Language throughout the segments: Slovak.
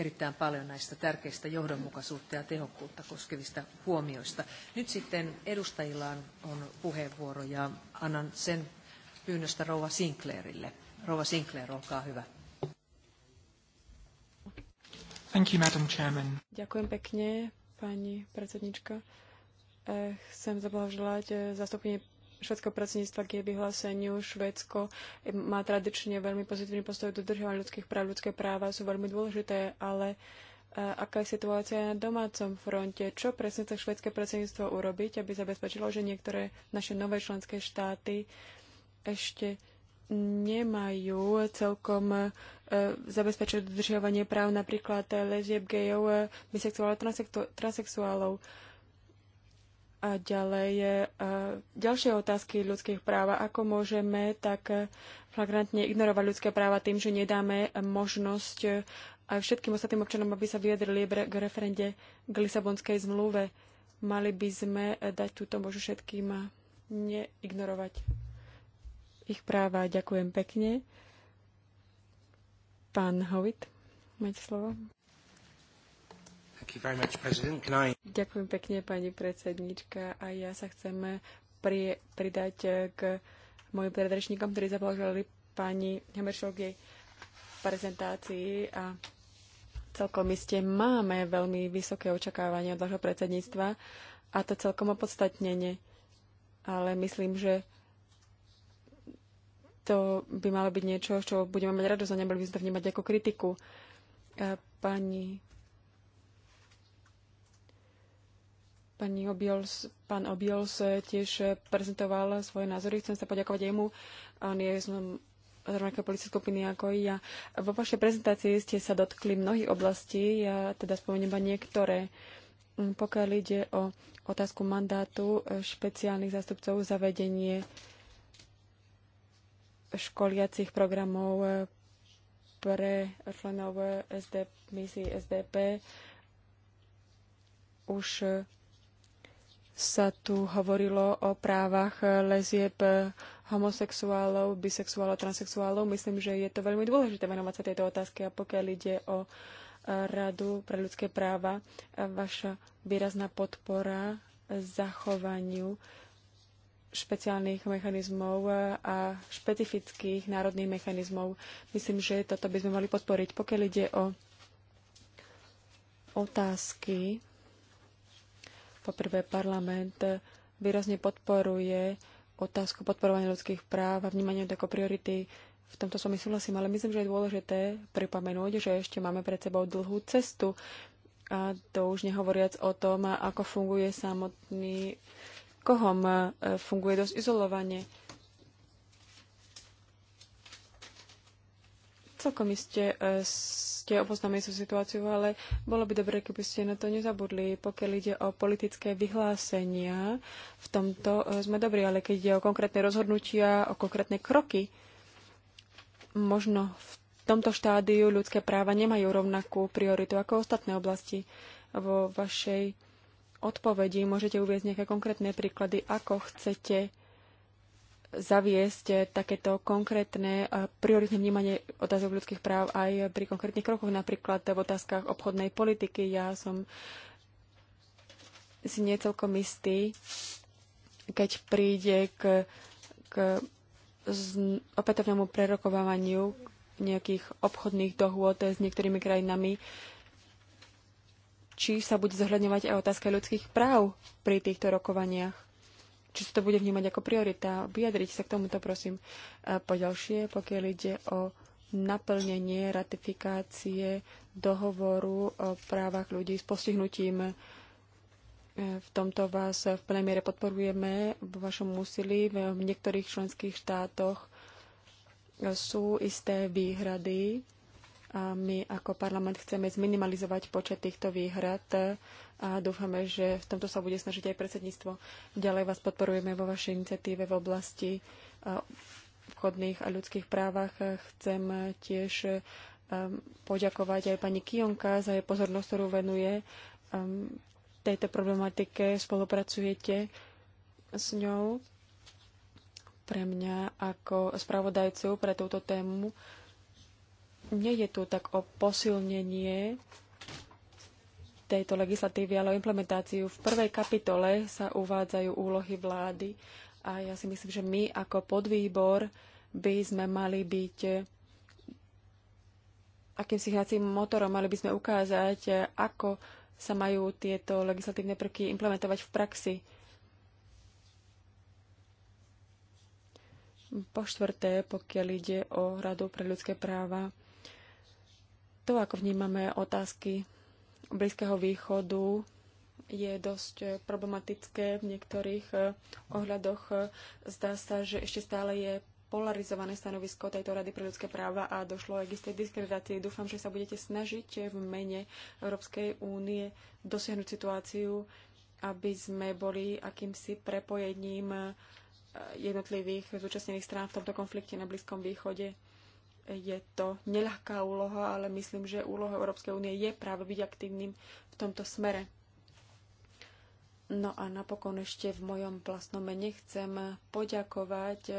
erittäin paljon näistä tärkeistä johdonmukaisuutta ja tehokkuutta koskevista huomioista. Nyt sitten edustajilla on puheenvuoro ja annan sen pyynnöstä Rouva Sinclairille. Rouva Sinclair, olkaa hyvä. Thank you, Madam Chairman. Ďakujem pekne, pani predsednička. Eh, chcem zablahoželať eh, zastupne švedského predsedníctva k jej vyhláseniu. Švédsko má tradične veľmi pozitívny postoj k dodržiavaniu ľudských práv. Ľudské práva sú veľmi dôležité, ale e, aká je situácia na domácom fronte? Čo presne chce švedské predsedníctvo urobiť, aby zabezpečilo, že niektoré naše nové členské štáty ešte nemajú celkom e, zabezpečiť dodržiavanie práv napríklad lezieb, gejov, e, bisexuálov, transexuálov. A ďalej, a ďalšie otázky ľudských práv. Ako môžeme tak flagrantne ignorovať ľudské práva tým, že nedáme možnosť e, aj všetkým ostatným občanom, aby sa vyjadrili k referende k Lisabonskej zmluve. Mali by sme e, dať túto možnosť všetkým a neignorovať ich práva. Ďakujem pekne. Pán Hovit, máte slovo. Ďakujem pekne, pani predsednička. A ja sa chcem pri, pridať eh, k mojim predrečníkom, ktorí zapoložili pani Hemeršov v prezentácii. A celkom iste máme veľmi vysoké očakávanie od vášho predsedníctva a to celkom opodstatnenie. Ale myslím, že to by malo byť niečo, čo budeme mať radosť a neboli by sme to vnímať ako kritiku. Eh, pani Pani Obiols, pán Obiols tiež prezentoval svoje názory. Chcem sa poďakovať jemu. On je z rovnakého politickej skupiny ako i ja. Vo vašej prezentácii ste sa dotkli mnohých oblastí, ja teda spomeniem iba niektoré. Mm, pokiaľ ide o otázku mandátu e, špeciálnych zástupcov za vedenie školiacich programov e, pre členov e, SD SDP už sa tu hovorilo o právach lezieb homosexuálov, bisexuálov, transexuálov. Myslím, že je to veľmi dôležité venovať sa tejto otázke a pokiaľ ide o e, Radu pre ľudské práva, e, vaša výrazná podpora zachovaniu špeciálnych mechanizmov e, a špecifických národných mechanizmov. Myslím, že toto by sme mali podporiť. Pokiaľ ide o otázky, Poprvé, parlament výrazne podporuje otázku podporovania ľudských práv a vnímania ako priority. V tomto som súhlasím, ale myslím, že je dôležité pripomenúť, že ešte máme pred sebou dlhú cestu. A to už nehovoriac o tom, ako funguje samotný kohom. E, funguje dosť izolovane. Celkom iste e, ste oboznámení so situáciu, ale bolo by dobre, keby ste na to nezabudli. Pokiaľ ide o politické vyhlásenia, v tomto e, sme dobrí, ale keď ide o konkrétne rozhodnutia, o konkrétne kroky, možno v tomto štádiu ľudské práva nemajú rovnakú prioritu ako ostatné oblasti. Vo vašej odpovedi môžete uvieť nejaké konkrétne príklady, ako chcete zaviesť takéto konkrétne prioritné vnímanie otázok ľudských práv aj pri konkrétnych krokoch, napríklad v otázkach obchodnej politiky. Ja som si niecelkom istý, keď príde k, k opätovnému prerokovávaniu nejakých obchodných dohôd s niektorými krajinami, či sa bude zohľadňovať aj otázka ľudských práv pri týchto rokovaniach či sa to bude vnímať ako priorita. Vyjadriť sa k tomuto, prosím. E, po ďalšie, pokiaľ ide o naplnenie ratifikácie dohovoru o právach ľudí s postihnutím. E, v tomto vás v plnej miere podporujeme v vašom úsilí. V niektorých členských štátoch sú isté výhrady a my ako parlament chceme zminimalizovať počet týchto výhrad a dúfame, že v tomto sa bude snažiť aj predsedníctvo. Ďalej vás podporujeme vo vašej iniciatíve v oblasti vchodných a ľudských právach. Chcem tiež um, poďakovať aj pani Kionka za jej pozornosť, ktorú venuje um, tejto problematike. Spolupracujete s ňou pre mňa ako spravodajcu pre túto tému Nejde tu tak o posilnenie tejto legislatívy, ale o implementáciu. V prvej kapitole sa uvádzajú úlohy vlády a ja si myslím, že my ako podvýbor by sme mali byť akým hracím motorom, mali by sme ukázať, ako sa majú tieto legislatívne prvky implementovať v praxi. Po štvrté, pokiaľ ide o Radu pre ľudské práva, to, ako vnímame otázky Blízkeho východu, je dosť eh, problematické v niektorých eh, ohľadoch. Zdá sa, že ešte stále je polarizované stanovisko tejto Rady pre ľudské práva a došlo aj k istej diskreditácii. Dúfam, že sa budete snažiť eh, v mene Európskej únie dosiahnuť situáciu, aby sme boli akýmsi prepojením jednotlivých zúčastnených strán v tomto konflikte na Blízkom východe je to neľahká úloha, ale myslím, že úloha Európskej únie je práve byť aktívnym v tomto smere. No a napokon ešte v mojom vlastnom mene chcem poďakovať e,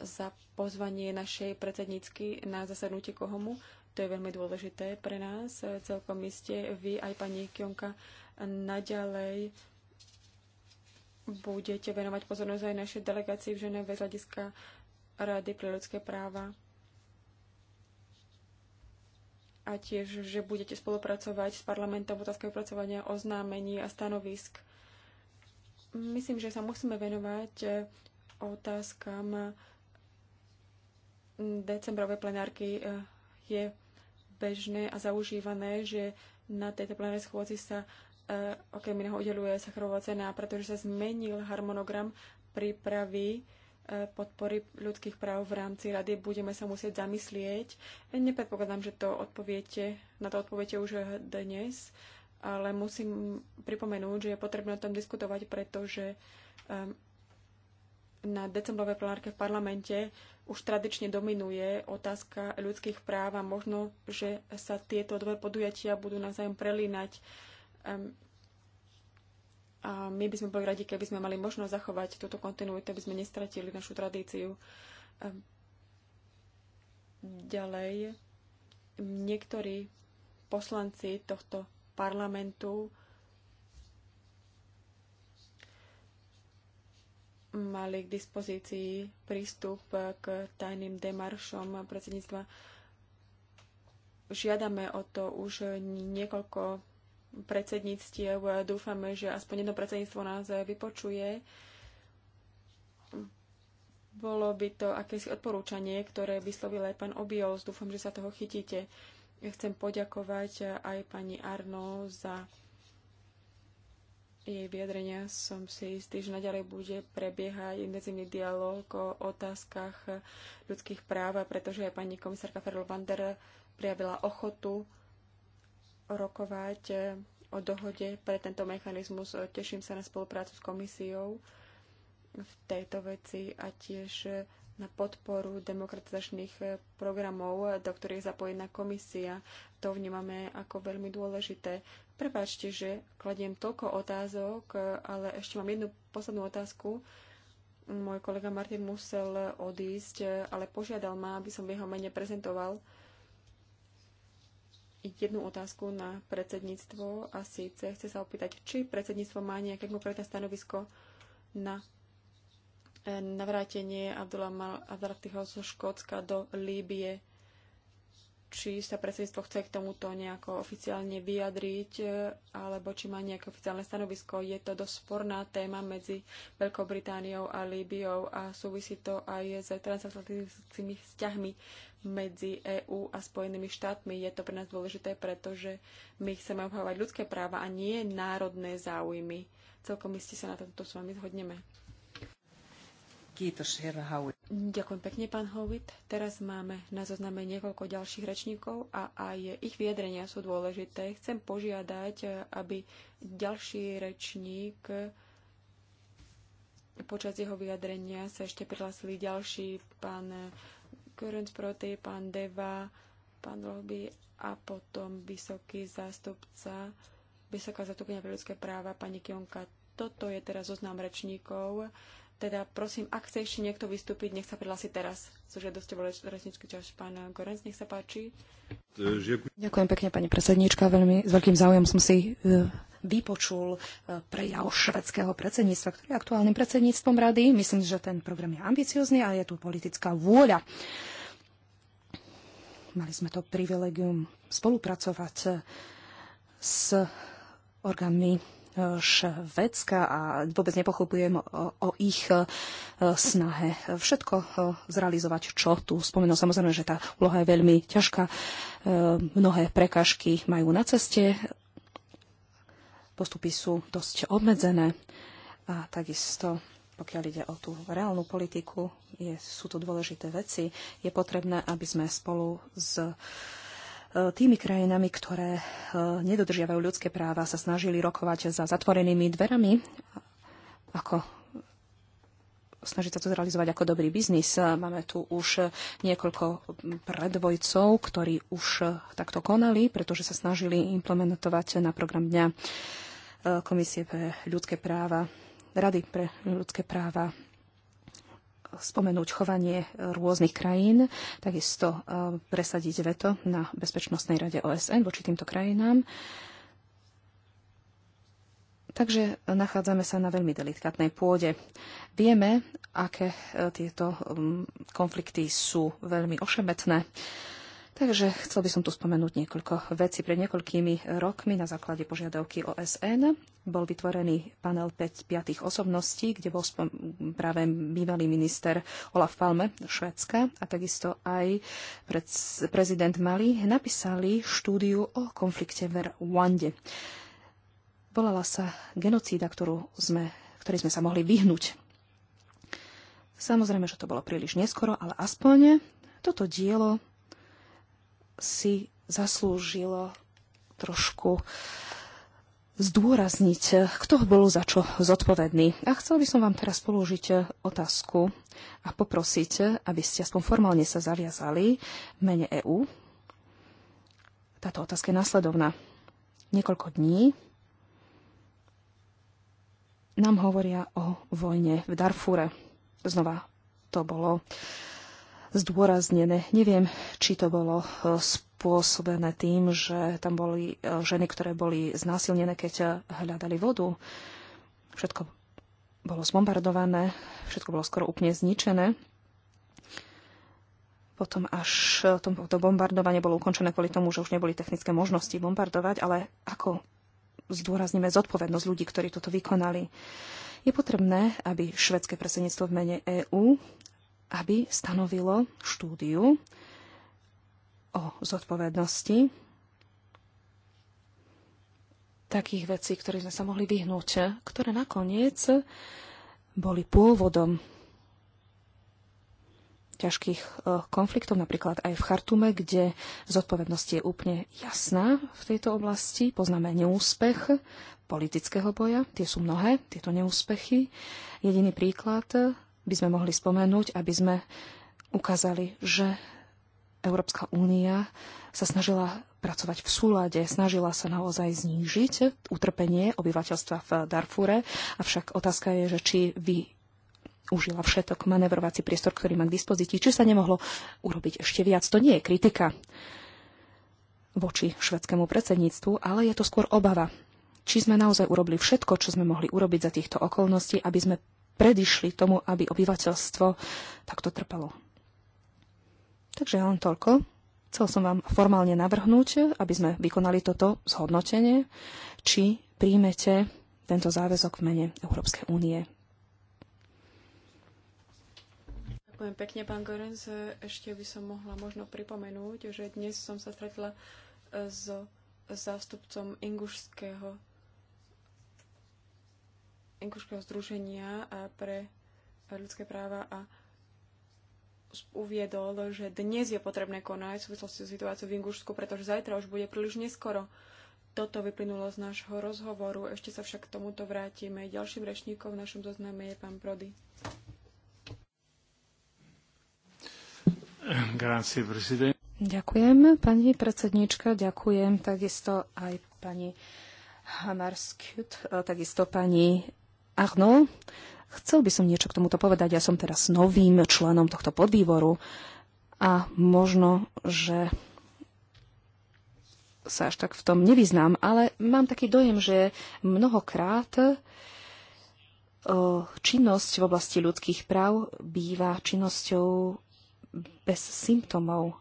za pozvanie našej predsedničky na zasadnutie Kohomu. To je veľmi dôležité pre nás. E, celkom iste vy aj pani Kionka naďalej budete venovať pozornosť aj našej delegácii v Ženeve z hľadiska Rady pre ľudské práva a tiež, že budete spolupracovať s parlamentom v otázke opracovania oznámení a stanovisk. Myslím, že sa musíme venovať eh, otázkam decembrovej plenárky. Eh, je bežné a zaužívané, že na tejto plenárnej schôdzi sa eh, okrem iného udeluje Sacharová cena, pretože sa zmenil harmonogram prípravy podpory ľudských práv v rámci rady budeme sa musieť zamyslieť. Nepredpokladám, že to odpoviete, na to odpoviete už dnes, ale musím pripomenúť, že je potrebné o tom diskutovať, pretože ehm, na decembrovej plenárke v parlamente už tradične dominuje otázka ľudských práv a možno, že sa tieto dve podujatia budú navzájom prelínať ehm, a my by sme boli radi, keby sme mali možnosť zachovať túto kontinuitu, aby sme nestratili našu tradíciu. Ehm, ďalej, niektorí poslanci tohto parlamentu mali k dispozícii prístup k tajným demaršom predsedníctva. Žiadame o to už niekoľko predsedníctiev. Dúfame, že aspoň jedno predsedníctvo nás vypočuje. Bolo by to akési odporúčanie, ktoré vyslovil aj pán Obios. Dúfam, že sa toho chytíte. Chcem poďakovať aj pani Arno za jej vyjadrenia. Som si istý, že naďalej bude prebiehať intenzívny dialog o otázkach ľudských práv, pretože aj pani komisárka Ferlo Vander prijavila ochotu rokovať e, o dohode pre tento mechanizmus. E, teším sa na spoluprácu s komisiou v tejto veci a tiež e, na podporu demokratizačných programov, do ktorých je zapojená komisia. To vnímame ako veľmi dôležité. Prepáčte, že kladiem toľko otázok, ale ešte mám jednu poslednú otázku. Môj kolega Martin musel odísť, ale požiadal ma, aby som v jeho mene prezentoval jednu otázku na predsedníctvo a síce chce sa opýtať, či predsedníctvo má nejaké konkrétne stanovisko na eh, navrátenie Abdullah Abdullah zo Škótska do Líbie či sa predsedníctvo chce k tomuto nejako oficiálne vyjadriť, e, alebo či má nejaké oficiálne stanovisko. Je to dosť sporná téma medzi Veľkou Britániou a Líbiou a súvisí to aj s transatlantickými vzťahmi medzi EÚ a Spojenými štátmi. Je to pre nás dôležité, pretože my chceme obhávať ľudské práva a nie národné záujmy. Celkom iste sa na tomto s vami zhodneme. Kýtoš, herra Hauer. Ďakujem pekne, pán Hovit. Teraz máme na zozname niekoľko ďalších rečníkov a aj ich vyjadrenia sú dôležité. Chcem požiadať, eh, aby ďalší rečník eh, počas jeho vyjadrenia sa ešte prihlásili ďalší pán Körens Proty, pán Deva, pán Lohby a potom vysoký zástupca, vysoká zastupňa pre ľudské práva, pani Kionka. Toto je teraz zoznam rečníkov. Teda prosím, ak chce ešte niekto vystúpiť, nech sa prihlási teraz. So žiadosťou rečničky čas pán Gorenc, nech sa páči. Ďakujem pekne, pani predsednička. Veľmi s veľkým záujom som si e, vypočul e, prejav švedského predsedníctva, ktorý je aktuálnym predsedníctvom rady. Myslím, že ten program je ambiciózny, a je tu politická vôľa. Mali sme to privilegium spolupracovať e, s orgánmi Švedska a vôbec nepochopujem o, o ich e, snahe všetko e, zrealizovať, čo tu spomenul. Samozrejme, že tá úloha je veľmi ťažká. E, mnohé prekážky majú na ceste, postupy sú dosť obmedzené a takisto pokiaľ ide o tú reálnu politiku, je, sú tu dôležité veci. Je potrebné, aby sme spolu s tými krajinami, ktoré e, nedodržiavajú ľudské práva, sa snažili rokovať za zatvorenými dverami, ako snažiť sa to zrealizovať ako dobrý biznis. Máme tu už niekoľko predvojcov, ktorí už takto konali, pretože sa snažili implementovať na program dňa e, Komisie pre ľudské práva, Rady pre ľudské práva spomenúť chovanie rôznych krajín, takisto e, presadiť veto na Bezpečnostnej rade OSN voči týmto krajinám. Takže nachádzame sa na veľmi delikátnej pôde. Vieme, aké e, tieto konflikty sú veľmi ošemetné. Takže chcel by som tu spomenúť niekoľko vecí. Pred niekoľkými rokmi na základe požiadavky OSN bol vytvorený panel 5 piatých osobností, kde bol práve bývalý minister Olaf Palme Švédska a takisto aj prezident Mali napísali štúdiu o konflikte v Rwande. Volala sa genocída, ktorú sme, ktorý sme sa mohli vyhnúť. Samozrejme, že to bolo príliš neskoro, ale aspoň toto dielo si zaslúžilo trošku zdôrazniť, kto bol za čo zodpovedný. A chcel by som vám teraz položiť e, otázku a poprosiť, e, aby ste aspoň formálne sa zaviazali v mene EÚ. Táto otázka je následovná. Niekoľko dní nám hovoria o vojne v Darfúre. Znova to bolo uh, zdôraznené. Neviem, či to bolo e, spôsobené tým, že tam boli e, ženy, ktoré boli znásilnené, keď e, hľadali vodu. Všetko bolo zbombardované, všetko bolo skoro úplne zničené. Potom až to bombardovanie bolo ukončené kvôli tomu, že už neboli technické možnosti bombardovať, ale ako zdôrazníme zodpovednosť ľudí, ktorí toto vykonali. Je potrebné, aby švedské predsedníctvo v mene EÚ aby stanovilo štúdiu o zodpovednosti takých vecí, ktoré sme sa mohli vyhnúť, ktoré nakoniec boli pôvodom ťažkých e, konfliktov, napríklad aj v Chartume, kde zodpovednosť je úplne jasná v tejto oblasti. Poznáme neúspech politického boja, tie sú mnohé, tieto neúspechy. Jediný príklad by sme mohli spomenúť, aby sme ukázali, že Európska únia sa snažila pracovať v súlade, snažila sa naozaj znížiť utrpenie obyvateľstva v Darfure, avšak otázka je, že či vy užila všetok manevrovací priestor, ktorý má k dispozícii, či sa nemohlo urobiť ešte viac. To nie je kritika voči švedskému predsedníctvu, ale je to skôr obava. Či sme naozaj urobili všetko, čo sme mohli urobiť za týchto okolností, aby sme predišli tomu, aby obyvateľstvo takto trpelo. Takže len toľko. Chcel som vám formálne navrhnúť, aby sme vykonali toto zhodnotenie, či príjmete tento záväzok v mene Európskej únie. Ďakujem pekne, pán Gorenz. Ešte by som mohla možno pripomenúť, že dnes som sa stretla e, s zástupcom ingušského Enkušského združenia pre ľudské práva a uviedol, že dnes je potrebné konať v súvislosti s situáciou v Ingušsku, pretože zajtra už bude príliš neskoro. Toto vyplynulo z nášho rozhovoru. Ešte sa však k tomuto vrátime. Ďalším rečníkom v našom zozname je pán Prody. Ďakujem, pani predsednička, ďakujem takisto aj pani Hamarskut, takisto pani Arno, chcel by som niečo k tomuto povedať. Ja som teraz novým členom tohto podvýboru a možno, že sa až tak v tom nevyznám, ale mám taký dojem, že mnohokrát eh, činnosť v oblasti ľudských práv býva činnosťou bez symptómov,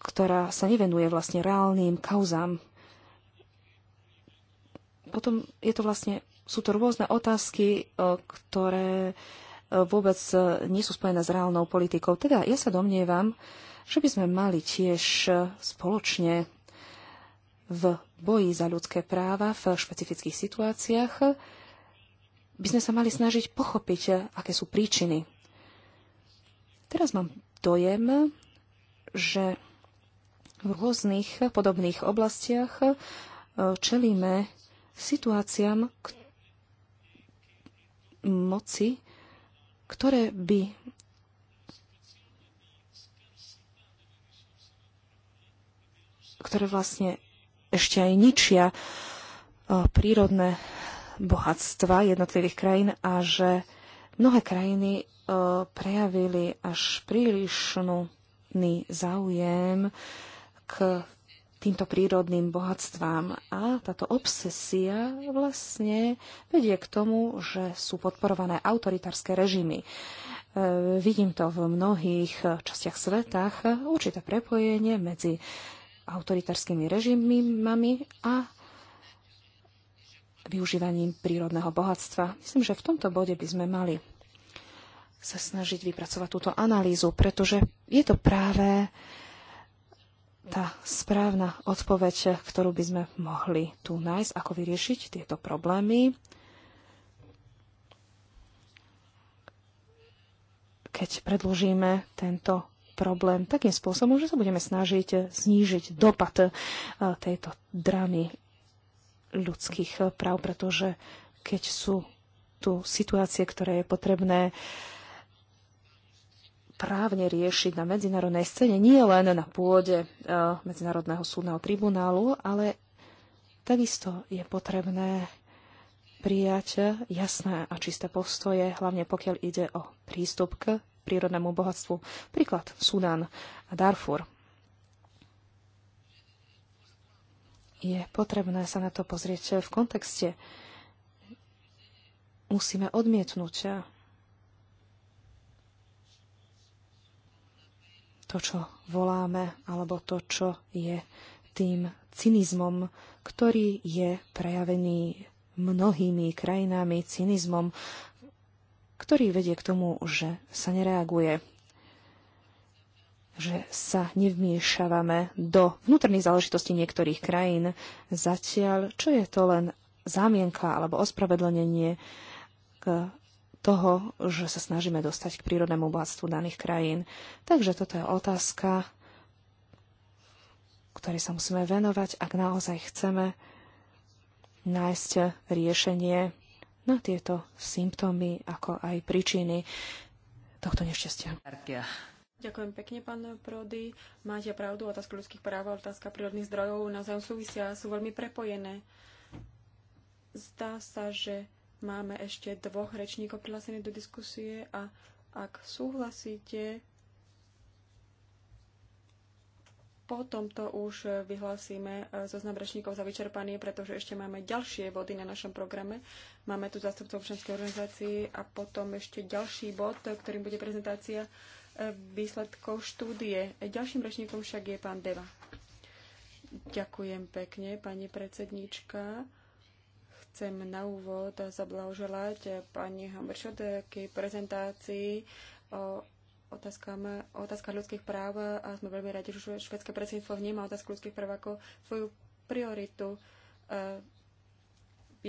ktorá sa nevenuje vlastne reálnym kauzám potom je to vlastne, sú to rôzne otázky, e, ktoré e, vôbec e, nie sú spojené s reálnou politikou. Teda ja sa domnievam, že by sme mali tiež spoločne v boji za ľudské práva v špecifických situáciách by sme sa mali snažiť pochopiť, aké sú príčiny. Teraz mám dojem, že v rôznych podobných oblastiach čelíme situáciám k moci, ktoré by ktoré vlastne ešte aj ničia e, prírodné bohatstva jednotlivých krajín a že mnohé krajiny e, prejavili až prílišný záujem k týmto prírodným bohatstvám. A táto obsesia vlastne vedie k tomu, že sú podporované autoritárske režimy. E, vidím to v mnohých častiach sveta. určité prepojenie medzi autoritárskymi režimami a využívaním prírodného bohatstva. Myslím, že v tomto bode by sme mali sa snažiť vypracovať túto analýzu, pretože je to práve tá správna odpoveď, ktorú by sme mohli tu nájsť, ako vyriešiť tieto problémy. Keď predložíme tento problém takým spôsobom, že sa budeme snažiť znížiť dopad e, tejto dramy ľudských práv, pretože keď sú tu situácie, ktoré je potrebné uh, právne riešiť na medzinárodnej scéne, nie len na pôde eh, Medzinárodného súdneho tribunálu, ale takisto je potrebné prijať jasné a čisté postoje, hlavne pokiaľ ide o prístup k prírodnému bohatstvu. Príklad Sudan a Darfur. Je potrebné sa na to pozrieť v kontexte. Musíme odmietnúť to, čo voláme, alebo to, čo je tým cynizmom, ktorý je prejavený mnohými krajinami, cynizmom, ktorý vedie k tomu, že sa nereaguje že sa nevmiešavame do vnútorných záležitostí niektorých krajín, zatiaľ čo je to len zámienka alebo ospravedlnenie k toho, že sa snažíme dostať k prírodnému bohatstvu daných krajín. Takže toto je otázka, ktorej sa musíme venovať, ak naozaj chceme nájsť riešenie na tieto symptómy, ako aj príčiny tohto nešťastia. Ďakujem pekne, pán Prody. Máte pravdu, otázka ľudských práv a otázka prírodných zdrojov naozaj súvisia, sú veľmi prepojené. Zdá sa, že Máme ešte dvoch rečníkov prihlásených do diskusie a ak súhlasíte, potom to už vyhlásime e, zoznam rečníkov za vyčerpaný, pretože ešte máme ďalšie body na našom programe. Máme tu zástupcov občanskej organizácie a potom ešte ďalší bod, ktorým bude prezentácia e, výsledkov štúdie. Ďalším rečníkom však je pán Deva. Ďakujem pekne, pani predsedníčka. Chcem na úvod zablahoželať pani Hamršot k prezentácii o otázkach ľudských práv a sme veľmi radi, že švedské predsedníctvo vníma otázku ľudských práv ako svoju prioritu. E,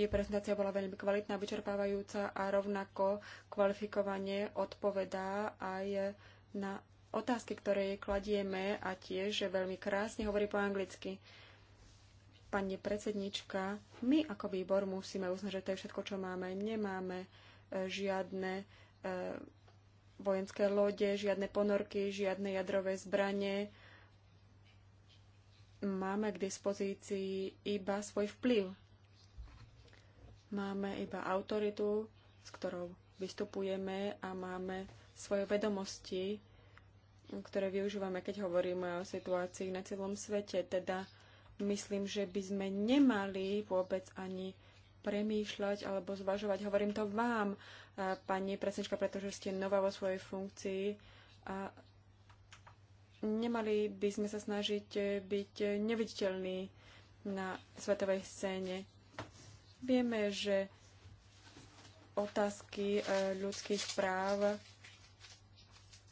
jej prezentácia bola veľmi kvalitná, vyčerpávajúca a rovnako kvalifikovanie odpovedá aj na otázky, ktoré kladieme a tiež veľmi krásne hovorí po anglicky pani predsednička, my ako výbor musíme uznať, že to je všetko, čo máme. Nemáme e, žiadne e, vojenské lode, žiadne ponorky, žiadne jadrové zbranie. Máme k dispozícii iba svoj vplyv. Máme iba autoritu, s ktorou vystupujeme a máme svoje vedomosti, ktoré využívame, keď hovoríme o situácii na celom svete. Teda myslím, že by sme nemali vôbec ani premýšľať alebo zvažovať. Hovorím to vám, eh, pani predsednička, pretože ste nová vo svojej funkcii. A nemali by sme sa snažiť eh, byť neviditeľní na svetovej scéne. Vieme, že otázky eh, ľudských práv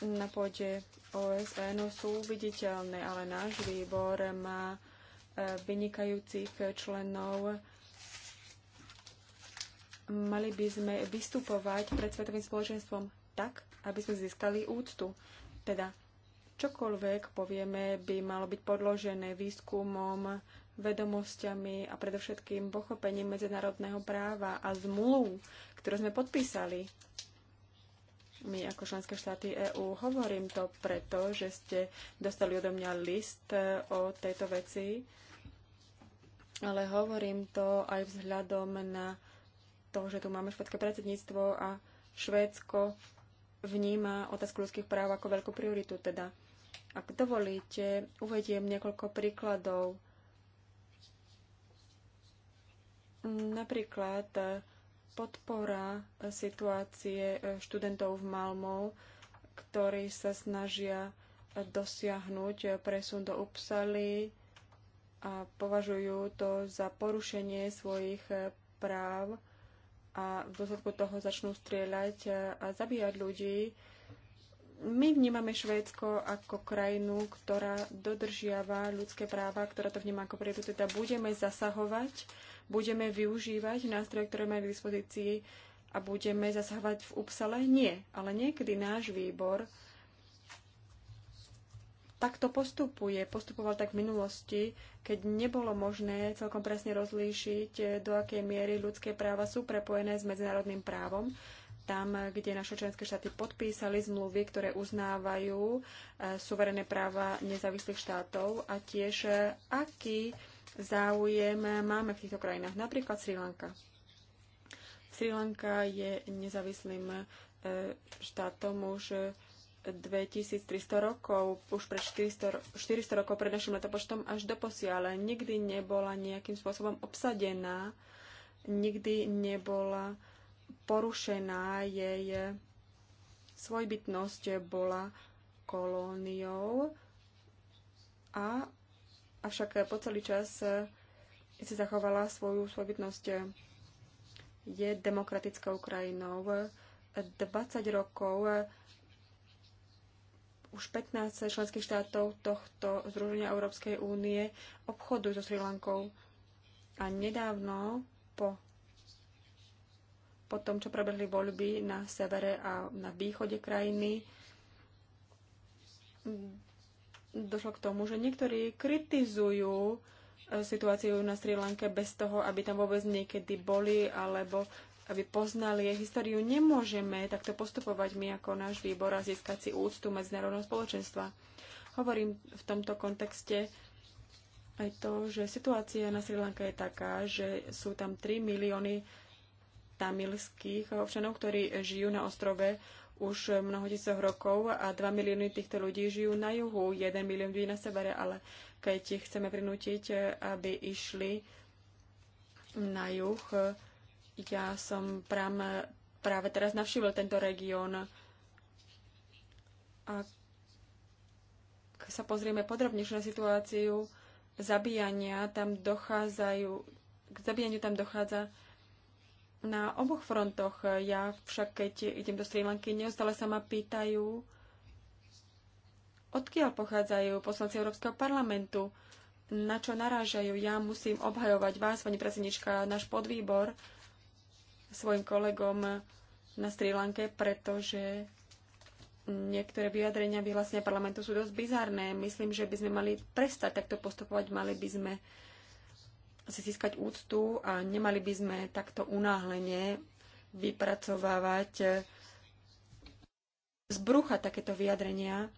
na pôde OSN sú viditeľné, ale náš výbor má vynikajúcich členov. Mali by sme vystupovať pred svetovým spoločenstvom tak, aby sme získali úctu. Teda čokoľvek povieme, by malo byť podložené výskumom, vedomosťami a predovšetkým pochopením medzinárodného práva a zmluv, ktoré sme podpísali my ako členské štáty EÚ. Hovorím to preto, že ste dostali odo mňa list e, o tejto veci, ale hovorím to aj vzhľadom na to, že tu máme švedské predsedníctvo a Švédsko vníma otázku ľudských práv ako veľkú prioritu. Teda, ak dovolíte, uvediem niekoľko príkladov. Napríklad e, podpora e, situácie e, študentov v Malmo, ktorí sa snažia e, dosiahnuť presun do Upsaly a považujú to za porušenie svojich práv a v dôsledku toho začnú strieľať a zabíjať ľudí. My vnímame Švédsko ako krajinu, ktorá dodržiava ľudské práva, ktorá to vníma ako prioritu, teda budeme zasahovať Budeme využívať nástroje, ktoré máme k dispozícii a budeme zasahovať v Upsale? Nie. Ale niekedy náš výbor takto postupuje. Postupoval tak v minulosti, keď nebolo možné celkom presne rozlíšiť, do akej miery ľudské práva sú prepojené s medzinárodným právom tam, kde naše členské štáty podpísali zmluvy, ktoré uznávajú eh, suverené práva nezávislých štátov a tiež eh, aký záujem máme v týchto krajinách. Napríklad Sri Lanka. Sri Lanka je nezávislým e, štátom už 2300 rokov, už pred 400, 400 rokov pred našim letopočtom až do posiale. Nikdy nebola nejakým spôsobom obsadená, nikdy nebola porušená jej svojbytnosť, bola kolóniou a avšak eh, po celý čas eh, si zachovala svoju svojbytnosť. Je demokratickou krajinou. 20 rokov eh, už 15 členských štátov tohto Združenia Európskej únie obchodujú so Sri Lankou. A nedávno po, po tom, čo prebehli voľby na severe a na východe krajiny, došlo k tomu, že niektorí kritizujú e, situáciu na Sri Lanke bez toho, aby tam vôbec niekedy boli alebo aby poznali jej históriu. Nemôžeme takto postupovať my ako náš výbor a získať si úctu medzinárodného spoločenstva. Hovorím v tomto kontexte aj to, že situácia na Sri Lanke je taká, že sú tam 3 milióny tamilských občanov, ktorí žijú na ostrove už mnoho tisíc rokov a 2 milióny týchto ľudí žijú na juhu, 1 milión ľudí na severe, ale keď ich chceme prinútiť, aby išli na juh, ja som prám, práve teraz navštívil tento región a keď sa pozrieme podrobnejšie na situáciu zabíjania, tam dochádzajú, k zabíjaniu tam dochádza na oboch frontoch. E, ja však, keď idem do Sri Lanky, neustále sa ma pýtajú, odkiaľ pochádzajú poslanci Európskeho parlamentu, na čo narážajú. Ja musím obhajovať vás, pani predsednička, náš podvýbor svojim kolegom na Sri Lanke, pretože niektoré vyjadrenia vyhlásenia parlamentu sú dosť bizarné. Myslím, že by sme mali prestať takto postupovať, mali by sme uh, si získať úctu a nemali by sme takto unáhlenie vypracovávať eh, z brucha takéto vyjadrenia,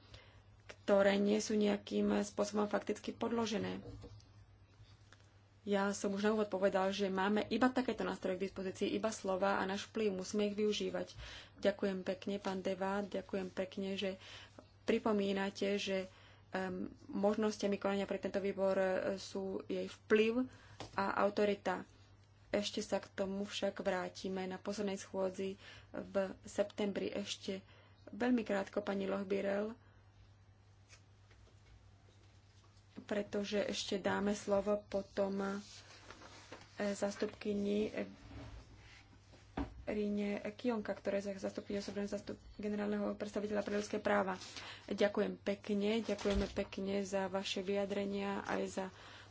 ktoré nie sú nejakým spôsobom fakticky podložené. Ja som už na úvod povedal, že máme iba takéto nástroje k dispozícii, iba slova a náš vplyv, musíme ich využívať. Ďakujem pekne, pán Deva, ďakujem pekne, že pripomínate, že um, možnosťami konania pre tento výbor eh, sú jej vplyv a autorita. Ešte sa k tomu však vrátime na poslednej schôdzi v septembri. Ešte veľmi krátko, pani Lohbirel, pretože ešte dáme slovo potom eh, zastupkyni eh, Ríne Kionka, ktoré je zastupkyni osobného zastup generálneho predstaviteľa pre ľudské práva. Ďakujem pekne, ďakujeme pekne za vaše vyjadrenia aj za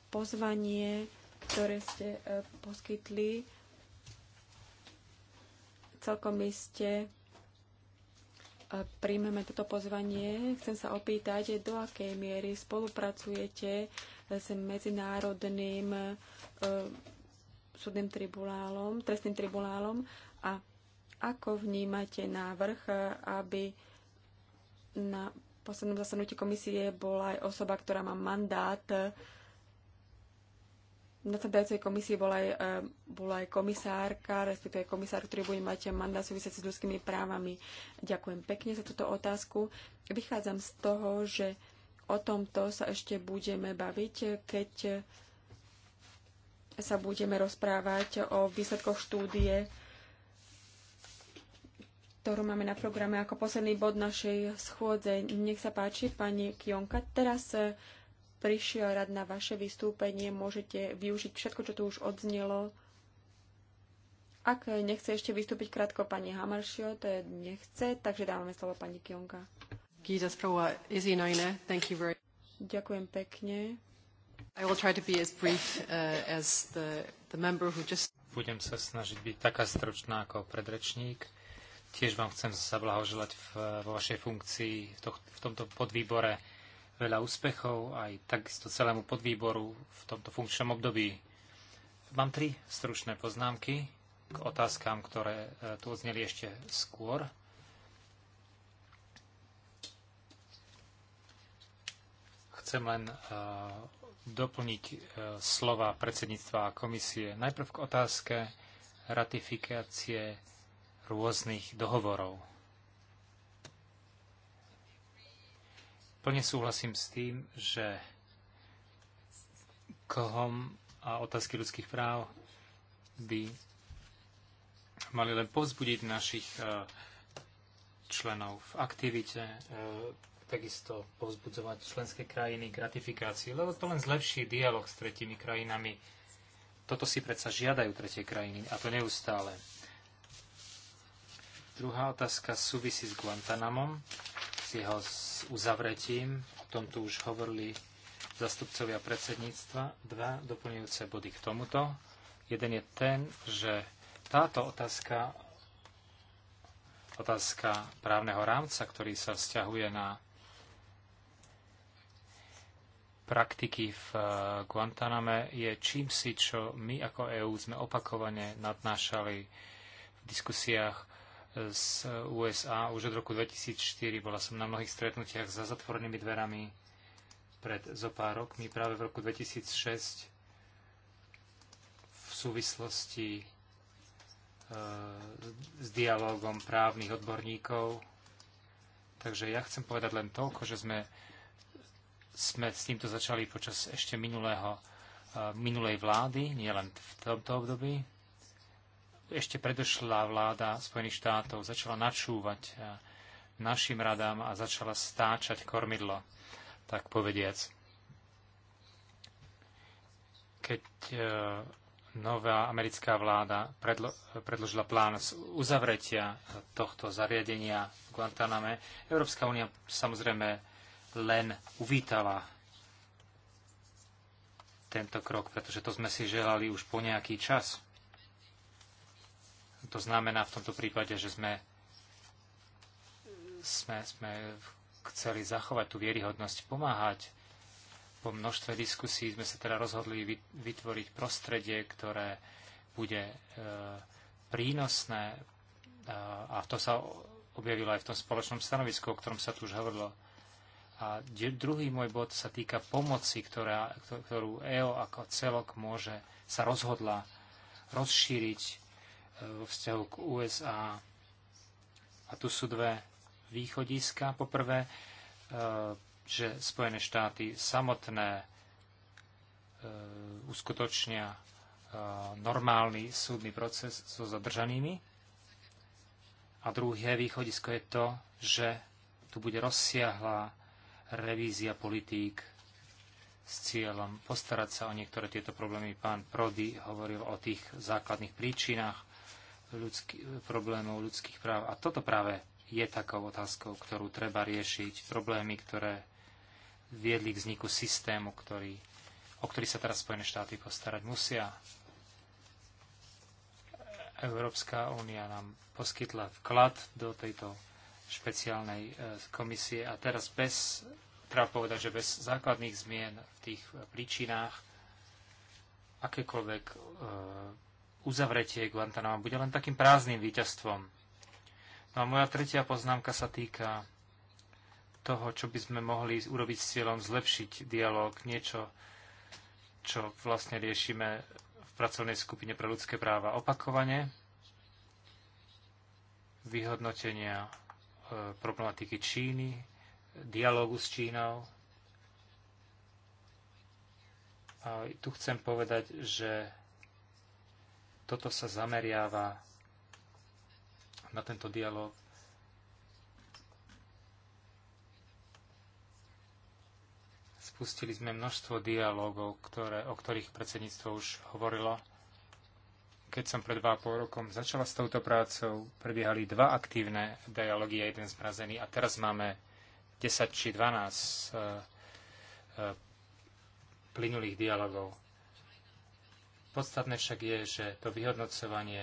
pozvanie ktoré ste e, poskytli. Celkom iste e, príjmeme toto pozvanie. Chcem sa opýtať, do akej miery spolupracujete e, s medzinárodným súdnym tribunálom, trestným tribunálom a ako vnímate návrh, aby na poslednom zasadnutí komisie bola aj osoba, ktorá má mandát na sedajúcej komisii bola aj, e, bola aj komisárka, respektíve komisár, ktorý bude mať mandát súvisiaci s ľudskými právami. Ďakujem pekne za túto otázku. Vychádzam z toho, že o tomto sa ešte budeme baviť, keď sa budeme rozprávať o výsledkoch štúdie, ktorú máme na programe ako posledný bod našej schôdze. Nech sa páči, pani Kionka. Teraz e, prišiel rad na vaše vystúpenie, môžete využiť všetko, čo tu už odznelo. Ak nechce ešte vystúpiť krátko pani Hamaršio, to je nechce, takže dávame slovo pani Kionka. Ďakujem pekne. Budem sa snažiť byť taká stručná ako predrečník. Tiež vám chcem blahoželať vo vašej funkcii v, v tomto podvýbore veľa úspechov aj takisto celému podvýboru v tomto funkčnom období. Mám tri stručné poznámky k otázkám, ktoré e, tu odzneli ešte skôr. Chcem len e, doplniť e, slova predsedníctva a komisie. Najprv k otázke ratifikácie rôznych dohovorov. Plne súhlasím s tým, že kohom a otázky ľudských práv by mali len povzbudiť našich eh, členov v aktivite, eh, takisto povzbudzovať členské krajiny k ratifikácii, lebo to len zlepší dialog s tretími krajinami. Toto si predsa žiadajú tretie krajiny a to neustále. Druhá otázka súvisí s Guantanamom súvisí ho s uzavretím. O tom tu už hovorili zastupcovia predsedníctva. Dva doplňujúce body k tomuto. Jeden je ten, že táto otázka, otázka právneho rámca, ktorý sa vzťahuje na praktiky v eh, Guantaname je čím si, čo my ako EÚ sme opakovane nadnášali v diskusiách z USA. Už od roku 2004 bola som na mnohých stretnutiach za zatvorenými dverami pred zo pár rokmi, práve v roku 2006 v súvislosti e, s dialogom právnych odborníkov. Takže ja chcem povedať len toľko, že sme, sme s týmto začali počas ešte minulého, e, minulej vlády, nielen v tomto období, ešte predošlá vláda Spojených štátov začala načúvať eh, našim radám a začala stáčať kormidlo, tak povediac. Keď eh, nová americká vláda predložila plán z uzavretia eh, tohto zariadenia v Guantaname, Európska únia samozrejme len uvítala tento krok, pretože to sme si želali už po nejaký čas to znamená v tomto prípade, že sme, sme, sme chceli zachovať tú vieryhodnosť, pomáhať. Po množstve diskusí sme sa teda rozhodli vytvoriť prostredie, ktoré bude e, prínosné e, a to sa objavilo aj v tom spoločnom stanovisku, o ktorom sa tu už hovorilo. A druhý môj bod sa týka pomoci, ktorá, ktorú EO ako celok môže, sa rozhodla rozšíriť vo vzťahu k USA. A tu sú dve východiska. Poprvé, e, že Spojené štáty samotné e, uskutočnia e, normálny súdny proces so zadržanými. A druhé východisko je to, že tu bude rozsiahla revízia politík s cieľom postarať sa o niektoré tieto problémy. Pán Prody hovoril o tých základných príčinách ľudský, problémov ľudských práv. A toto práve je takou otázkou, ktorú treba riešiť. Problémy, ktoré viedli k vzniku systému, ktorý, o ktorý sa teraz Spojené štáty postarať musia. Európska únia nám poskytla vklad do tejto špeciálnej e, komisie a teraz bez, treba povedať, že bez základných zmien v tých e, príčinách akékoľvek e, uzavretie Guantanama bude len takým prázdnym víťazstvom. No a moja tretia poznámka sa týka toho, čo by sme mohli urobiť s cieľom zlepšiť dialog, niečo, čo vlastne riešime v pracovnej skupine pre ľudské práva. Opakovane vyhodnotenia e, problematiky Číny, dialogu s Čínou. A tu chcem povedať, že toto sa zameriava na tento dialog. Spustili sme množstvo dialogov, ktoré, o ktorých predsedníctvo už hovorilo. Keď som pred dva pol rokom začala s touto prácou, prebiehali dva aktívne dialógy a jeden zmrazený. A teraz máme 10 či 12 uh, uh, plynulých dialogov. Podstatné však je, že to vyhodnocovanie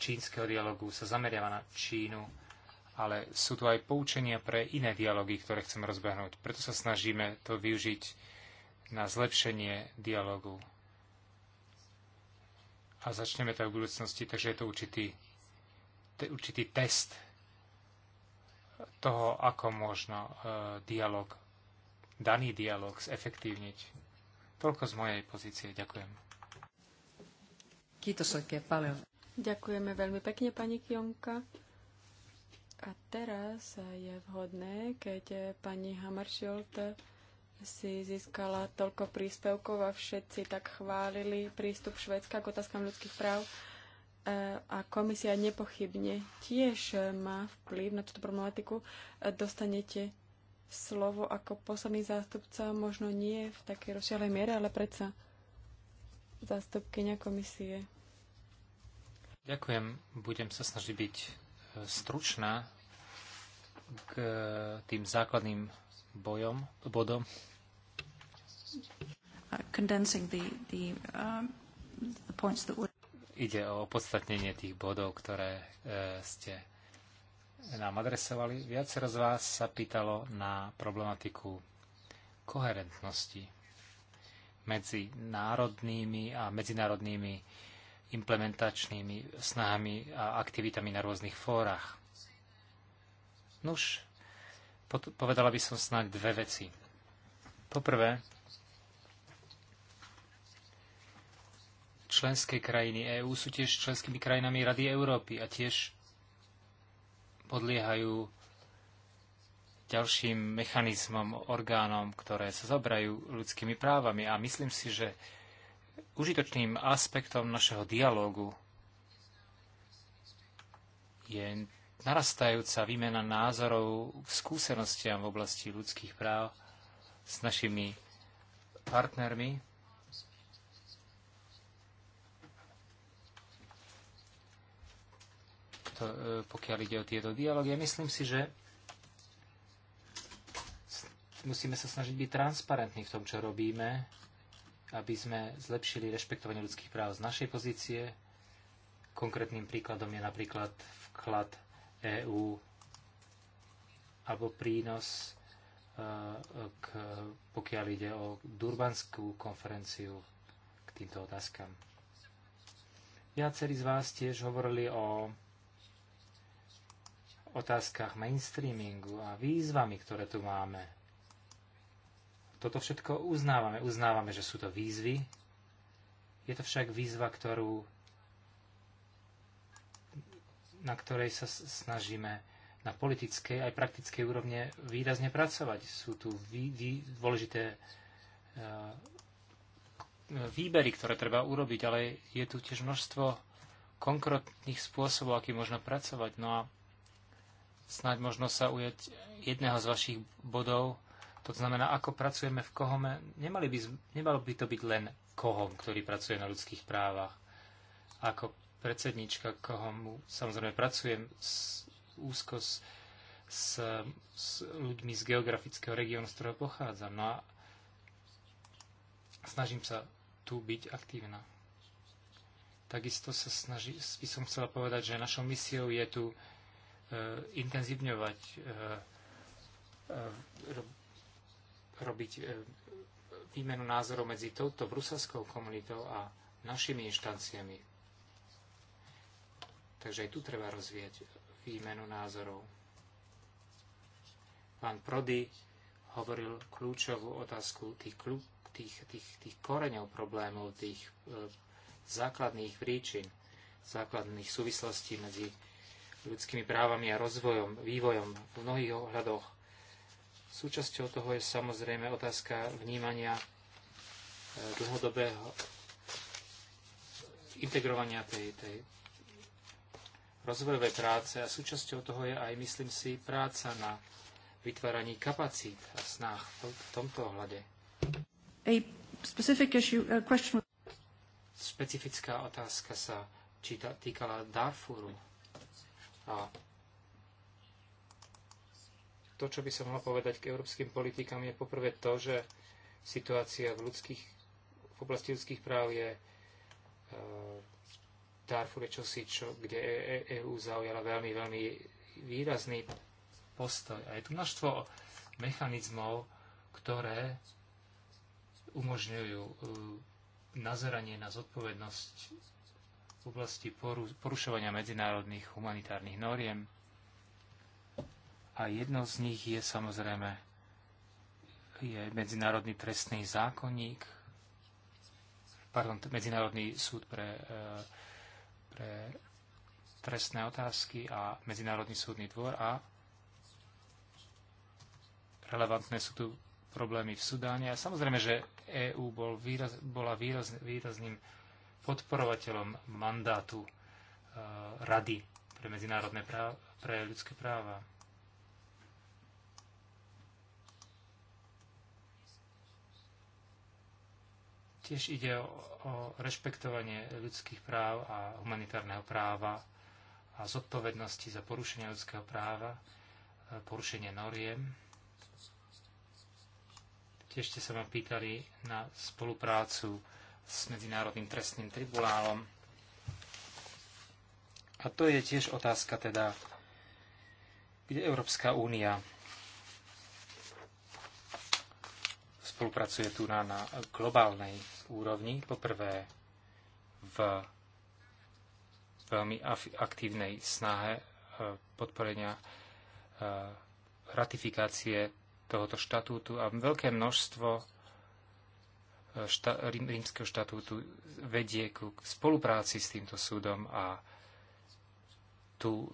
čínskeho dialogu sa zameriava na Čínu, ale sú tu aj poučenia pre iné dialógy, ktoré chceme rozbehnúť. Preto sa snažíme to využiť na zlepšenie dialogu. A začneme to aj v budúcnosti, takže je to určitý, te, určitý test toho, ako možno e, dialog, daný dialog zefektívniť. Toľko z mojej pozície. Ďakujem. Ďakujeme veľmi pekne, pani Kionka. A teraz je vhodné, keď pani Hammarskjöld si získala toľko príspevkov a všetci tak chválili prístup Švedska k otázkam ľudských práv e, a komisia nepochybne tiež má vplyv na túto problematiku. E, dostanete slovo ako posledný zástupca, možno nie v takej rozsiahlej miere, ale predsa zástupkynia komisie. Ďakujem. Budem sa snažiť byť e, stručná k e, tým základným bojom, bodom. Uh, um, Ide o opodstatnenie tých bodov, ktoré e, ste nám adresovali. Viacero z vás sa pýtalo na problematiku koherentnosti medzi národnými a medzinárodnými implementačnými snahami a aktivitami na rôznych fórach. Nuž, povedala by som snáď dve veci. Poprvé, členské krajiny EÚ sú tiež členskými krajinami Rady Európy a tiež podliehajú ďalším mechanizmom, orgánom, ktoré sa zabrajú ľudskými právami. A myslím si, že užitočným aspektom našeho dialógu je narastajúca výmena názorov k skúsenostiam v oblasti ľudských práv s našimi partnermi. To, e, pokiaľ ide o tieto dialógy, myslím si, že musíme sa snažiť byť transparentní v tom, čo robíme, aby sme zlepšili rešpektovanie ľudských práv z našej pozície. Konkrétnym príkladom je napríklad vklad EÚ alebo prínos, e, k, pokiaľ ide o Durbanskú konferenciu k týmto otázkam. Viacerí z vás tiež hovorili o otázkach mainstreamingu a výzvami, ktoré tu máme toto všetko uznávame. Uznávame, že sú to výzvy. Je to však výzva, ktorú, na ktorej sa snažíme na politickej aj praktickej úrovne výrazne pracovať. Sú tu vý, vý, dôležité e, výbery, ktoré treba urobiť, ale je tu tiež množstvo konkrétnych spôsobov, aký možno pracovať. No a snáď možno sa ujať jedného z vašich bodov, to znamená, ako pracujeme v Kohome, nemali by, nemalo by to byť len Kohom, ktorý pracuje na ľudských právach. Ako predsednička Kohomu samozrejme pracujem s, úzko s, s, s ľuďmi z geografického regiónu, z ktorého pochádzam. No a snažím sa tu byť aktívna. Takisto sa snaží, by som chcela povedať, že našou misiou je tu e, intenzívňovať e, e, robiť e, výmenu názorov medzi touto bruselskou komunitou a našimi inštanciami. Takže aj tu treba rozvieť výmenu názorov. Pán Prody hovoril kľúčovú otázku tých, tých, tých, tých koreňov problémov, tých e, základných príčin, základných súvislostí medzi ľudskými právami a rozvojom, vývojom v mnohých ohľadoch Súčasťou toho je samozrejme otázka vnímania e, dlhodobého integrovania tej, tej rozvojovej práce a súčasťou toho je aj, myslím si, práca na vytváraní kapacít a snách v tomto ohľade. Specifická otázka sa týkala Darfuru a to, čo by som mohla povedať k európskym politikám, je poprvé to, že situácia v, ľudských, v oblasti ľudských práv je e, Darfur je čosi, čo, kde EÚ e, e zaujala veľmi, veľmi výrazný postoj. A je tu množstvo mechanizmov, ktoré umožňujú e, nazeranie na zodpovednosť v oblasti porušovania medzinárodných humanitárnych noriem, a jednou z nich je samozrejme je Medzinárodný trestný zákonník, pardon, Medzinárodný súd pre, e, pre trestné otázky a Medzinárodný súdny dvor a relevantné sú tu problémy v Sudáne. A samozrejme, že EÚ bol výraz, bola výraz, výrazným podporovateľom mandátu uh, Rady pre medzinárodné práva pre ľudské práva. Tiež ide o, o rešpektovanie ľudských práv a humanitárneho práva a zodpovednosti za porušenie ľudského práva, e, porušenie noriem. Tiež ste sa ma pýtali na spoluprácu s Medzinárodným trestným tribunálom. A to je tiež otázka teda, kde Európska únia spolupracuje tu na, na globálnej úrovní. Poprvé v veľmi aktívnej snahe e, podporenia e, ratifikácie tohoto štatútu a veľké množstvo e, šta- rímskeho štatútu vedie k spolupráci s týmto súdom a tu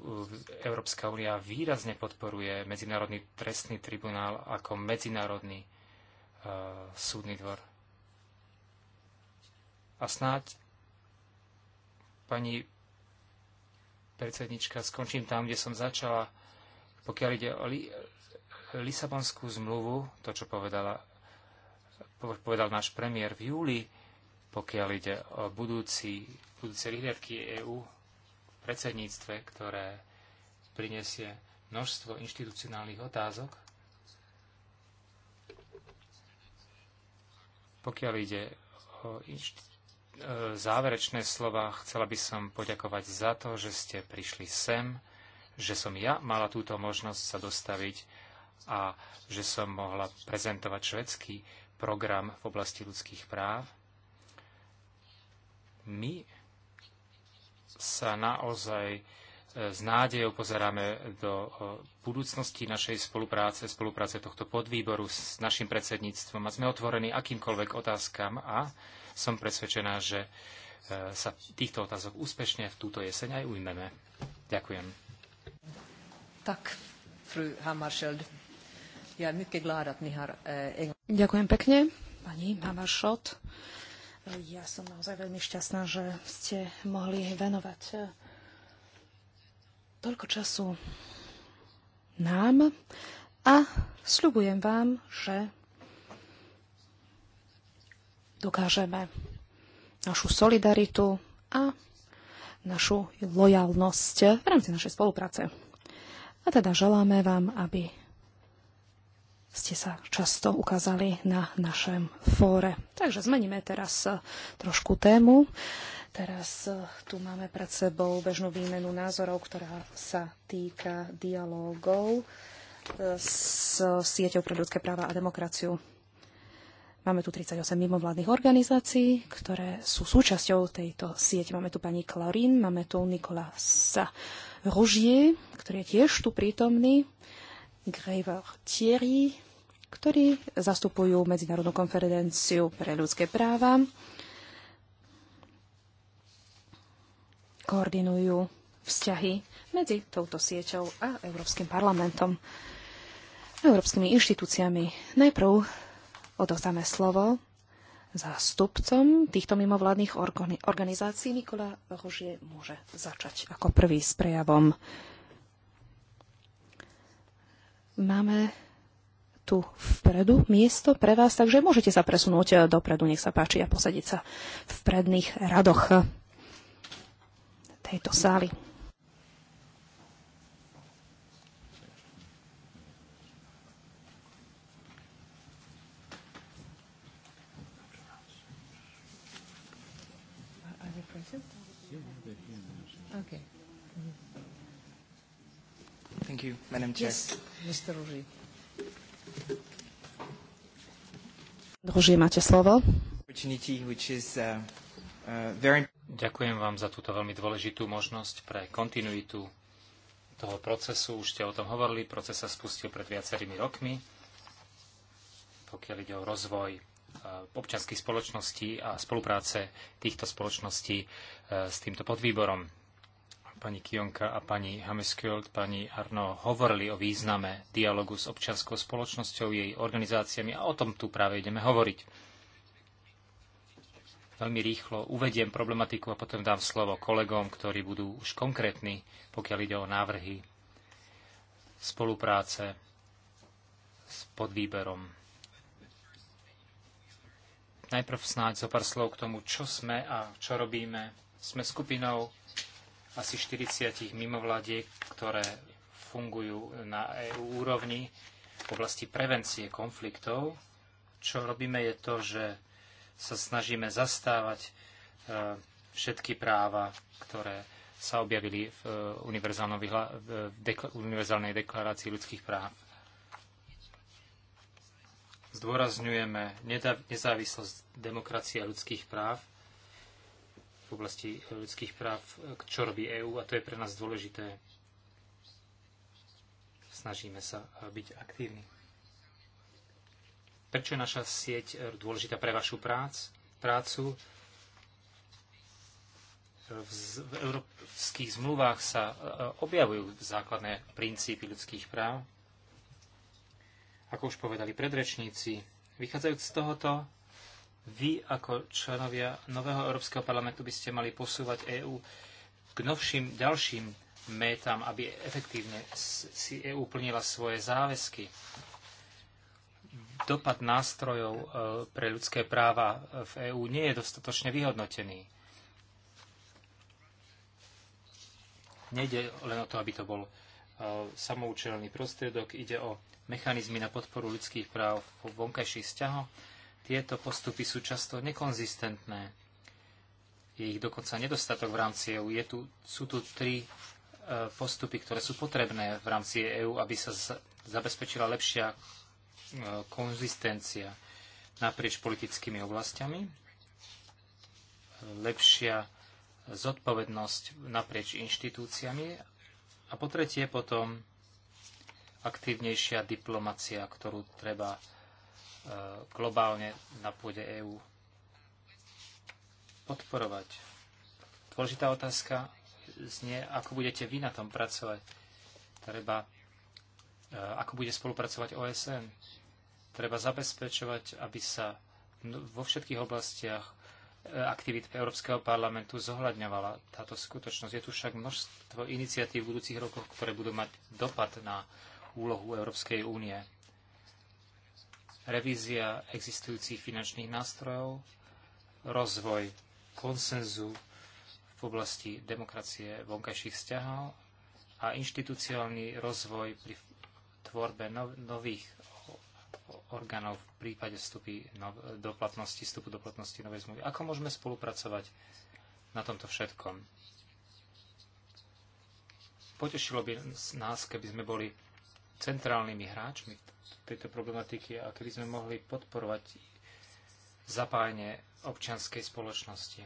Európska únia výrazne podporuje Medzinárodný trestný tribunál ako Medzinárodný uh, súdny dvor. A snáď, pani predsednička, skončím tam, kde som začala. Pokiaľ ide o li- Lisabonskú zmluvu, to, čo povedala, povedal náš premiér v júli, pokiaľ ide o budúci, budúce vyhliadky EÚ v predsedníctve, ktoré prinesie množstvo inštitucionálnych otázok. Pokiaľ ide o inšti- E, záverečné slova. Chcela by som poďakovať za to, že ste prišli sem, že som ja mala túto možnosť sa dostaviť a že som mohla prezentovať švedský program v oblasti ľudských práv. My sa naozaj e, s nádejou pozeráme do e, budúcnosti našej spolupráce, spolupráce tohto podvýboru s našim predsedníctvom a sme otvorení akýmkoľvek otázkam a som presvedčená, že e, sa týchto otázok úspešne v túto jeseň aj ujmeme. Ďakujem. Tak, fru Hammarskjöld. Ja je mycket glad že ni har e, Ďakujem pekne, pani Hammarskjöld. Ja som naozaj veľmi šťastná, že ste mohli venovať e, toľko času nám a sľubujem vám, že dokážeme našu solidaritu a našu lojalnosť v rámci našej spolupráce. A teda želáme vám, aby ste sa často ukázali na našem fóre. Takže zmeníme teraz eh, trošku tému. Teraz eh, tu máme pred sebou bežnú výmenu názorov, ktorá sa týka dialogov eh, s sieťou pre ľudské práva a demokraciu. Máme tu 38 mimovládnych organizácií, ktoré sú súčasťou tejto siete. Máme tu pani Klarín, máme tu Nikolás Rožie, ktorý je tiež tu prítomný, Graver Thierry, ktorí zastupujú Medzinárodnú konferenciu pre ľudské práva, koordinujú vzťahy medzi touto sieťou a Európskym parlamentom, európskymi inštitúciami. Najprv odovzdáme slovo zástupcom týchto mimovládnych organizácií. Nikola Rožie môže začať ako prvý s prejavom. Máme tu vpredu miesto pre vás, takže môžete sa presunúť dopredu, nech sa páči, a posadiť sa v predných radoch tejto sály. Madam Chair. Yes, Mr. Rouget. máte slovo. Which is, uh, uh, very... Ďakujem vám za túto veľmi dôležitú možnosť pre kontinuitu toho procesu. Už ste o tom hovorili, proces sa spustil pred viacerými rokmi, pokiaľ ide o rozvoj uh, občanských spoločností a spolupráce týchto spoločností uh, s týmto podvýborom pani Kionka a pani Hameskjöld, pani Arno hovorili o význame dialogu s občianskou spoločnosťou, jej organizáciami a o tom tu práve ideme hovoriť. Veľmi rýchlo uvediem problematiku a potom dám slovo kolegom, ktorí budú už konkrétni, pokiaľ ide o návrhy spolupráce s podvýberom najprv snáď zo pár slov k tomu, čo sme a čo robíme. Sme skupinou asi 40 mimovládiek, ktoré fungujú na EU úrovni v oblasti prevencie konfliktov. Čo robíme je to, že sa snažíme zastávať e, všetky práva, ktoré sa objavili v, e, e, univerzálnej deklarácii ľudských práv. Zdôrazňujeme nezávislosť demokracie a ľudských práv oblasti ľudských práv, čo robí EÚ a to je pre nás dôležité. Snažíme sa byť aktívni. Prečo je naša sieť dôležitá pre vašu prác, prácu? V, v európskych zmluvách sa e, objavujú základné princípy ľudských práv. Ako už povedali predrečníci, vychádzajúc z tohoto, vy ako členovia nového Európskeho parlamentu by ste mali posúvať EÚ k novším ďalším métam, aby efektívne si EÚ plnila svoje záväzky. Dopad nástrojov e, pre ľudské práva e, v EÚ nie je dostatočne vyhodnotený. Nejde len o to, aby to bol e, samoučelný prostriedok, ide o mechanizmy na podporu ľudských práv v vonkajších vzťahoch, tieto postupy sú často nekonzistentné. Je ich dokonca nedostatok v rámci EÚ. Je tu, sú tu tri e, postupy, ktoré sú potrebné v rámci EÚ, aby sa zabezpečila lepšia e, konzistencia naprieč politickými oblastiami, lepšia zodpovednosť naprieč inštitúciami a po tretie potom aktívnejšia diplomacia, ktorú treba E, globálne na pôde EÚ podporovať. Dôležitá otázka znie, ako budete vy na tom pracovať. Treba, e, ako bude spolupracovať OSN. Treba zabezpečovať, aby sa vo všetkých oblastiach e, aktivít Európskeho parlamentu zohľadňovala táto skutočnosť. Je tu však množstvo iniciatív v budúcich rokoch, ktoré budú mať dopad na úlohu Európskej únie revízia existujúcich finančných nástrojov, rozvoj konsenzu v oblasti demokracie vonkajších vzťahov a inštitucionálny rozvoj pri tvorbe no- nových orgánov v prípade vstupy no, do platnosti, vstupu do platnosti novej zmluvy. Ako môžeme spolupracovať na tomto všetkom? Potešilo by nás, keby sme boli centrálnymi hráčmi tejto problematiky a keby sme mohli podporovať zapájanie občianskej spoločnosti.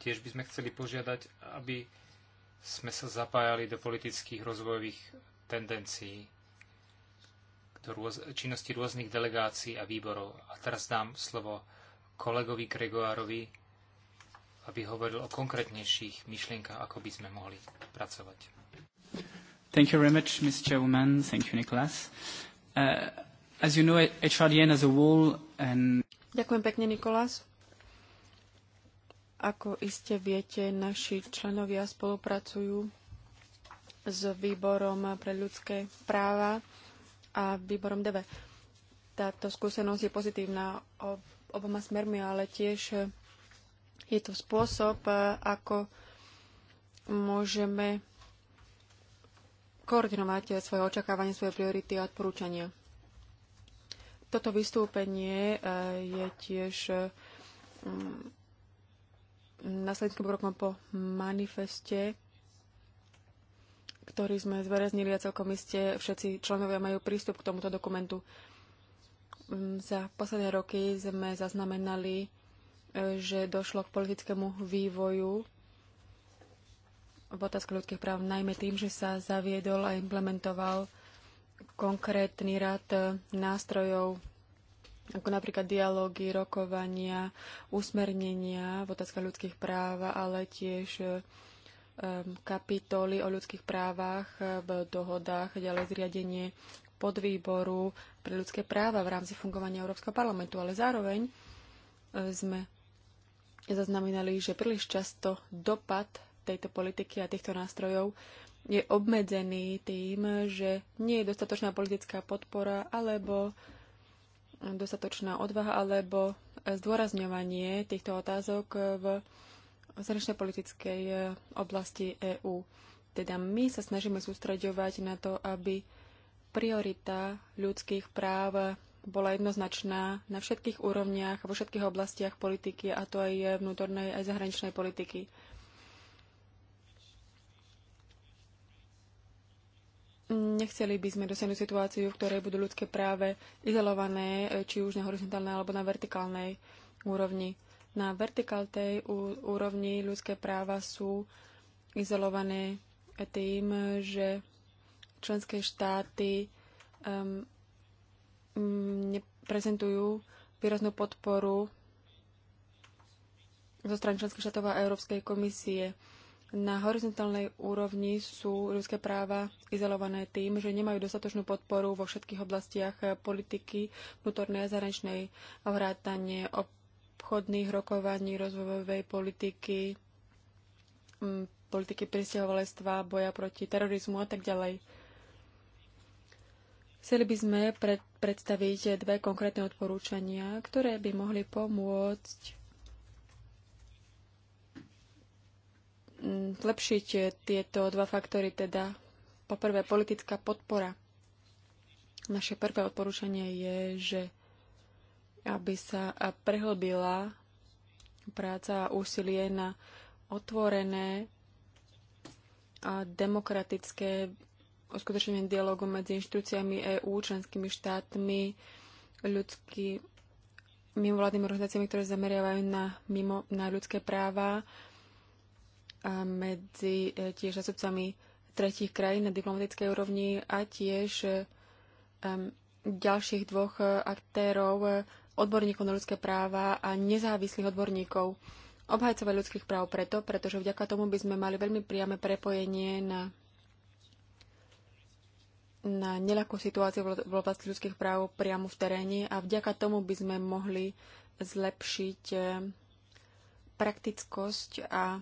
Tiež by sme chceli požiadať, aby sme sa zapájali do politických rozvojových tendencií, do rôz, činnosti rôznych delegácií a výborov. A teraz dám slovo kolegovi Gregoárovi, aby hovoril o konkrétnejších myšlienkach, ako by sme mohli pracovať. Thank you very much, Ms. Chairwoman. Thank you, Nicholas. Uh, as you know, HRDN as a whole and... Ďakujem pekne, Nikolás. Ako iste viete, naši členovia spolupracujú s výborom pre ľudské práva a výborom DV. Táto skúsenosť je pozitívna oboma smermi, ale tiež je to spôsob, ako môžeme koordinovať svoje očakávanie, svoje priority a odporúčania. Toto vystúpenie e, je tiež e, následným rokom po manifeste, ktorý sme zverejnili a celkom iste všetci členovia majú prístup k tomuto dokumentu. Za posledné roky sme zaznamenali, e, že došlo k politickému vývoju v otázke ľudských práv, najmä tým, že sa zaviedol a implementoval konkrétny rad e, nástrojov, ako napríklad dialógy, rokovania, usmernenia v otázke ľudských práv, ale tiež e, e, kapitoly o ľudských právach v dohodách, ďalej zriadenie podvýboru pre ľudské práva v rámci fungovania Európskeho parlamentu. Ale zároveň sme zaznamenali, že príliš často dopad tejto politiky a týchto nástrojov je obmedzený tým, že nie je dostatočná politická podpora alebo dostatočná odvaha alebo zdôrazňovanie týchto otázok v zahraničnej politickej e, oblasti EÚ. Teda my sa snažíme sústreďovať na to, aby priorita ľudských práv bola jednoznačná na všetkých úrovniach, vo všetkých oblastiach politiky, a to aj vnútornej, aj zahraničnej politiky. Nechceli by sme dosiahnuť situáciu, v ktorej budú ľudské práve izolované, či už na horizontálnej alebo na vertikálnej úrovni. Na vertikálnej úrovni ľudské práva sú izolované tým, že členské štáty um, prezentujú výraznú podporu zo strany členských štátov a Európskej komisie. Na horizontálnej úrovni sú ľudské práva izolované tým, že nemajú dostatočnú podporu vo všetkých oblastiach politiky, vnútornej a zahraničnej, vrátanie obchodných rokovaní, rozvojovej politiky, mm, politiky pristahovalectva, boja proti terorizmu a tak ďalej. Chceli by sme pred, predstaviť dve konkrétne odporúčania, ktoré by mohli pomôcť zlepšiť e, tieto dva faktory, teda poprvé politická podpora. Naše prvé odporúčanie je, že aby sa prehlbila práca a úsilie na otvorené a demokratické uskutočnenie dialogu medzi inštitúciami EÚ, členskými štátmi, ľudskými mimovládnymi organizáciami, ktoré zameriavajú na, mimo, na ľudské práva, medzi e, tiež zástupcami tretich krajín na diplomatickej úrovni a tiež e, ďalších dvoch e, aktérov, odborníkov na ľudské práva a nezávislých odborníkov obhajcovia ľudských práv preto, pretože vďaka tomu by sme mali veľmi priame prepojenie na, na nelakú situáciu v oblasti ľudských práv priamo v teréne a vďaka tomu by sme mohli zlepšiť praktickosť a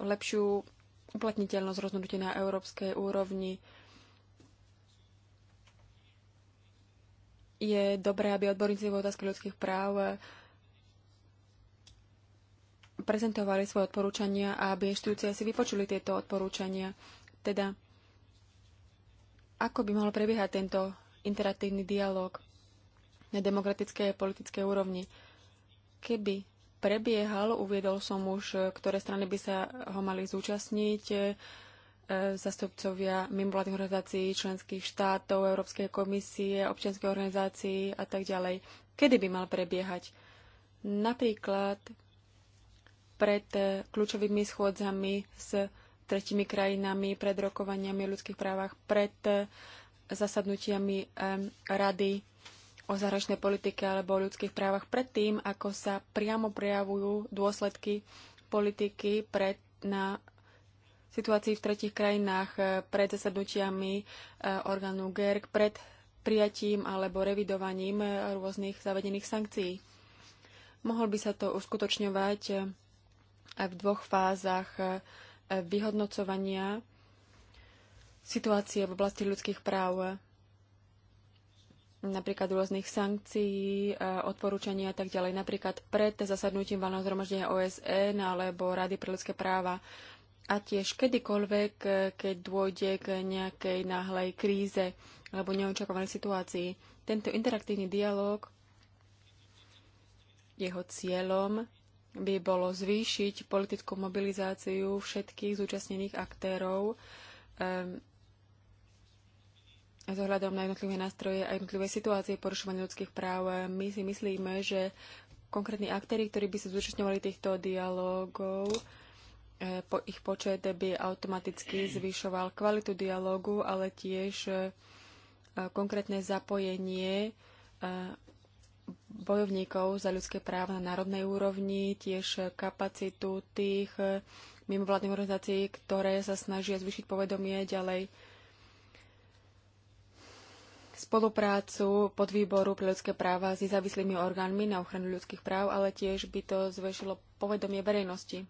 lepšiu uplatniteľnosť rozhodnutí na európskej úrovni. Je dobré, aby odborníci v otázke ľudských práv prezentovali svoje odporúčania a aby inštitúcie si vypočuli tieto odporúčania. Teda, ako by mohol prebiehať tento interaktívny dialog na demokratickej a politickej úrovni, keby prebiehal. Uviedol som už, ktoré strany by sa ho mali zúčastniť e, zastupcovia mimovládnych organizácií, členských štátov, Európskej komisie, občianskej organizácií a tak ďalej. Kedy by mal prebiehať? Napríklad pred kľúčovými schôdzami s tretimi krajinami, pred rokovaniami o ľudských právach, pred zasadnutiami Rady o zahraničnej politike alebo o ľudských právach predtým, ako sa priamo prejavujú dôsledky politiky pred, na situácii v tretich krajinách eh, pred zasadnutiami eh, orgánu GERG, e pred prijatím alebo revidovaním eh, rôznych zavedených sankcií. Mohol by sa to uskutočňovať aj v dvoch fázach vyhodnocovania situácie v oblasti ľudských práv napríklad rôznych sankcií, e, odporúčaní a tak ďalej. Napríklad pred zasadnutím valného zhromaždenia OSN alebo Rady pre ľudské práva a tiež kedykoľvek, e, keď dôjde k nejakej náhlej kríze alebo neočakovanej situácii. Tento interaktívny dialog, jeho cieľom by bolo zvýšiť politickú mobilizáciu všetkých zúčastnených aktérov, e, s ohľadom na jednotlivé nástroje a jednotlivé situácie porušovania ľudských práv. My si myslíme, že konkrétni aktéry, ktorí by sa zúčastňovali týchto dialogov, e, po ich počet by automaticky zvyšoval kvalitu dialogu, ale tiež e, konkrétne zapojenie e, bojovníkov za ľudské práva na národnej úrovni, tiež kapacitu tých mimovládnych organizácií, ktoré sa snažia zvyšiť povedomie ďalej spoluprácu podvýboru pre ľudské práva s nezávislými orgánmi na ochranu ľudských práv, ale tiež by to zvešilo povedomie verejnosti.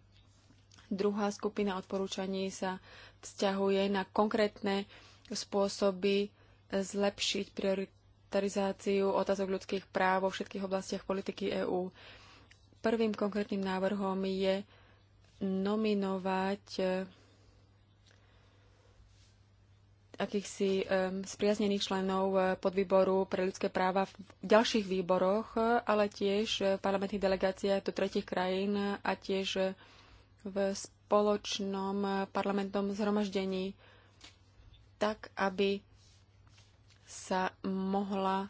Druhá skupina odporúčaní sa vzťahuje na konkrétne spôsoby zlepšiť prioritarizáciu otázok ľudských práv vo všetkých oblastiach politiky EÚ. Prvým konkrétnym návrhom je nominovať akýchsi spriaznených členov eh, podvýboru pre ľudské práva v ďalších výboroch, ale tiež v eh, parlamentných delegáciách do tretich krajín a tiež eh, v spoločnom parlamentnom zhromaždení, tak aby sa mohla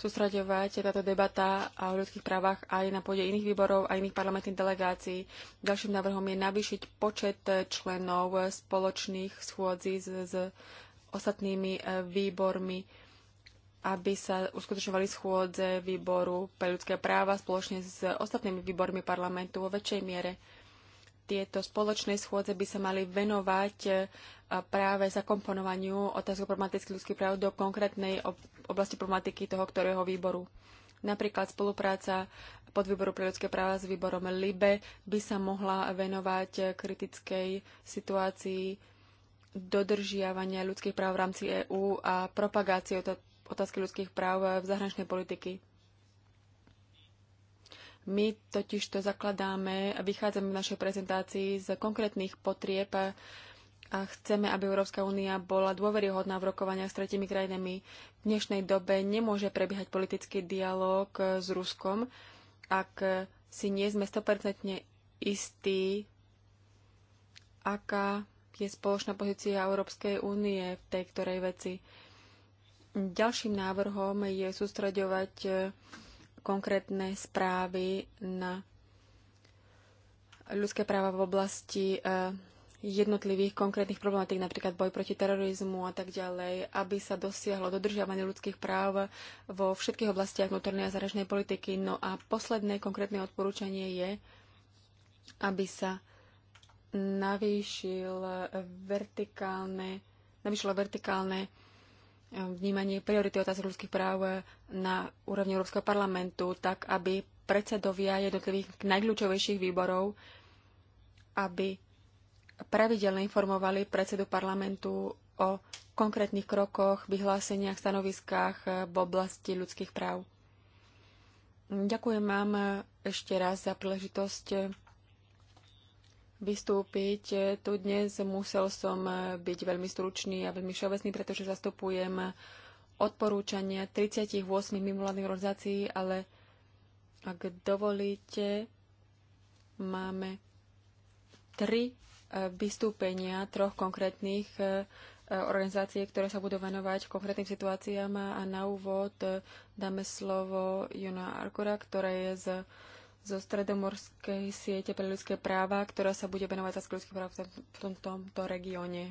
sústraďovať táto debata o ľudských právach aj na pôde iných výborov a iných parlamentných delegácií. Ďalším návrhom je navýšiť počet členov spoločných schôdzí z. z ostatnými e, výbormi, aby sa uskutočňovali schôdze výboru pre ľudské práva spoločne s ostatnými výbormi parlamentu vo väčšej miere. Tieto spoločné schôdze by sa mali venovať e, práve zakomponovaniu otázok problematických ľudských práv do konkrétnej oblasti problematiky toho, ktorého výboru. Napríklad spolupráca podvýboru pre ľudské práva s výborom LIBE by sa mohla venovať e, kritickej situácii dodržiavania ľudských práv v rámci EÚ a propagácie otázky ľudských práv v zahraničnej politiky. My totiž to zakladáme, vychádzame v našej prezentácii z konkrétnych potrieb a chceme, aby Európska únia bola dôveryhodná v rokovaniach s tretimi krajinami. V dnešnej dobe nemôže prebiehať politický dialog s Ruskom, ak si nie sme 100% istí, aká je spoločná pozícia Európskej únie v tej ktorej veci. Ďalším návrhom je sústreďovať e, konkrétne správy na ľudské práva v oblasti e, jednotlivých konkrétnych problematík, napríklad boj proti terorizmu a tak ďalej, aby sa dosiahlo dodržiavanie ľudských práv vo všetkých oblastiach vnútornej a zahraničnej politiky. No a posledné konkrétne odporúčanie je, aby sa navýšil vertikálne, navýšilo vertikálne eh, vnímanie priority otázok ľudských práv na úrovni Európskeho parlamentu, tak aby predsedovia jednotlivých najkľúčovejších výborov, aby pravidelne informovali predsedu parlamentu o konkrétnych krokoch, vyhláseniach, stanoviskách eh, v oblasti ľudských práv. Ďakujem vám eh, ešte raz za príležitosť vystúpiť tu dnes. Musel som eh, byť veľmi stručný a veľmi všeobecný, pretože zastupujem odporúčania 38 mimovládnych organizácií, ale ak dovolíte, máme tri eh, vystúpenia troch konkrétnych eh, organizácií, ktoré sa budú venovať konkrétnym situáciám a na úvod dáme slovo Juna Arkura, ktorá je z zo stredomorskej siete pre ľudské práva, ktorá sa bude venovať za ľudských práv v tomto, tomto regióne.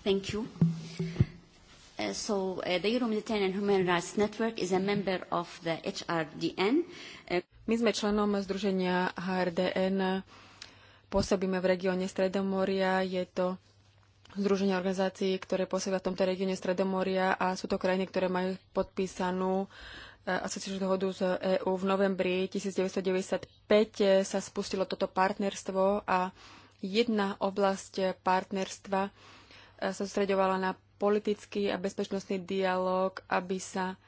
Thank you. Uh, so uh, the Euro-Mediterranean Human Rights Network is a member of the HRDN. Uh, My sme členom Združenia HRDN. Pôsobíme v regióne Stredomoria. Je to združenie organizácií, ktoré pôsobia v tomto regióne Stredomoria a sú to krajiny, ktoré majú podpísanú uh, E, asociačnú dohodu z EÚ v novembri 1995 e, sa spustilo toto partnerstvo a jedna oblasť partnerstva e, sústreďovala na politický a bezpečnostný dialog, aby sa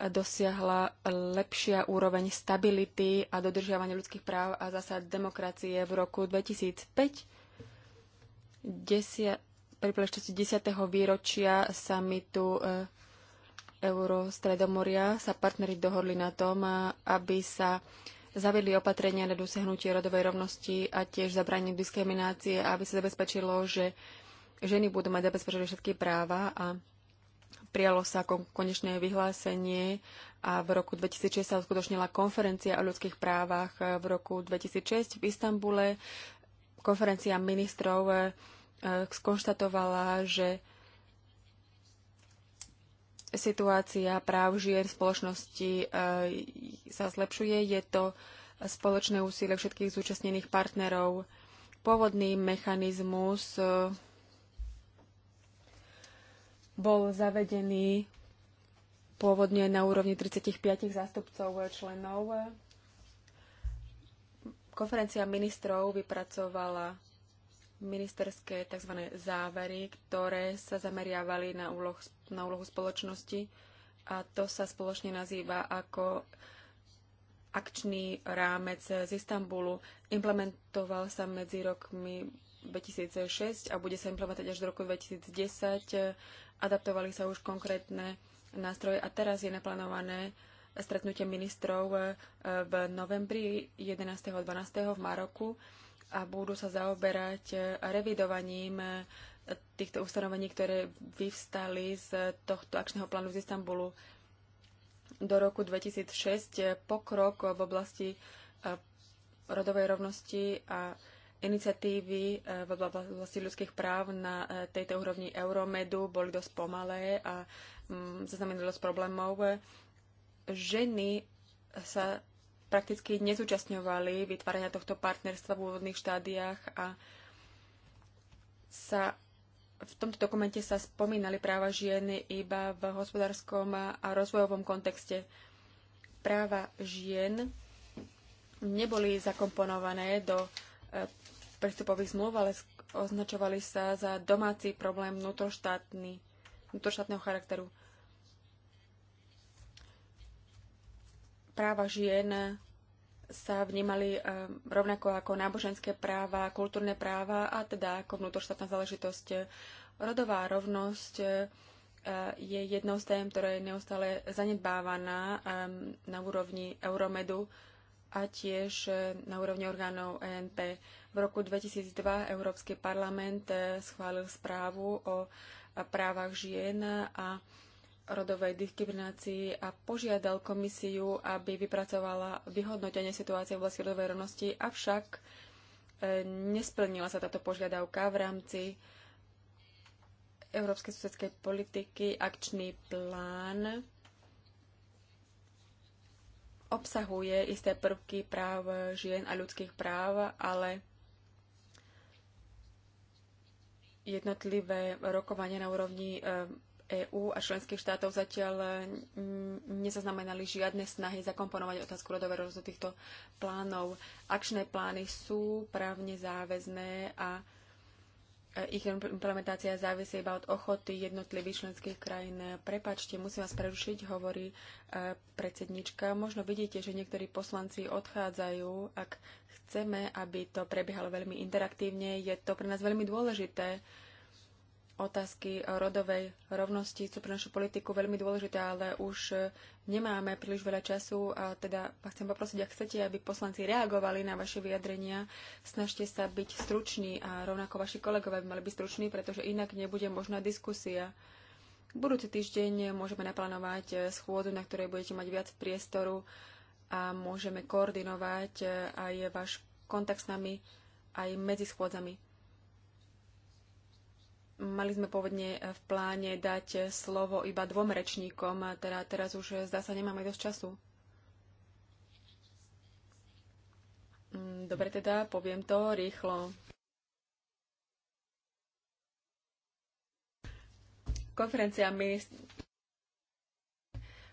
dosiahla lepšia úroveň stability a dodržiavania ľudských práv a zásad demokracie v roku 2005. Desia, pri príležitosti 10. výročia samitu e, Eurostredomoria sa partneri dohodli na tom, aby sa zavedli opatrenia na dosiahnutie rodovej rovnosti a tiež zabranie diskriminácie, aby sa zabezpečilo, že ženy budú mať zabezpečené všetky práva a prijalo sa konečné vyhlásenie a v roku 2006 sa uskutočnila konferencia o ľudských právach e, v roku 2006 v Istambule. Konferencia ministrov e, e, skonštatovala, že Situácia práv žien v spoločnosti e, sa zlepšuje. Je to spoločné úsilie všetkých zúčastnených partnerov. Pôvodný mechanizmus e, bol zavedený pôvodne na úrovni 35 zástupcov členov. Konferencia ministrov vypracovala ministerské tzv. závery, ktoré sa zameriavali na úloh na úlohu spoločnosti a to sa spoločne nazýva ako akčný rámec z Istanbulu. Implementoval sa medzi rokmi 2006 a bude sa implementovať až do roku 2010. Adaptovali sa už konkrétne nástroje a teraz je naplánované stretnutie ministrov eh, v novembri 11. a 12. v Maroku a budú sa zaoberať eh, revidovaním eh, týchto ustanovení, ktoré vyvstali z tohto akčného plánu z Istanbulu do roku 2006, pokrok v oblasti e, rodovej rovnosti a iniciatívy e, v oblasti ľudských práv na e, tejto úrovni Euromedu boli dosť pomalé a mm, zaznamenali dosť problémov. Ženy sa prakticky nezúčastňovali vytvárania tohto partnerstva v úvodných štádiách a sa v tomto dokumente sa spomínali práva žien iba v hospodárskom a rozvojovom kontexte. Práva žien neboli zakomponované do e, prístupových zmluv, ale označovali sa za domáci problém vnútroštátny, vnútroštátneho charakteru. Práva žien sa vnímali eh, rovnako ako náboženské práva, kultúrne práva a teda ako vnútorštátna záležitosť. Rodová rovnosť eh, je jednou z tém, ktorá je neustále zanedbávaná na úrovni Euromedu a tiež eh, na úrovni orgánov ENP. V roku 2002 Európsky parlament schválil správu o právach žien a rodovej diskriminácii a požiadal komisiu, aby vypracovala vyhodnotenie situácie v oblasti rodovej rovnosti, avšak e, nesplnila sa táto požiadavka v rámci Európskej susedskej politiky akčný plán obsahuje isté prvky práv žien a ľudských práv, ale jednotlivé rokovanie na úrovni e, EÚ a členských štátov zatiaľ nezaznamenali žiadne snahy zakomponovať otázku rodovej do týchto plánov. Akčné plány sú právne záväzné a ich implementácia závisí iba od ochoty jednotlivých členských krajín. Prepačte, musím vás prerušiť, hovorí e, predsednička. Možno vidíte, že niektorí poslanci odchádzajú. Ak chceme, aby to prebiehalo veľmi interaktívne, je to pre nás veľmi dôležité otázky rodovej rovnosti sú pre našu politiku veľmi dôležité, ale už e, nemáme príliš veľa času a teda chcem poprosiť, ak chcete, aby poslanci reagovali na vaše vyjadrenia, snažte sa byť struční a rovnako vaši kolegovia by mali byť struční, pretože inak nebude možná diskusia. Budúci týždeň môžeme naplánovať e, schôdu, na ktorej budete mať viac priestoru a môžeme koordinovať e, aj váš kontakt s nami aj medzi schôdzami. Mali sme pôvodne v pláne dať slovo iba dvom rečníkom, teda teraz už eh, zdá sa nemáme dosť času. Mm, dobre teda, poviem to rýchlo. Konferencia, ministrov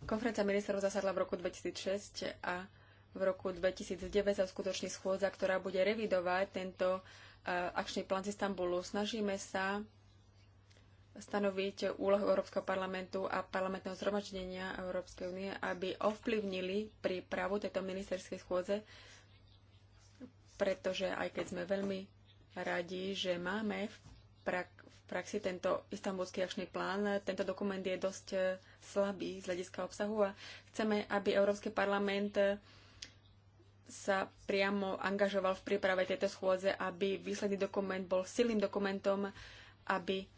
Konferencia ministerov zasadla v roku 2006 a v roku 2009 sa skutočne schôdza, ktorá bude revidovať tento eh, akčný plán z Istanbulu. Snažíme sa stanoviť úlohu Európskeho parlamentu a parlamentného zhromaždenia Európskej únie, aby ovplyvnili prípravu tejto ministerskej schôdze, pretože aj keď sme veľmi radi, že máme v, prak- v praxi tento istambulský akčný plán, tento dokument je dosť eh, slabý z hľadiska obsahu a chceme, aby Európsky parlament eh, sa priamo angažoval v príprave tejto schôdze, aby výsledný dokument bol silným dokumentom, aby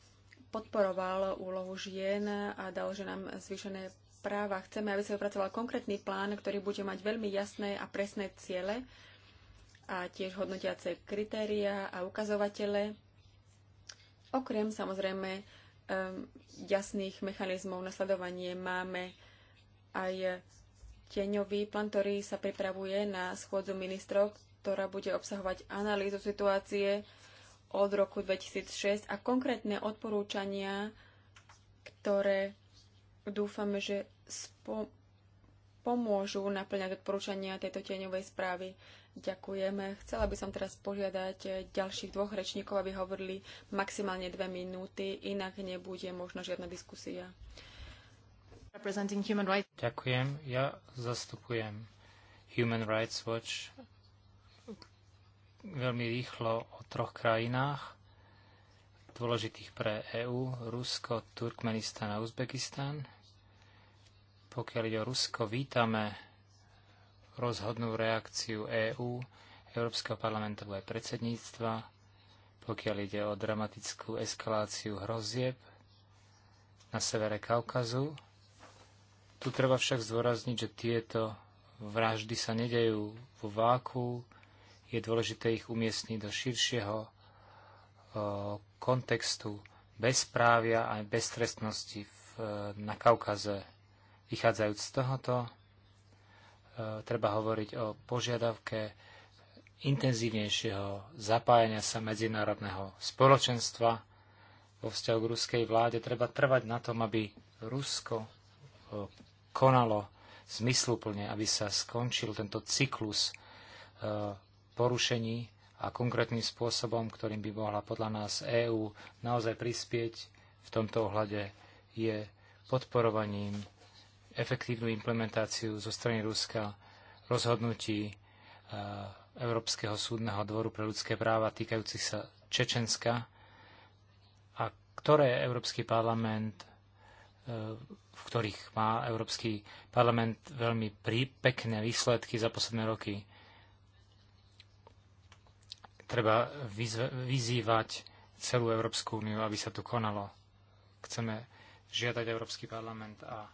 podporoval úlohu žien a dal ženám zvýšené práva. Chceme, aby sa vypracoval konkrétny plán, ktorý bude mať veľmi jasné a presné ciele a tiež hodnotiace kritéria a ukazovatele. Okrem samozrejme jasných mechanizmov na sledovanie máme aj tieňový plán, ktorý sa pripravuje na schôdzu ministrov, ktorá bude obsahovať analýzu situácie od roku 2006 a konkrétne odporúčania, ktoré dúfame, že pomôžu naplňať odporúčania tejto tieňovej správy. Ďakujeme. Chcela by som teraz požiadať ďalších dvoch rečníkov, aby hovorili maximálne dve minúty, inak nebude možno žiadna diskusia. Ďakujem. Ja zastupujem Human Rights Watch veľmi rýchlo o troch krajinách dôležitých pre EÚ, Rusko, Turkmenistan a Uzbekistan. Pokiaľ ide o Rusko, vítame rozhodnú reakciu EÚ, Európskeho parlamentu aj predsedníctva, pokiaľ ide o dramatickú eskaláciu hrozieb na severe Kaukazu. Tu treba však zdôrazniť, že tieto vraždy sa nedejú v váku, je dôležité ich umiestniť do širšieho kontextu bezprávia a beztrestnosti na Kaukaze. Vychádzajúc z tohoto, treba hovoriť o požiadavke intenzívnejšieho zapájania sa medzinárodného spoločenstva vo vzťahu k ruskej vláde. Treba trvať na tom, aby Rusko konalo zmysluplne, aby sa skončil tento cyklus porušení a konkrétnym spôsobom, ktorým by mohla podľa nás EÚ naozaj prispieť v tomto ohľade, je podporovaním efektívnu implementáciu zo strany Ruska rozhodnutí e, Európskeho súdneho dvoru pre ľudské práva týkajúcich sa Čečenska a ktoré Európsky parlament e, v ktorých má Európsky parlament veľmi pekné výsledky za posledné roky. Treba vyzývať celú Európsku úniu, aby sa tu konalo. Chceme žiadať Európsky parlament a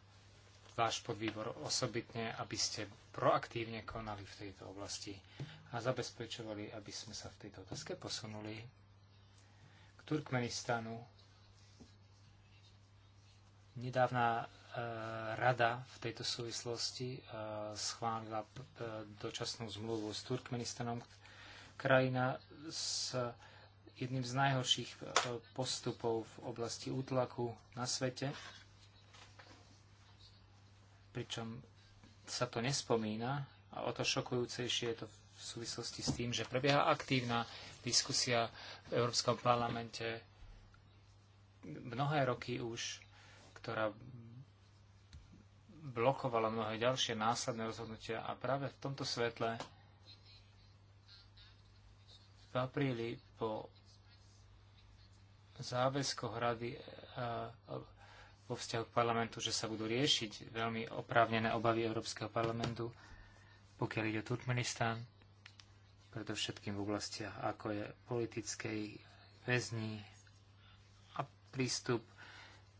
váš podvýbor osobitne, aby ste proaktívne konali v tejto oblasti a zabezpečovali, aby sme sa v tejto otázke posunuli k Turkmenistanu. Nedávna e, rada v tejto súvislosti e, schválila e, dočasnú zmluvu s Turkmenistanom, krajina s jedným z najhorších e, postupov v oblasti útlaku na svete, pričom sa to nespomína a o to šokujúcejšie je to v súvislosti s tým, že prebieha aktívna diskusia v Európskom parlamente mnohé roky už, ktorá blokovala mnohé ďalšie následné rozhodnutia a práve v tomto svetle apríli po záväzkoch rady e, vo vzťahu k parlamentu, že sa budú riešiť veľmi oprávnené obavy Európskeho parlamentu, pokiaľ ide o Turkmenistán, predovšetkým v oblastiach ako je politickej väzni a prístup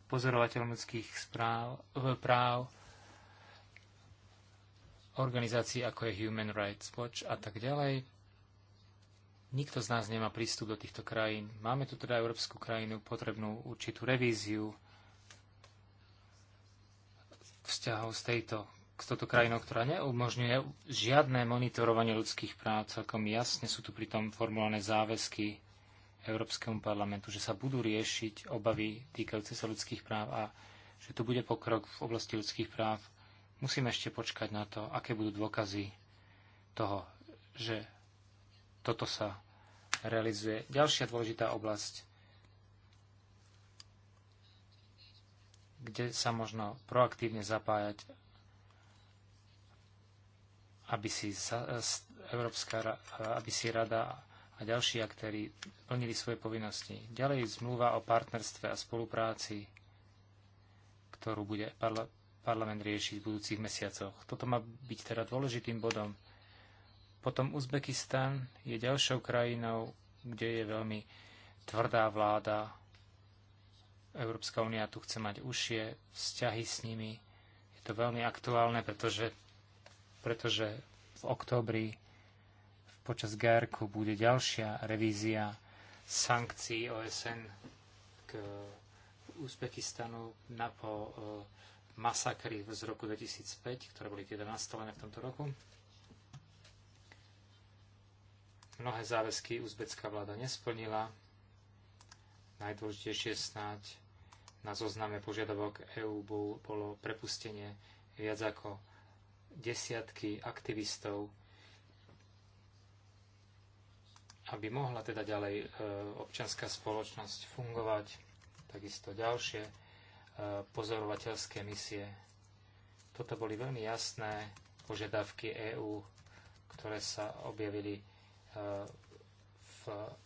pozorovateľ ľudských správ, práv, organizácií ako je Human Rights Watch a tak ďalej. Nikto z nás nemá prístup do týchto krajín. Máme tu teda európsku krajinu, potrebnú určitú revíziu vzťahov s tejto, s touto krajinou, ktorá neumožňuje žiadne monitorovanie ľudských práv. Celkom jasne sú tu pritom formulované záväzky Európskemu parlamentu, že sa budú riešiť obavy týkajúce sa ľudských práv a že tu bude pokrok v oblasti ľudských práv. Musíme ešte počkať na to, aké budú dôkazy toho, že toto sa realizuje. Ďalšia dôležitá oblasť, kde sa možno proaktívne zapájať, aby si Európska aby si rada a ďalší aktéry plnili svoje povinnosti. Ďalej zmluva o partnerstve a spolupráci, ktorú bude parlament riešiť v budúcich mesiacoch. Toto má byť teda dôležitým bodom potom Uzbekistan je ďalšou krajinou, kde je veľmi tvrdá vláda. Európska únia tu chce mať užšie vzťahy s nimi. Je to veľmi aktuálne, pretože, pretože v októbri počas grk bude ďalšia revízia sankcií OSN k Uzbekistanu na po e, masakry z roku 2005, ktoré boli teda nastolené v tomto roku. Mnohé záväzky uzbecká vláda nesplnila. Najdôležitejšie snáď na zozname požiadavok EÚ bolo prepustenie viac ako desiatky aktivistov, aby mohla teda ďalej e, občianská spoločnosť fungovať, takisto ďalšie e, pozorovateľské misie. Toto boli veľmi jasné požiadavky EÚ, ktoré sa objavili v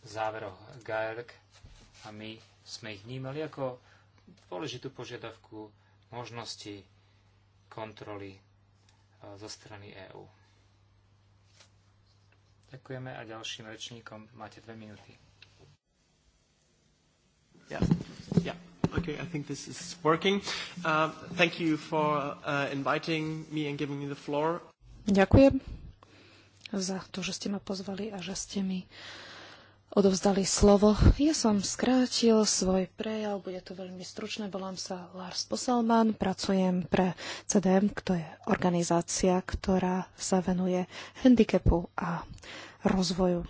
záveroch GAERG a my sme ich vnímali ako dôležitú požiadavku možnosti kontroly e, zo strany EÚ. Ďakujeme a ďalším rečníkom máte dve minúty. Yeah. Yeah. Okay, I think this is working. Uh, thank you for uh, inviting me and giving me the floor. Ďakujem za to, že ste ma pozvali a že ste mi odovzdali slovo. Ja som skrátil svoj prejav, bude to veľmi stručné. Volám sa Lars Poselman, pracujem pre CDM, to je organizácia, ktorá sa venuje handicapu a rozvoju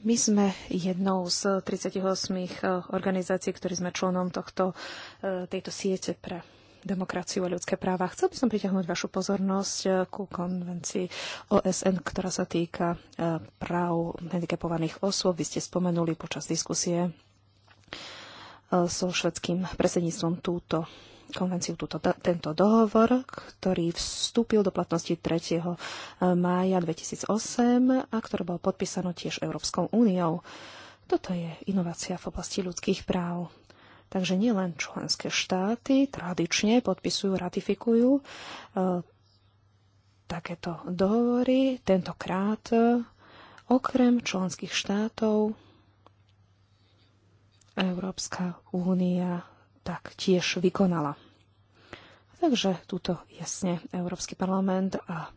my sme jednou z 38 eh, organizácií, ktorí sme členom tohto, eh, tejto siete pre demokraciu a ľudské práva. Chcel by som priťahnuť vašu pozornosť eh, ku konvencii OSN, ktorá sa týka eh, práv handicapovaných osôb. Vy ste spomenuli počas diskusie eh, so švedským predsedníctvom túto konvenciu, túto, tento dohovor, ktorý vstúpil do platnosti 3. mája 2008 a ktoré bolo podpísaný tiež Európskou úniou. Toto je inovácia v oblasti ľudských práv. Takže nielen členské štáty tradične podpisujú, ratifikujú e, takéto dohovory, tentokrát e, okrem členských štátov Európska únia taktiež vykonala. Takže túto jasne Európsky parlament a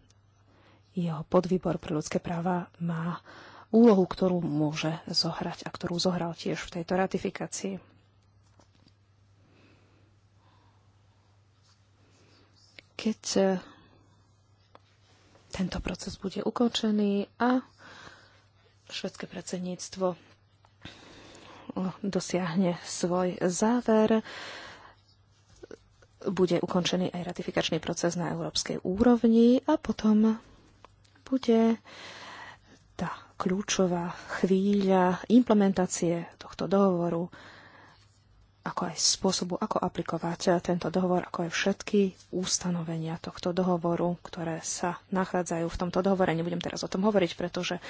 jeho podvýbor pre ľudské práva má úlohu, ktorú môže zohrať a ktorú zohral tiež v tejto ratifikácii. keď e, tento proces bude ukončený a švedské predsedníctvo dosiahne svoj záver, bude ukončený aj ratifikačný proces na európskej úrovni a potom bude tá kľúčová chvíľa implementácie tohto dohovoru ako aj spôsobu, ako aplikovať eh, tento dohovor, ako aj všetky ustanovenia tohto dohovoru, ktoré sa nachádzajú v tomto dohovore. Nebudem teraz o tom hovoriť, pretože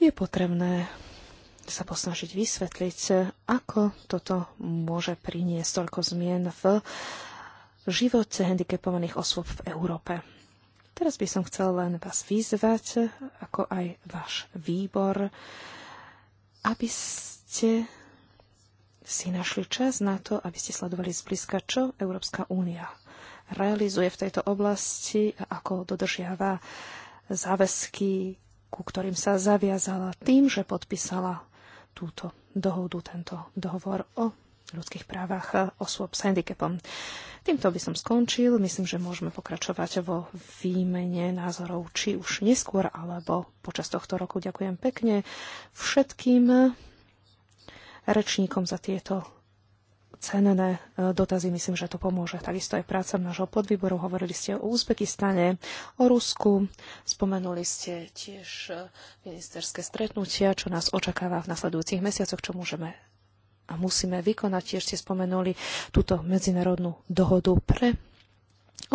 je potrebné sa posnažiť vysvetliť, ako toto môže priniesť toľko zmien v živote handicapovaných osôb v Európe. Teraz by som chcel len vás vyzvať, ako aj váš výbor, aby ste si našli čas na to, aby ste sledovali zblízka, čo Európska únia realizuje v tejto oblasti a ako dodržiava záväzky, ku ktorým sa zaviazala tým, že podpísala túto dohodu, tento dohovor o ľudských právach e, osôb s handicapom. Týmto by som skončil. Myslím, že môžeme pokračovať vo výmene názorov, či už neskôr, alebo počas tohto roku. Ďakujem pekne všetkým rečníkom za tieto cenné e, dotazy. Myslím, že to pomôže. Takisto aj prácam nášho podvýboru. Hovorili ste o Uzbekistane, o Rusku. Spomenuli ste tiež e, ministerské stretnutia, čo nás očakáva v nasledujúcich mesiacoch, čo môžeme a musíme vykonať. Tiež ste spomenuli túto medzinárodnú dohodu pre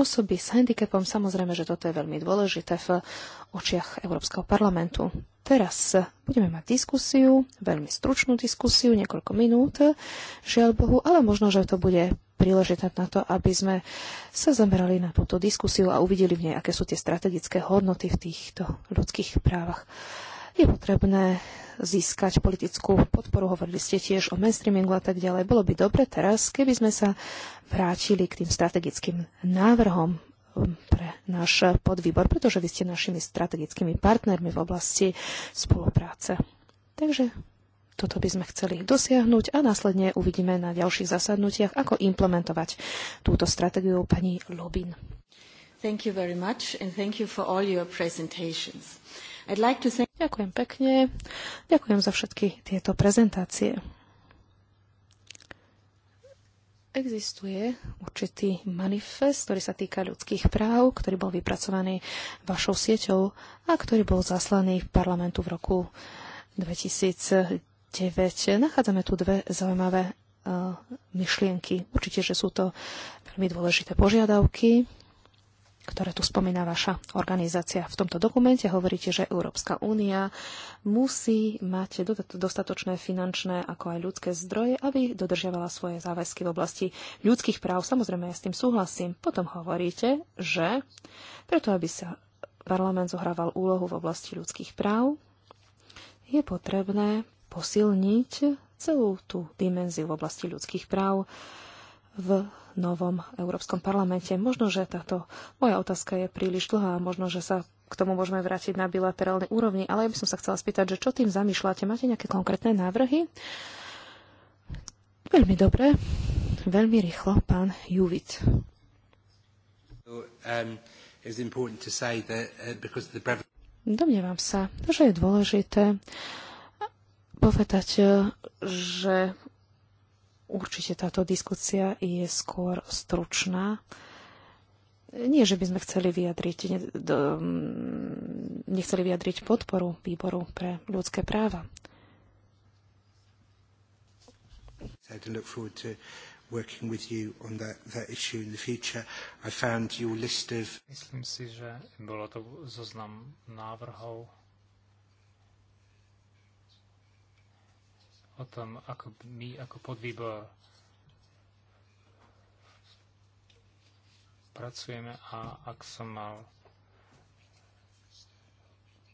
Osoby s handicapom, samozrejme, že toto je veľmi dôležité v očiach Európskeho parlamentu. Teraz budeme mať diskusiu, veľmi stručnú diskusiu, niekoľko minút, žiaľ Bohu, ale možno, že to bude príležitať na to, aby sme sa zamerali na túto diskusiu a uvideli v nej, aké sú tie strategické hodnoty v týchto ľudských právach je potrebné získať politickú podporu. Hovorili ste tiež o mainstreamingu a tak ďalej. Bolo by dobre teraz, keby sme sa vrátili k tým strategickým návrhom um, pre náš podvýbor, pretože vy ste našimi strategickými partnermi v oblasti spolupráce. Takže toto by sme chceli dosiahnuť a následne uvidíme na ďalších zasadnutiach, ako implementovať túto strategiu pani Lobin. Thank you very much and thank you for all your presentations. Like Ďakujem pekne. Ďakujem za všetky tieto prezentácie. Existuje určitý manifest, ktorý sa týka ľudských práv, ktorý bol vypracovaný vašou sieťou a ktorý bol zaslaný parlamentu v roku 2009. Nachádzame tu dve zaujímavé eh, myšlienky. Určite, že sú to veľmi dôležité požiadavky ktoré tu spomína vaša organizácia. V tomto dokumente hovoríte, že Európska únia musí mať dostatočné finančné ako aj ľudské zdroje, aby dodržiavala svoje záväzky v oblasti ľudských práv. Samozrejme, ja s tým súhlasím. Potom hovoríte, že preto, aby sa parlament zohrával úlohu v oblasti ľudských práv, je potrebné posilniť celú tú dimenziu v oblasti ľudských práv v novom Európskom parlamente. Možno, že táto moja otázka je príliš dlhá, možno, že sa k tomu môžeme vrátiť na bilaterálnej úrovni, ale ja by som sa chcela spýtať, že čo tým zamýšľate? Máte nejaké konkrétne návrhy? Veľmi dobre, veľmi rýchlo, pán Juvit. Um, uh, Domnievam sa, že je dôležité povedať, že Určite táto diskusia je skôr stručná. Nie, že by sme chceli vyjadriť, ne, do, mm, nechceli vyjadriť podporu výboru pre ľudské práva. Myslím si, že bolo to zoznam návrhov o tom, ako my ako podvýbor pracujeme a ak som mal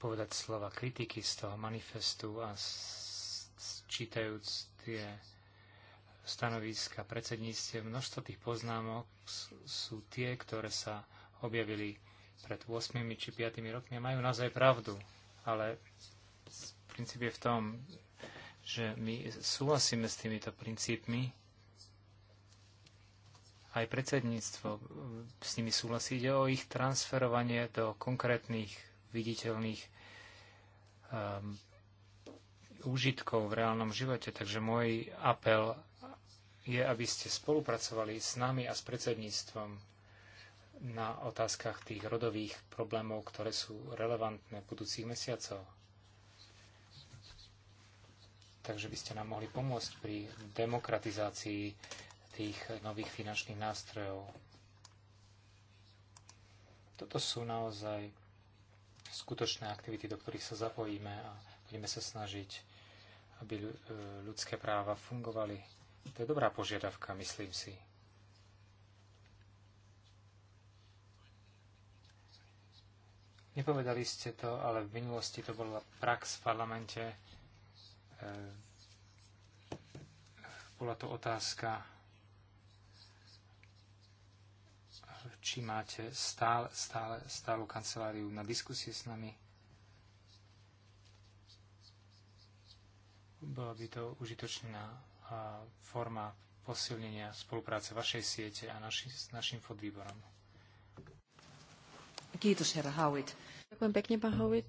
povedať slova kritiky z toho manifestu a čítajúc tie stanoviska predsedníctiev, množstvo tých poznámok sú tie, ktoré sa objavili pred 8 či 5 rokmi a majú naozaj pravdu, ale princíp je v tom, že my súhlasíme s týmito princípmi. Aj predsedníctvo s nimi súhlasí. Ide o ich transferovanie do konkrétnych viditeľných um, úžitkov v reálnom živote. Takže môj apel je, aby ste spolupracovali s nami a s predsedníctvom na otázkach tých rodových problémov, ktoré sú relevantné v budúcich mesiacoch. Takže by ste nám mohli pomôcť pri demokratizácii tých nových finančných nástrojov. Toto sú naozaj skutočné aktivity, do ktorých sa zapojíme a budeme sa snažiť, aby e, ľudské práva fungovali. To je dobrá požiadavka, myslím si. Nepovedali ste to, ale v minulosti to bola prax v parlamente, Eh, bola to otázka, či máte stále, stále, stálu kanceláriu na diskusie s nami. Bola by to užitočná eh, forma posilnenia spolupráce vašej siete a naši, s našim podvýborom. Ďakujem pekne, pán Howitt.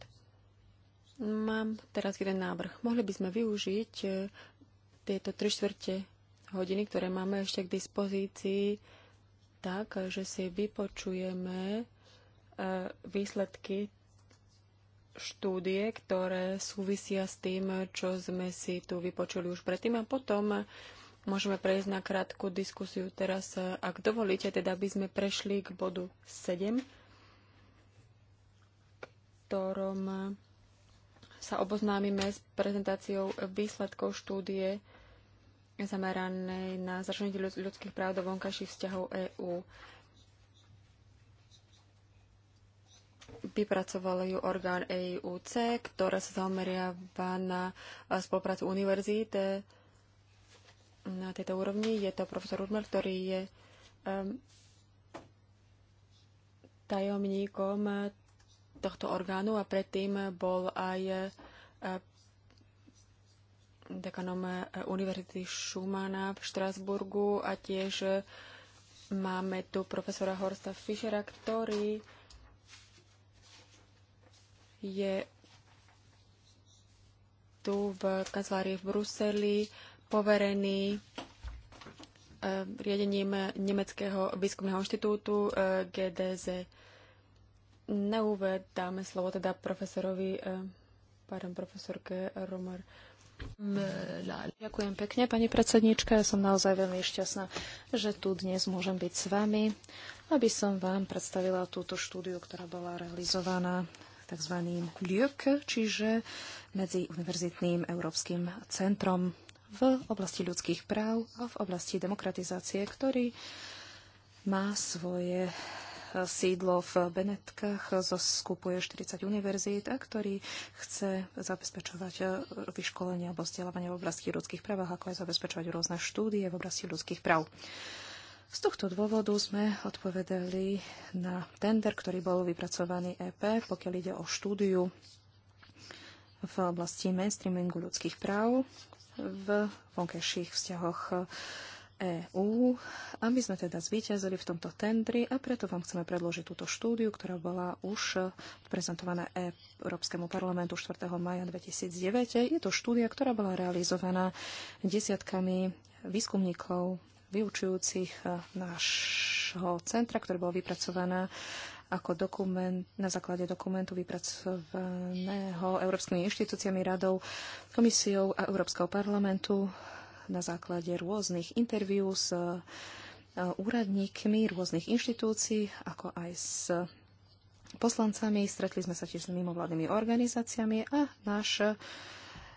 Mám teraz jeden návrh. Mohli by sme využiť e, tieto 3 štvrte hodiny, ktoré máme ešte k dispozícii, tak, že si vypočujeme e, výsledky štúdie, ktoré súvisia s tým, čo sme si tu vypočuli už predtým a potom e, môžeme prejsť na krátku diskusiu. Teraz, ak dovolíte, teda by sme prešli k bodu 7, ktorom sa oboznámime s prezentáciou výsledkov štúdie zameranej na zraženie ľudských práv do vonkajších vzťahov EÚ. Vypracoval ju orgán EUC, ktorá sa zameriava na eh, spoluprácu univerzít eh, na tejto úrovni. Je to profesor Rudmer, ktorý je um, tajomníkom tohto orgánu a predtým bol aj e, dekanom e, Univerzity Schumana v Štrasburgu a tiež e, máme tu profesora Horsta Fischera, ktorý je tu v kancelárii v Bruseli poverený riadením Nemeckého výskumného inštitútu GDZ na úver dáme slovo teda profesorovi, eh, pardon, profesorke Romer. Ďakujem pekne, pani predsednička. Ja som naozaj veľmi šťastná, že tu dnes môžem byť s vami, aby som vám predstavila túto štúdiu, ktorá bola realizovaná tzv. LIUK, čiže medzi Univerzitným Európskym centrom v oblasti ľudských práv a v oblasti demokratizácie, ktorý má svoje sídlo v Benetkách, skupuje 40 univerzít a ktorý chce zabezpečovať e, vyškolenie alebo vzdelávanie v oblasti ľudských práv, ako aj zabezpečovať rôzne štúdie v oblasti ľudských práv. Z tohto dôvodu sme odpovedali na tender, ktorý bol vypracovaný EP, pokiaľ ide o štúdiu v oblasti mainstreamingu ľudských práv v vonkajších vzťahoch EÚ, aby sme teda zvíťazili v tomto tendri a preto vám chceme predložiť túto štúdiu, ktorá bola už prezentovaná Európskemu parlamentu 4. maja 2009. Je to štúdia, ktorá bola realizovaná desiatkami výskumníkov vyučujúcich nášho centra, ktoré bolo vypracovaná ako dokument, na základe dokumentu vypracovaného európskymi inštitúciami, radou, komisiou a Európskeho parlamentu na základe rôznych interviú s e, úradníkmi rôznych inštitúcií, ako aj s poslancami. Stretli sme sa tiež s mimovládnymi organizáciami a náš e,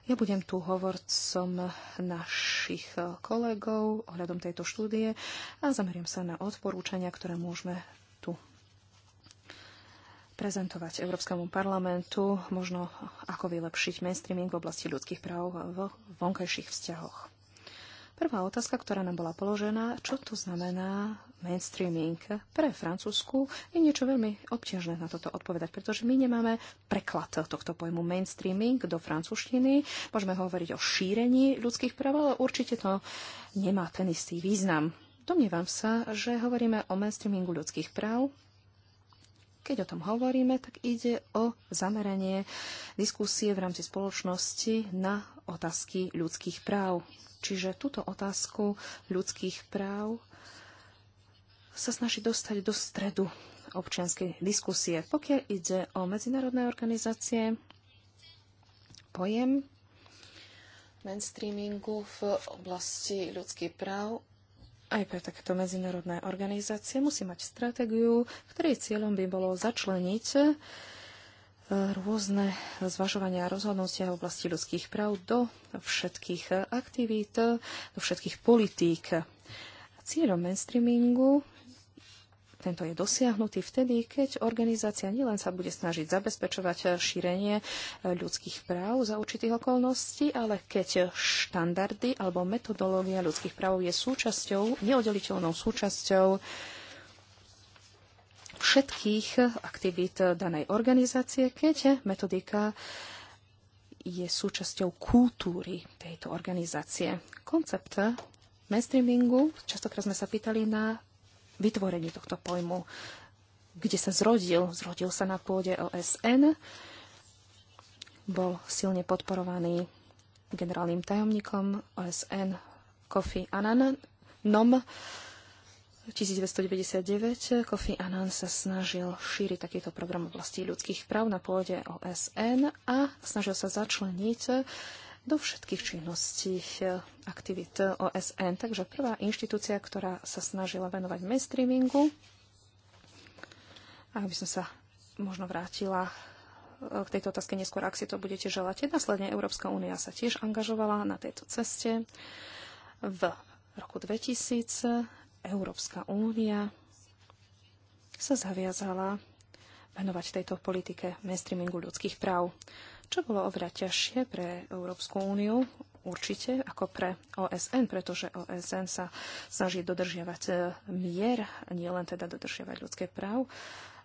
ja budem tu hovorcom našich e, kolegov ohľadom tejto štúdie a zameriam sa na odporúčania, ktoré môžeme tu prezentovať Európskemu parlamentu, možno ako vylepšiť mainstreaming v oblasti ľudských práv v vonkajších vzťahoch. Prvá otázka, ktorá nám bola položená, čo to znamená mainstreaming pre Francúzsku, je niečo veľmi obťažné na toto odpovedať, pretože my nemáme preklad tohto pojmu mainstreaming do francúzštiny. Môžeme hovoriť o šírení ľudských práv, ale určite to nemá ten istý význam. Domnievam sa, že hovoríme o mainstreamingu ľudských práv, keď o tom hovoríme, tak ide o zameranie diskusie v rámci spoločnosti na otázky ľudských práv. Čiže túto otázku ľudských práv sa snaží dostať do stredu občianskej diskusie. Pokiaľ ide o medzinárodné organizácie, pojem mainstreamingu v oblasti ľudských práv aj pre takéto medzinárodné organizácie musí mať stratégiu, ktorej cieľom by bolo začleniť rôzne zvažovania a rozhodnosti v oblasti ľudských práv do všetkých aktivít, do všetkých politík. Cieľom mainstreamingu tento je dosiahnutý vtedy, keď organizácia nielen sa bude snažiť zabezpečovať šírenie ľudských práv za určitých okolností, ale keď štandardy alebo metodológia ľudských práv je súčasťou, neoddeliteľnou súčasťou všetkých aktivít danej organizácie, keď metodika je súčasťou kultúry tejto organizácie. Koncept mainstreamingu, častokrát sme sa pýtali na vytvorenie tohto pojmu, kde sa zrodil. Zrodil sa na pôde OSN, bol silne podporovaný generálnym tajomníkom OSN Kofi Annanom, 1999 eh, Kofi Annan sa snažil šíriť takýto program v oblasti ľudských práv na pôde OSN a snažil sa začleniť eh, do všetkých činností eh, aktivít OSN. Takže prvá inštitúcia, ktorá sa snažila venovať mainstreamingu, aby som sa možno vrátila k tejto otázke neskôr, ak si to budete želať. Následne Európska únia sa tiež angažovala na tejto ceste v roku 2000 Európska únia sa zaviazala venovať tejto politike mainstreamingu ľudských práv, čo bolo oveľa ťažšie pre Európsku úniu, určite ako pre OSN, pretože OSN sa snaží dodržiavať e, mier, nielen teda dodržiavať ľudské práv,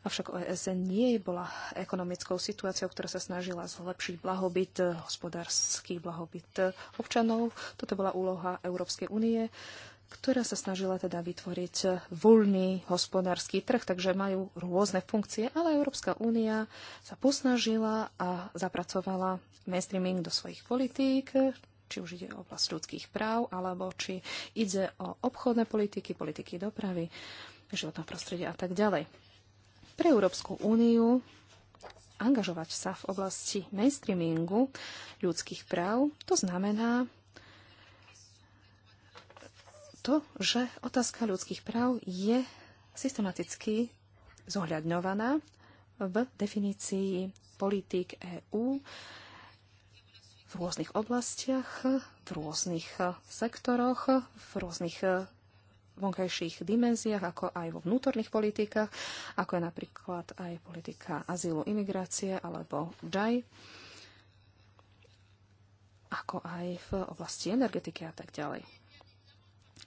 avšak OSN nie bola ekonomickou situáciou, ktorá sa snažila zlepšiť blahobyt, e, hospodársky blahobyt e, občanov. Toto bola úloha Európskej únie, ktorá sa snažila teda vytvoriť voľný hospodársky trh, takže majú rôzne funkcie, ale Európska únia sa posnažila a zapracovala mainstreaming do svojich politík, či už ide o oblasť ľudských práv, alebo či ide o obchodné politiky, politiky dopravy, životného prostredia a tak ďalej. Pre Európsku úniu angažovať sa v oblasti mainstreamingu ľudských práv, to znamená to, že otázka ľudských práv je systematicky zohľadňovaná v definícii politík EÚ v rôznych oblastiach, v rôznych sektoroch, v rôznych vonkajších dimenziách, ako aj vo vnútorných politikách, ako je napríklad aj politika azylu, imigrácie alebo DAI, ako aj v oblasti energetiky a tak ďalej.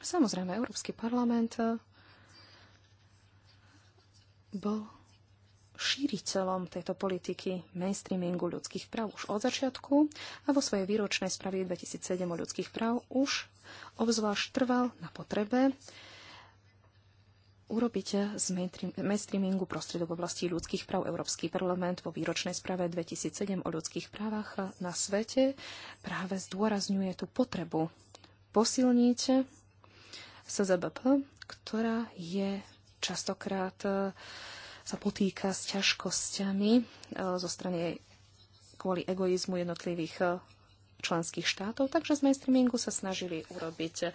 Samozrejme, Európsky parlament eh, bol šíriteľom tejto politiky mainstreamingu ľudských práv už od začiatku a vo svojej výročnej sprave 2007 o ľudských práv už obzvlášť trval na potrebe urobiť z mainstreamingu prostredov v oblasti ľudských práv Európsky parlament vo výročnej správe 2007 o ľudských právach na svete práve zdôrazňuje tú potrebu posilniť SZBP, ktorá je častokrát e, sa potýka s ťažkosťami e, zo strany kvôli egoizmu jednotlivých e, členských štátov, takže z mainstreamingu sa snažili urobiť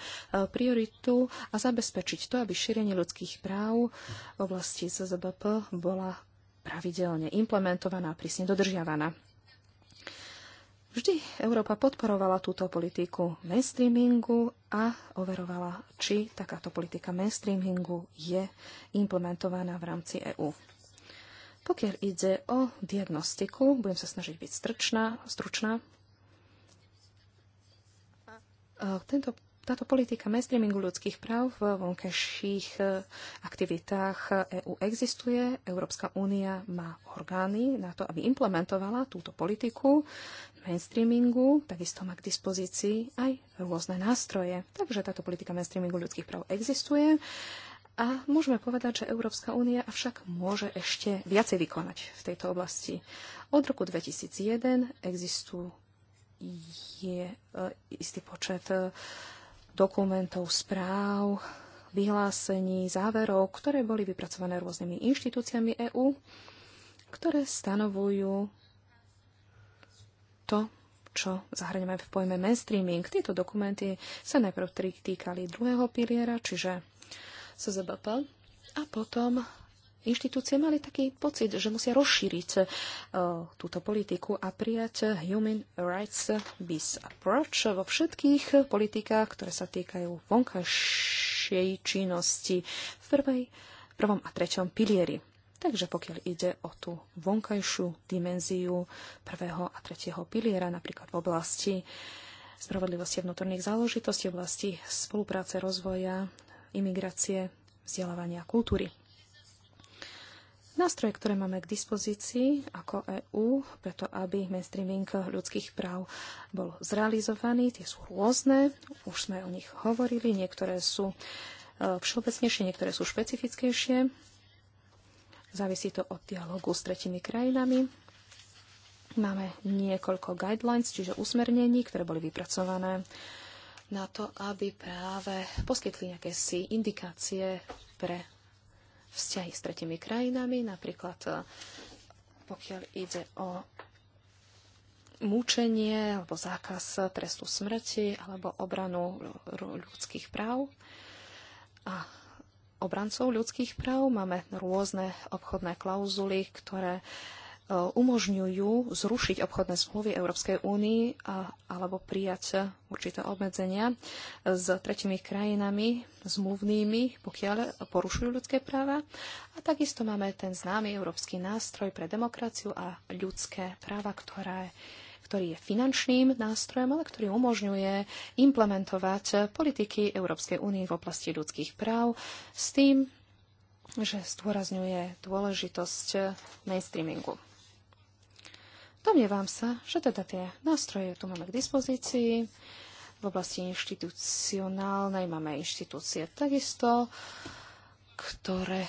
prioritu a zabezpečiť to, aby šírenie ľudských práv v oblasti SZBP bola pravidelne implementovaná a prísne dodržiavaná. Vždy Európa podporovala túto politiku mainstreamingu a overovala, či takáto politika mainstreamingu je implementovaná v rámci EÚ. Pokiaľ ide o diagnostiku, budem sa snažiť byť strčná, stručná. tento táto politika mainstreamingu ľudských práv v vonkajších e, aktivitách EÚ existuje. Európska únia má orgány na to, aby implementovala túto politiku mainstreamingu, takisto má k dispozícii aj rôzne nástroje. Takže táto politika mainstreamingu ľudských práv existuje. A môžeme povedať, že Európska únia avšak môže ešte viacej vykonať v tejto oblasti. Od roku 2001 existuje e, istý počet e, dokumentov, správ, vyhlásení, záverov, ktoré boli vypracované rôznymi inštitúciami EÚ, ktoré stanovujú to, čo zahrňame v pojme mainstreaming. Tieto dokumenty sa najprv týkali druhého piliera, čiže SZBP, a potom inštitúcie mali taký pocit, že musia rozšíriť uh, túto politiku a prijať Human Rights Based Approach vo všetkých politikách, ktoré sa týkajú vonkajšej činnosti v prvej, prvom a treťom pilieri. Takže pokiaľ ide o tú vonkajšiu dimenziu prvého a tretieho piliera, napríklad v oblasti spravodlivosti vnútorných záležitostí, v oblasti spolupráce, rozvoja, imigrácie, vzdelávania a kultúry. Nástroje, ktoré máme k dispozícii ako EÚ, preto aby mainstreaming ľudských práv bol zrealizovaný, tie sú rôzne, už sme o nich hovorili, niektoré sú e, všeobecnejšie, niektoré sú špecifickejšie. Závisí to od dialogu s tretimi krajinami. Máme niekoľko guidelines, čiže usmernení, ktoré boli vypracované na to, aby práve poskytli nejaké si indikácie pre vzťahy s tretimi krajinami, napríklad e, pokiaľ ide o mučenie alebo zákaz trestu smrti alebo obranu ľudských práv. A obrancov ľudských práv máme rôzne obchodné klauzuly, ktoré umožňujú zrušiť obchodné zmluvy Európskej únii alebo prijať určité obmedzenia s tretimi krajinami zmluvnými, pokiaľ porušujú ľudské práva. A takisto máme ten známy európsky nástroj pre demokraciu a ľudské práva, ktoré ktorý je finančným nástrojom, ale ktorý umožňuje implementovať politiky Európskej únie v oblasti ľudských práv s tým, že zdôrazňuje dôležitosť mainstreamingu. Domnievam sa, že teda tie nástroje tu máme k dispozícii. V oblasti inštitucionálnej máme inštitúcie takisto, ktoré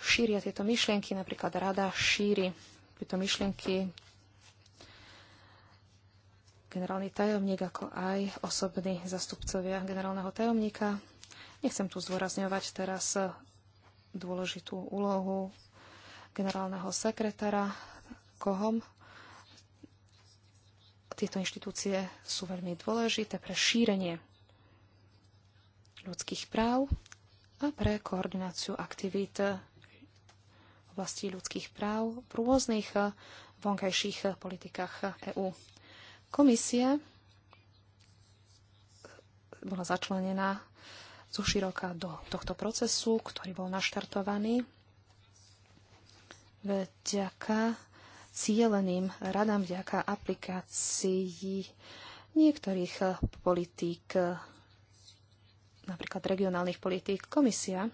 šíria tieto myšlienky. Napríklad rada šíri tieto myšlienky generálny tajomník, ako aj osobní zastupcovia generálneho tajomníka. Nechcem tu zdôrazňovať teraz dôležitú úlohu generálneho sekretára Kohom, tieto inštitúcie sú veľmi dôležité pre šírenie ľudských práv a pre koordináciu aktivít v oblasti ľudských práv v rôznych vonkajších politikách EÚ. Komisia bola začlenená zo široka do tohto procesu, ktorý bol naštartovaný vďaka cieleným radám vďaka aplikácii niektorých politík, napríklad regionálnych politík. Komisia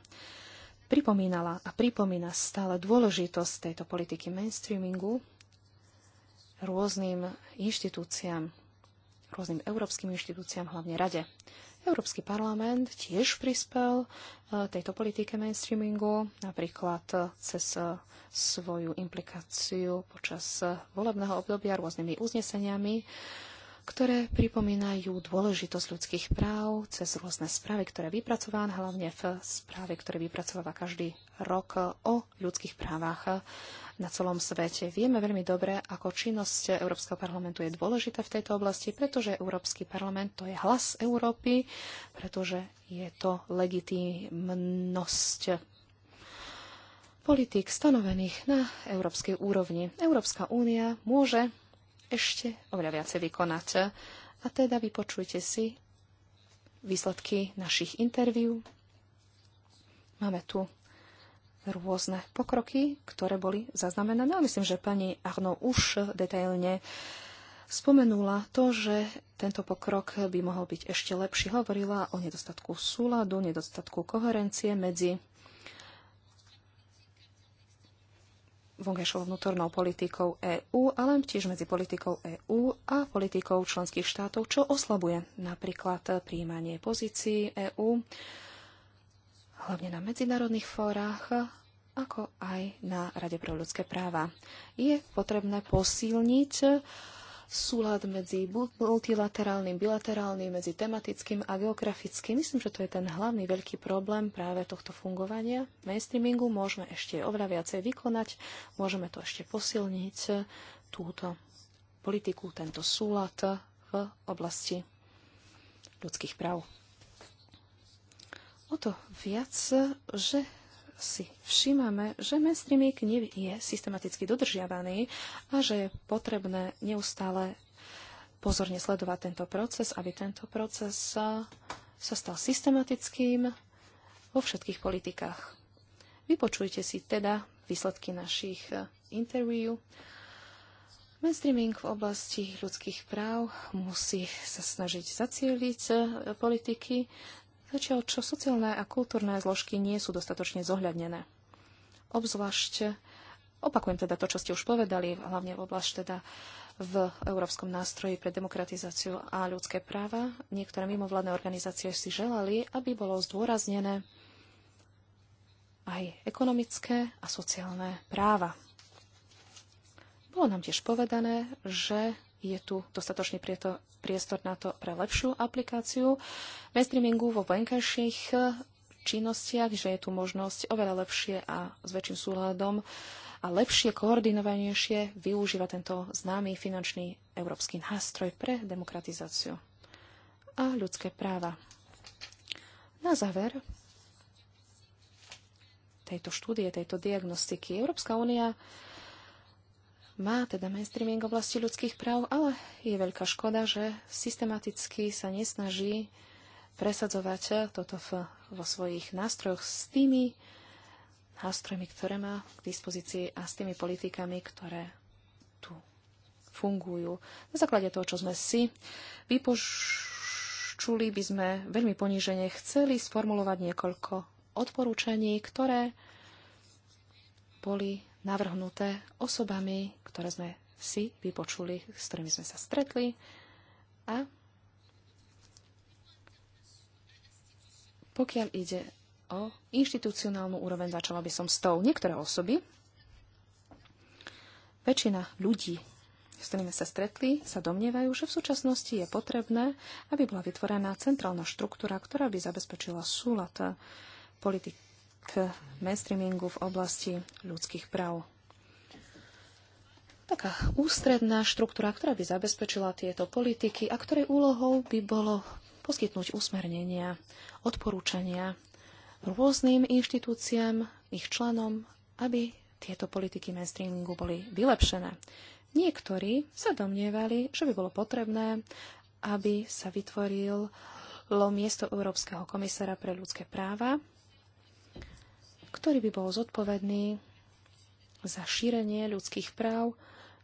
pripomínala a pripomína stále dôležitosť tejto politiky mainstreamingu rôznym inštitúciám, rôznym európskym inštitúciám, hlavne rade. Európsky parlament tiež prispel e, tejto politike mainstreamingu, napríklad e, cez e, svoju implikáciu počas volebného obdobia rôznymi uzneseniami, ktoré pripomínajú dôležitosť ľudských práv cez rôzne správy, ktoré vypracován, hlavne v správe, ktoré vypracováva každý rok o ľudských právach na celom svete. Vieme veľmi dobre, ako činnosť Európskeho parlamentu je dôležitá v tejto oblasti, pretože Európsky parlament to je hlas Európy, pretože je to legitimnosť politik stanovených na európskej úrovni. Európska únia môže ešte oveľa viacej vykonať. A teda vypočujte si výsledky našich interviú. Máme tu rôzne pokroky, ktoré boli zaznamenané. A myslím, že pani Arno už detailne spomenula to, že tento pokrok by mohol byť ešte lepší. Hovorila o nedostatku súladu, nedostatku koherencie medzi vonkajšou vnútornou politikou EÚ, ale tiež medzi politikou EÚ a politikou členských štátov, čo oslabuje napríklad príjmanie pozícií EÚ hlavne na medzinárodných fórach, ako aj na Rade pre ľudské práva. Je potrebné posilniť súlad medzi multilaterálnym, bilaterálnym, medzi tematickým a geografickým. Myslím, že to je ten hlavný veľký problém práve tohto fungovania mainstreamingu. Môžeme ešte oveľa viacej vykonať, môžeme to ešte posilniť, túto politiku, tento súlad v oblasti ľudských práv. O to viac, že si všímame, že mainstreaming nie je systematicky dodržiavaný a že je potrebné neustále pozorne sledovať tento proces, aby tento proces sa stal systematickým vo všetkých politikách. Vypočujte si teda výsledky našich interview. Mainstreaming v oblasti ľudských práv musí sa snažiť zacieliť politiky zatiaľ čo sociálne a kultúrne zložky nie sú dostatočne zohľadnené. Obzvlášť, opakujem teda to, čo ste už povedali, hlavne v oblasti teda v Európskom nástroji pre demokratizáciu a ľudské práva. Niektoré mimovládne organizácie si želali, aby bolo zdôraznené aj ekonomické a sociálne práva. Bolo nám tiež povedané, že je tu dostatočný prieto, priestor na to pre lepšiu aplikáciu mainstreamingu vo vonkajších činnostiach, že je tu možnosť oveľa lepšie a s väčším súhľadom a lepšie, koordinovanejšie využíva tento známy finančný európsky nástroj pre demokratizáciu a ľudské práva. Na záver tejto štúdie, tejto diagnostiky Európska únia má teda mainstreaming v oblasti ľudských práv, ale je veľká škoda, že systematicky sa nesnaží presadzovať toto v, vo svojich nástrojoch s tými nástrojmi, ktoré má k dispozícii a s tými politikami, ktoré tu fungujú. Na základe toho, čo sme si vypočuli, by sme veľmi ponížene chceli sformulovať niekoľko odporúčaní, ktoré boli navrhnuté osobami, ktoré sme si vypočuli, s ktorými sme sa stretli a pokiaľ ide o inštitucionálnu úroveň, začala by som s tou niektoré osoby. Väčšina ľudí, s ktorými sa stretli, sa domnievajú, že v súčasnosti je potrebné, aby bola vytvorená centrálna štruktúra, ktorá by zabezpečila súlad politik k mainstreamingu v oblasti ľudských práv. Taká ústredná štruktúra, ktorá by zabezpečila tieto politiky a ktorej úlohou by bolo poskytnúť usmernenia, odporúčania rôznym inštitúciám, ich členom, aby tieto politiky mainstreamingu boli vylepšené. Niektorí sa domnievali, že by bolo potrebné, aby sa vytvoril miesto Európskeho komisára pre ľudské práva ktorý by bol zodpovedný za šírenie ľudských práv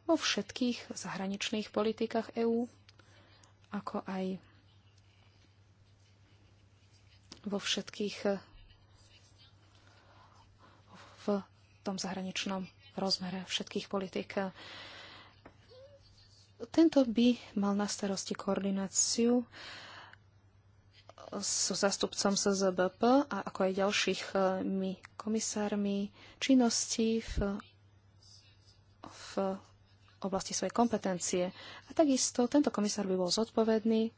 vo všetkých zahraničných politikách EÚ, ako aj vo všetkých v tom zahraničnom rozmere všetkých politik. Tento by mal na starosti koordináciu so zastupcom SZBP a ako aj ďalšími e, komisármi činností v, v oblasti svojej kompetencie. A takisto tento komisár by bol zodpovedný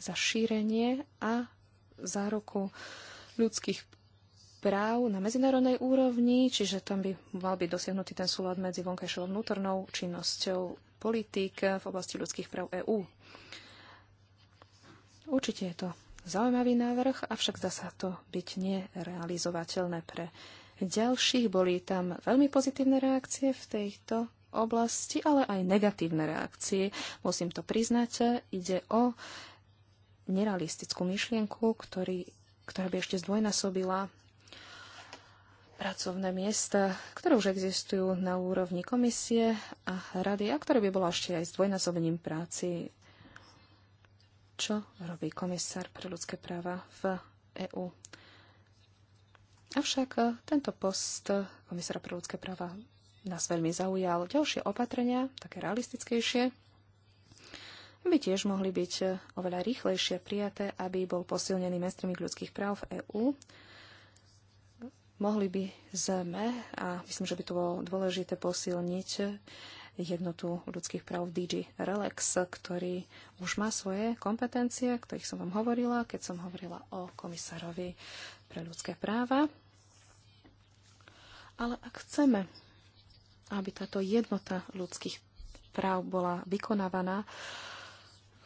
za šírenie a záruku ľudských práv na medzinárodnej úrovni, čiže tam by mal byť dosiahnutý ten súlad medzi vonkajšou a vnútornou činnosťou politík v oblasti ľudských práv EÚ. Určite je to zaujímavý návrh, avšak dá sa to byť nerealizovateľné pre ďalších. Boli tam veľmi pozitívne reakcie v tejto oblasti, ale aj negatívne reakcie. Musím to priznať, ide o nerealistickú myšlienku, ktorý, ktorá by ešte zdvojnásobila pracovné miesta, ktoré už existujú na úrovni komisie a rady a ktoré by bolo ešte aj zdvojnásobením práci čo robí komisár pre ľudské práva v EÚ. Avšak eh, tento post komisára pre ľudské práva nás veľmi zaujal. Ďalšie opatrenia, také realistickejšie, by tiež mohli byť eh, oveľa rýchlejšie prijaté, aby bol posilnený mainstreaming ľudských práv v EÚ. Mohli by sme, a myslím, že by to bolo dôležité posilniť jednotu ľudských práv DG Relax, ktorý už má svoje kompetencie, ktorých som vám hovorila, keď som hovorila o komisárovi pre ľudské práva. Ale ak chceme, aby táto jednota ľudských práv bola vykonávaná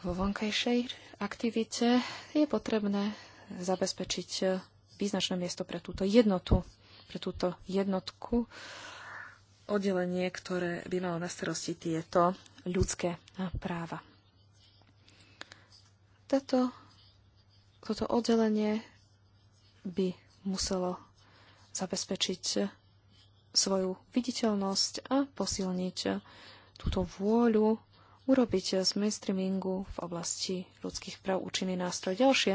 vo vonkajšej aktivite, je potrebné zabezpečiť význačné miesto pre túto jednotu, pre túto jednotku oddelenie, ktoré by malo na starosti tieto ľudské eh, práva. Tato, toto oddelenie by muselo zabezpečiť eh, svoju viditeľnosť a posilniť eh, túto vôľu urobiť z mainstreamingu v oblasti ľudských práv účinný nástroj. Ďalšie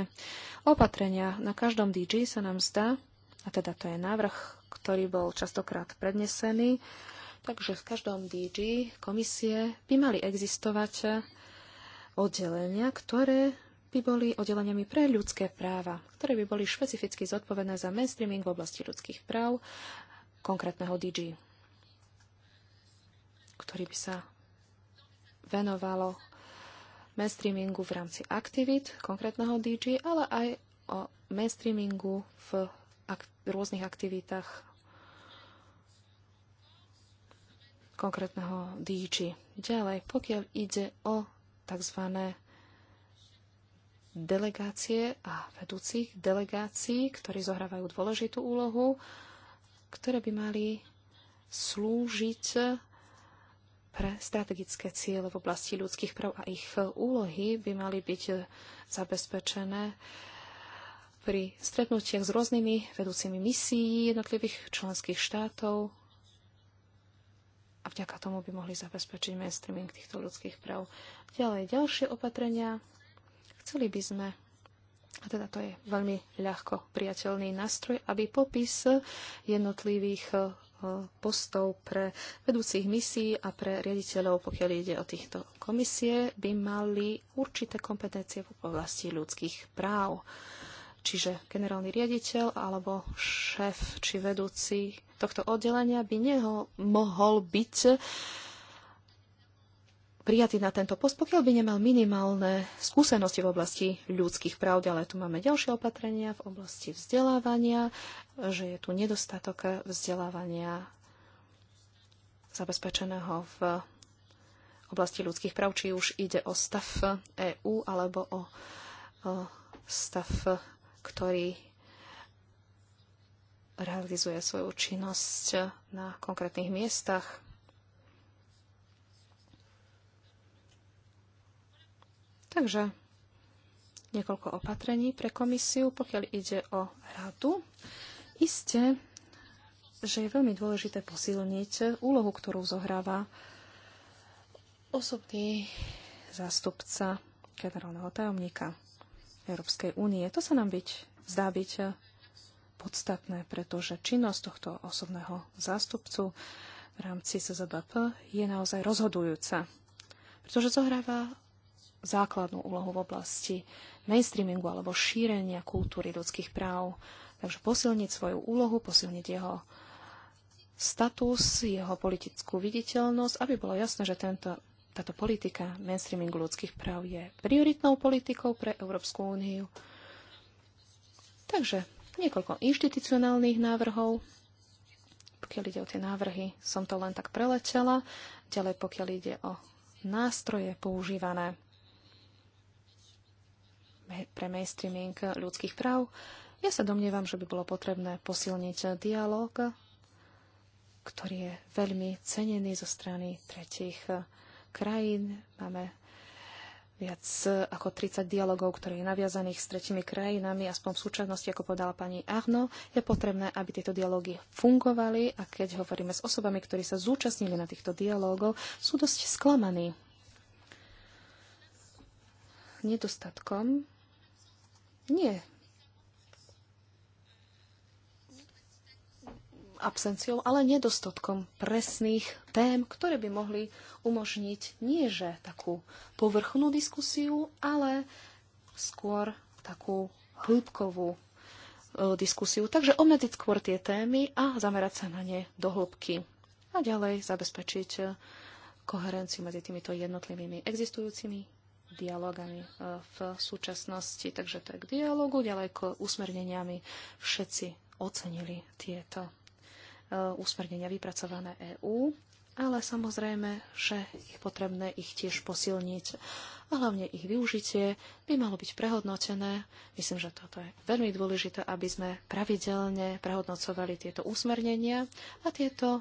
opatrenia na každom DG sa nám zdá, a teda to je návrh ktorý bol častokrát prednesený. Takže v každom DG komisie by mali existovať oddelenia, ktoré by boli oddeleniami pre ľudské práva, ktoré by boli špecificky zodpovedné za mainstreaming v oblasti ľudských práv konkrétneho DG, ktorý by sa venovalo mainstreamingu v rámci aktivít konkrétneho DG, ale aj o mainstreamingu v ak- rôznych aktivitách konkrétneho DG. Ďalej, pokiaľ ide o tzv. delegácie a vedúcich delegácií, ktorí zohrávajú dôležitú úlohu, ktoré by mali slúžiť pre strategické ciele v oblasti ľudských práv a ich úlohy by mali byť zabezpečené pri stretnutiach s rôznymi vedúcimi misií jednotlivých členských štátov a vďaka tomu by mohli zabezpečiť mainstreaming týchto ľudských práv. Ďalej, ďalšie opatrenia. Chceli by sme, a teda to je veľmi ľahko priateľný nástroj, aby popis jednotlivých e, postov pre vedúcich misií a pre riaditeľov, pokiaľ ide o týchto komisie, by mali určité kompetencie v oblasti ľudských práv. Čiže generálny riaditeľ alebo šéf či vedúci tohto oddelenia by neho, mohol byť prijatý na tento post, pokiaľ by nemal minimálne skúsenosti v oblasti ľudských práv. ale tu máme ďalšie opatrenia v oblasti vzdelávania, že je tu nedostatok vzdelávania zabezpečeného v oblasti ľudských práv, či už ide o stav EÚ alebo o stav ktorý realizuje svoju činnosť na konkrétnych miestach. Takže niekoľko opatrení pre komisiu, pokiaľ ide o radu. Isté, že je veľmi dôležité posilniť úlohu, ktorú zohráva osobný zástupca generálneho tajomníka. Európskej únie. To sa nám byť, zdá byť eh, podstatné, pretože činnosť tohto osobného zástupcu v rámci SZBP je naozaj rozhodujúca, pretože zohráva základnú úlohu v oblasti mainstreamingu alebo šírenia kultúry ľudských práv. Takže posilniť svoju úlohu, posilniť jeho status, jeho politickú viditeľnosť, aby bolo jasné, že tento táto politika mainstreamingu ľudských práv je prioritnou politikou pre Európsku úniu. Takže niekoľko inštitucionálnych návrhov. Pokiaľ ide o tie návrhy, som to len tak preletela. Ďalej, pokiaľ ide o nástroje používané pre mainstreaming ľudských práv, ja sa domnievam, že by bolo potrebné posilniť dialog, ktorý je veľmi cenený zo strany tretich krajín. Máme viac ako 30 dialogov, ktoré je naviazaných s tretimi krajinami, aspoň v súčasnosti, ako povedala pani Arno, je potrebné, aby tieto dialógy fungovali a keď hovoríme s osobami, ktorí sa zúčastnili na týchto dialógov, sú dosť sklamaní nedostatkom. Nie absenciou, ale nedostatkom presných tém, ktoré by mohli umožniť nieže takú povrchnú diskusiu, ale skôr takú hĺbkovú e, diskusiu. Takže obmedziť skôr tie témy a zamerať sa na ne do hĺbky. A ďalej zabezpečiť e, koherenciu medzi týmito jednotlivými existujúcimi dialogami e, v súčasnosti. Takže to je k dialogu, ďalej k usmerneniami všetci ocenili tieto Eh, usmernenia vypracované EÚ, ale samozrejme, že je potrebné ich tiež posilniť a hlavne ich využitie by malo byť prehodnotené. Myslím, že toto je veľmi dôležité, aby sme pravidelne prehodnocovali tieto usmernenia a tieto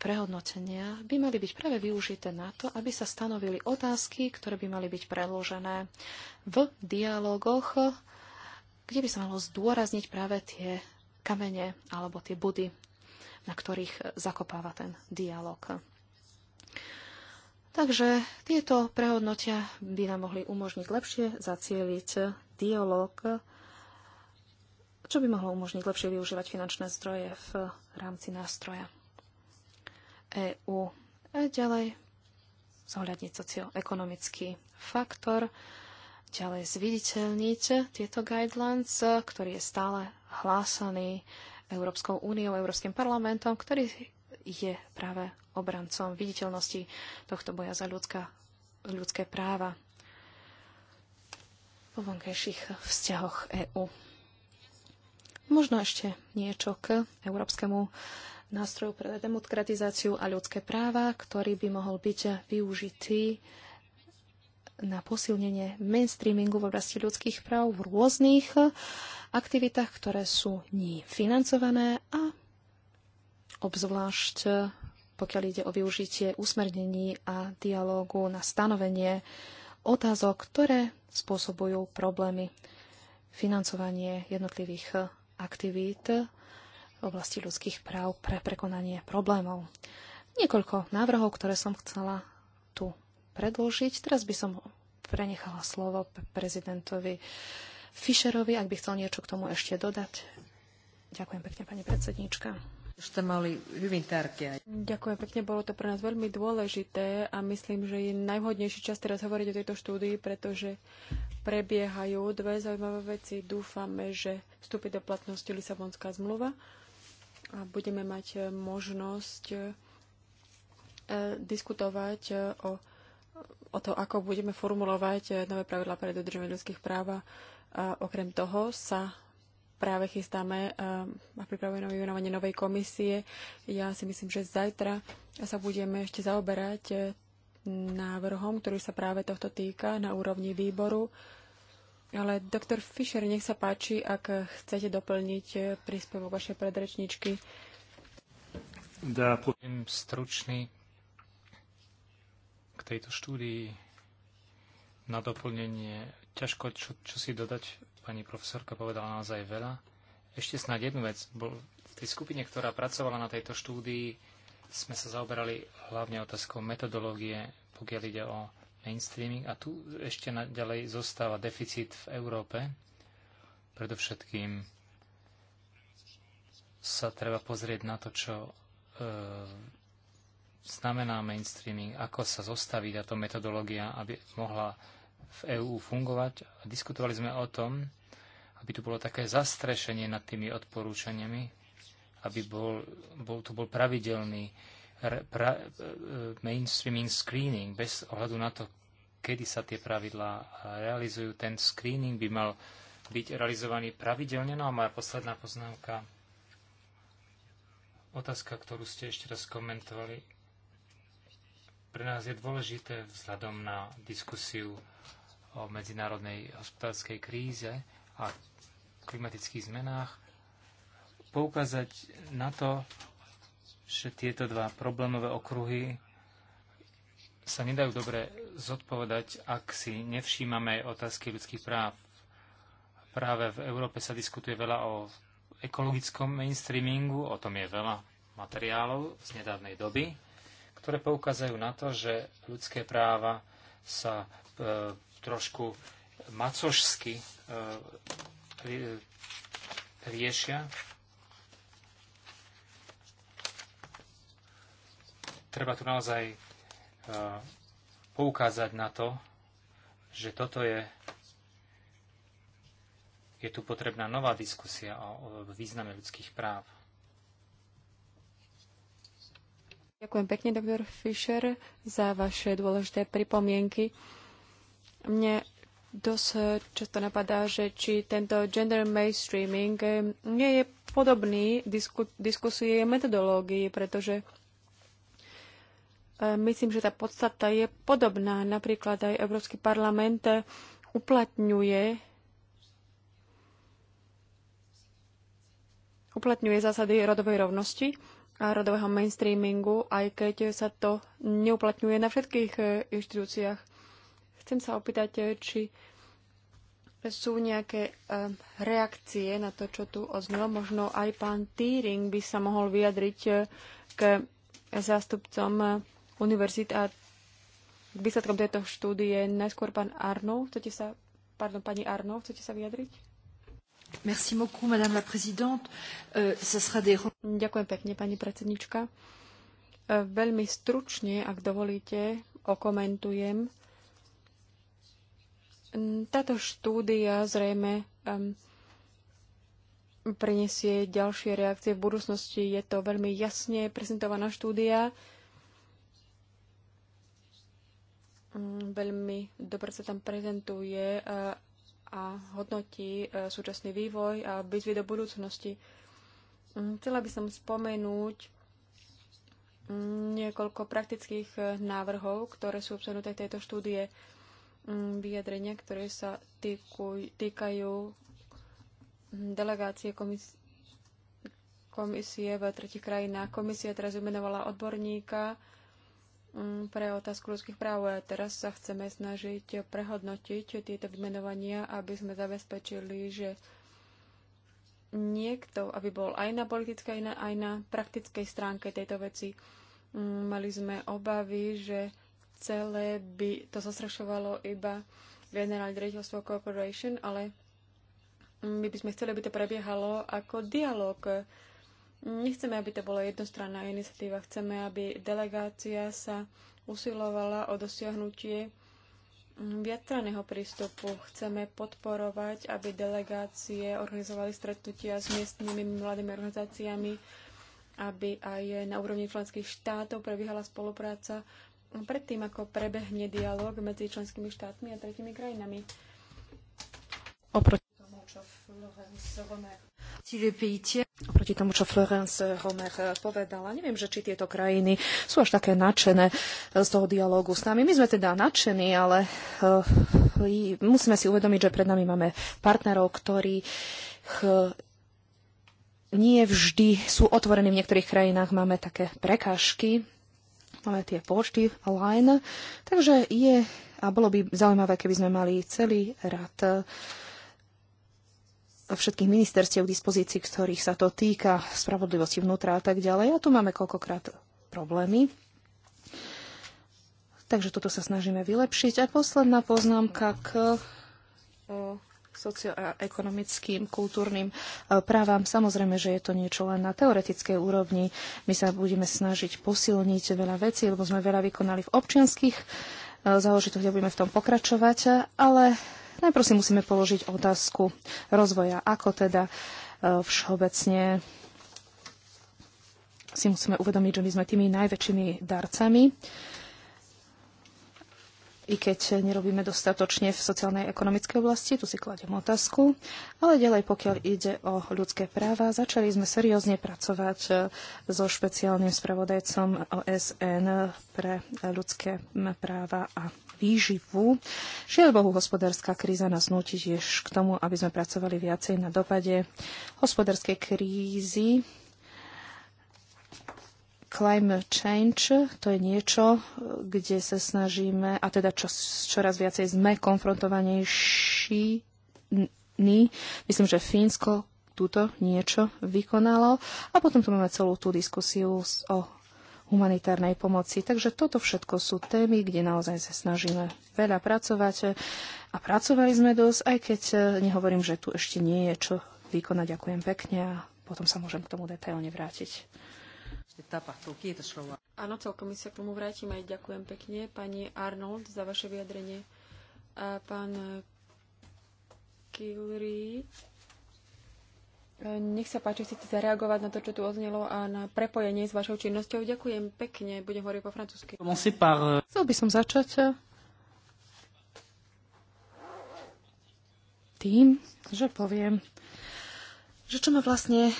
prehodnotenia by mali byť práve využité na to, aby sa stanovili otázky, ktoré by mali byť predložené v dialogoch, kde by sa malo zdôrazniť práve tie kamene alebo tie body, na ktorých zakopáva ten dialog. Takže tieto prehodnotia by nám mohli umožniť lepšie zacieliť dialog, čo by mohlo umožniť lepšie využívať finančné zdroje v rámci nástroja EU. A ďalej zohľadniť socioekonomický faktor, ďalej zviditeľniť tieto guidelines, ktorý je stále hlásaný Európskou úniou, Európskym parlamentom, ktorý je práve obrancom viditeľnosti tohto boja za ľudská, ľudské práva vo vonkajších vzťahoch EÚ. Možno ešte niečo k Európskemu nástroju pre demokratizáciu a ľudské práva, ktorý by mohol byť využitý na posilnenie mainstreamingu v oblasti ľudských práv v rôznych eh, aktivitách, ktoré sú ní financované a obzvlášť eh, pokiaľ ide o využitie usmernení a dialógu na stanovenie otázok, ktoré spôsobujú problémy. Financovanie jednotlivých eh, aktivít v oblasti ľudských práv pre prekonanie problémov. Niekoľko návrhov, ktoré som chcela tu predlžiť. Teraz by som prenechala slovo prezidentovi Fischerovi, ak by chcel niečo k tomu ešte dodať. Ďakujem pekne, pani predsedníčka. Ďakujem pekne, bolo to pre nás veľmi dôležité a myslím, že je najvhodnejší čas teraz hovoriť o tejto štúdii, pretože prebiehajú dve zaujímavé veci. Dúfame, že vstúpi do platnosti Lisabonská zmluva a budeme mať možnosť eh, diskutovať eh, o o to, ako budeme formulovať eh, nové pravidlá pre dodržovanie ľudských práv. A okrem toho sa práve chystáme eh, a pripravujeme vymenovanie novej komisie. Ja si myslím, že zajtra sa budeme ešte zaoberať eh, návrhom, ktorý sa práve tohto týka na úrovni výboru. Ale doktor Fischer, nech sa páči, ak chcete doplniť príspevok vašej predrečničky. Dá, stručný k tejto štúdii na doplnenie. Ťažko čo, čo si dodať, pani profesorka povedala naozaj veľa. Ešte snáď jednu vec. Bol, v tej skupine, ktorá pracovala na tejto štúdii, sme sa zaoberali hlavne otázkou metodológie, pokiaľ ide o mainstreaming. A tu ešte ďalej zostáva deficit v Európe. Predovšetkým sa treba pozrieť na to, čo e, znamená mainstreaming, ako sa zostaví táto metodológia, aby mohla v EÚ fungovať. Diskutovali sme o tom, aby tu bolo také zastrešenie nad tými odporúčaniami, aby bol, bol, tu bol pravidelný pra, e, mainstreaming screening bez ohľadu na to, kedy sa tie pravidlá realizujú. Ten screening by mal byť realizovaný pravidelne. No a moja posledná poznámka, otázka, ktorú ste ešte raz komentovali, pre nás je dôležité vzhľadom na diskusiu o medzinárodnej hospodárskej kríze a klimatických zmenách poukázať na to, že tieto dva problémové okruhy sa nedajú dobre zodpovedať, ak si nevšímame otázky ľudských práv. Práve v Európe sa diskutuje veľa o ekologickom mainstreamingu, o tom je veľa materiálov z nedávnej doby ktoré poukazujú na to, že ľudské práva sa e, trošku macožsky e, e, riešia. Treba tu naozaj e, poukázať na to, že toto je je tu potrebná nová diskusia o, o význame ľudských práv. Ďakujem pekne, doktor Fischer, za vaše dôležité pripomienky. Mne dosť často napadá, že či tento gender mainstreaming eh, nie je podobný disku, diskusie metodológii, pretože eh, myslím, že tá podstata je podobná. Napríklad aj Európsky parlament eh, uplatňuje uplatňuje zásady rodovej rovnosti rodového mainstreamingu, aj keď sa to neuplatňuje na všetkých e, inštitúciách. Chcem sa opýtať, e, či sú nejaké e, reakcie na to, čo tu odznelo. Možno aj pán Týring by sa mohol vyjadriť k zástupcom univerzit a k výsledkom tejto štúdie. Najskôr pán Arno, chcete sa, pardon, pani Arno, chcete sa vyjadriť? Merci beaucoup, Madame la Présidente. Euh, sera des Ďakujem pekne, pani predsednička. E, veľmi stručne, ak dovolíte, okomentujem. Táto štúdia zrejme prinesie ďalšie reakcie v budúcnosti. Je to veľmi jasne prezentovaná štúdia. Mm, veľmi dobre sa tam prezentuje e, a hodnotí e, súčasný vývoj a výzvy do budúcnosti. Mm, Chcela by som spomenúť mm, niekoľko praktických eh, návrhov, ktoré sú obsahnuté v tejto štúdie mm, vyjadrenia, ktoré sa týkuj, týkajú delegácie komisie, komisie v tretich krajinách. Komisia teraz vymenovala odborníka pre otázku ľudských práv. A teraz sa chceme snažiť prehodnotiť tieto vymenovania, aby sme zabezpečili, že niekto, aby bol aj na politickej, aj na praktickej stránke tejto veci. Mm, mali sme obavy, že celé by to zastrašovalo iba generálne riaditeľstvo Corporation, ale my by sme chceli, aby to prebiehalo ako dialog. Nechceme, aby to bola jednostranná iniciatíva. Chceme, aby delegácia sa usilovala o dosiahnutie viacstranného prístupu. Chceme podporovať, aby delegácie organizovali stretnutia s miestnymi mladými organizáciami, aby aj na úrovni členských štátov prebiehala spolupráca predtým, ako prebehne dialog medzi členskými štátmi a tretimi krajinami. Oproti tomu, čo v Proti tomu, čo Florence Homer eh, povedala, neviem, že či tieto krajiny sú až také nadšené eh, z toho dialógu s nami. My sme teda nadšení, ale eh, musíme si uvedomiť, že pred nami máme partnerov, ktorí nie vždy sú otvorení. V niektorých krajinách máme také prekážky, máme tie počty line, takže je a bolo by zaujímavé, keby sme mali celý rad všetkých ministerstiev k dispozícii, ktorých sa to týka, spravodlivosti vnútra a tak ďalej. A tu máme koľkokrát problémy. Takže toto sa snažíme vylepšiť. A posledná poznámka k socioekonomickým, kultúrnym e, právam. Samozrejme, že je to niečo len na teoretickej úrovni. My sa budeme snažiť posilniť veľa vecí, lebo sme veľa vykonali v občianských e, záležitostiach, budeme v tom pokračovať, ale Najprv si musíme položiť otázku rozvoja, ako teda e, všeobecne si musíme uvedomiť, že my sme tými najväčšími darcami i keď nerobíme dostatočne v sociálnej a ekonomickej oblasti, tu si kladiem otázku. Ale ďalej, pokiaľ ide o ľudské práva, začali sme seriózne pracovať e, so špeciálnym spravodajcom OSN pre e, ľudské práva a výživu. Žiaľ Bohu, hospodárska kríza nás nutí tiež k tomu, aby sme pracovali viacej na dopade hospodárskej krízy Climate change to je niečo, kde sa snažíme, a teda čo, čoraz viacej sme konfrontovanejší, myslím, že Fínsko túto niečo vykonalo a potom tu máme celú tú diskusiu o humanitárnej pomoci. Takže toto všetko sú témy, kde naozaj sa snažíme veľa pracovať a pracovali sme dosť, aj keď nehovorím, že tu ešte nie je čo vykonať. Ďakujem pekne a potom sa môžem k tomu detailne vrátiť tapahtuu. Kiitos rouva. Áno, celkom sa k tomu vrátim aj ďakujem pekne. Pani Arnold za vaše vyjadrenie. A pán Kilry, e, nech sa páči, chcete zareagovať na to, čo tu odznelo a na prepojenie s vašou činnosťou. Ďakujem pekne, budem hovoriť po francúzsky. Euh, Chcel by som začať e, tým, že poviem, že čo ma vlastne e,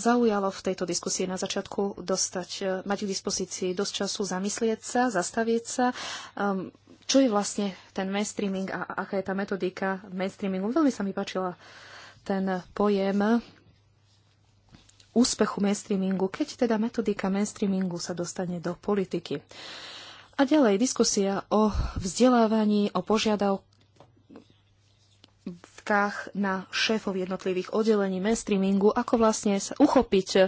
zaujalo v tejto diskusii na začiatku dostať, e, mať k dispozícii dosť času zamyslieť sa, zastaviť sa, um, čo je vlastne ten mainstreaming a aká je tá metodika mainstreamingu. Veľmi sa mi páčila ten pojem úspechu mainstreamingu, keď teda metodika mainstreamingu sa dostane do politiky. A ďalej diskusia o vzdelávaní, o požiadavku otázkach na šéfov jednotlivých oddelení mainstreamingu, ako vlastne sa uchopiť e,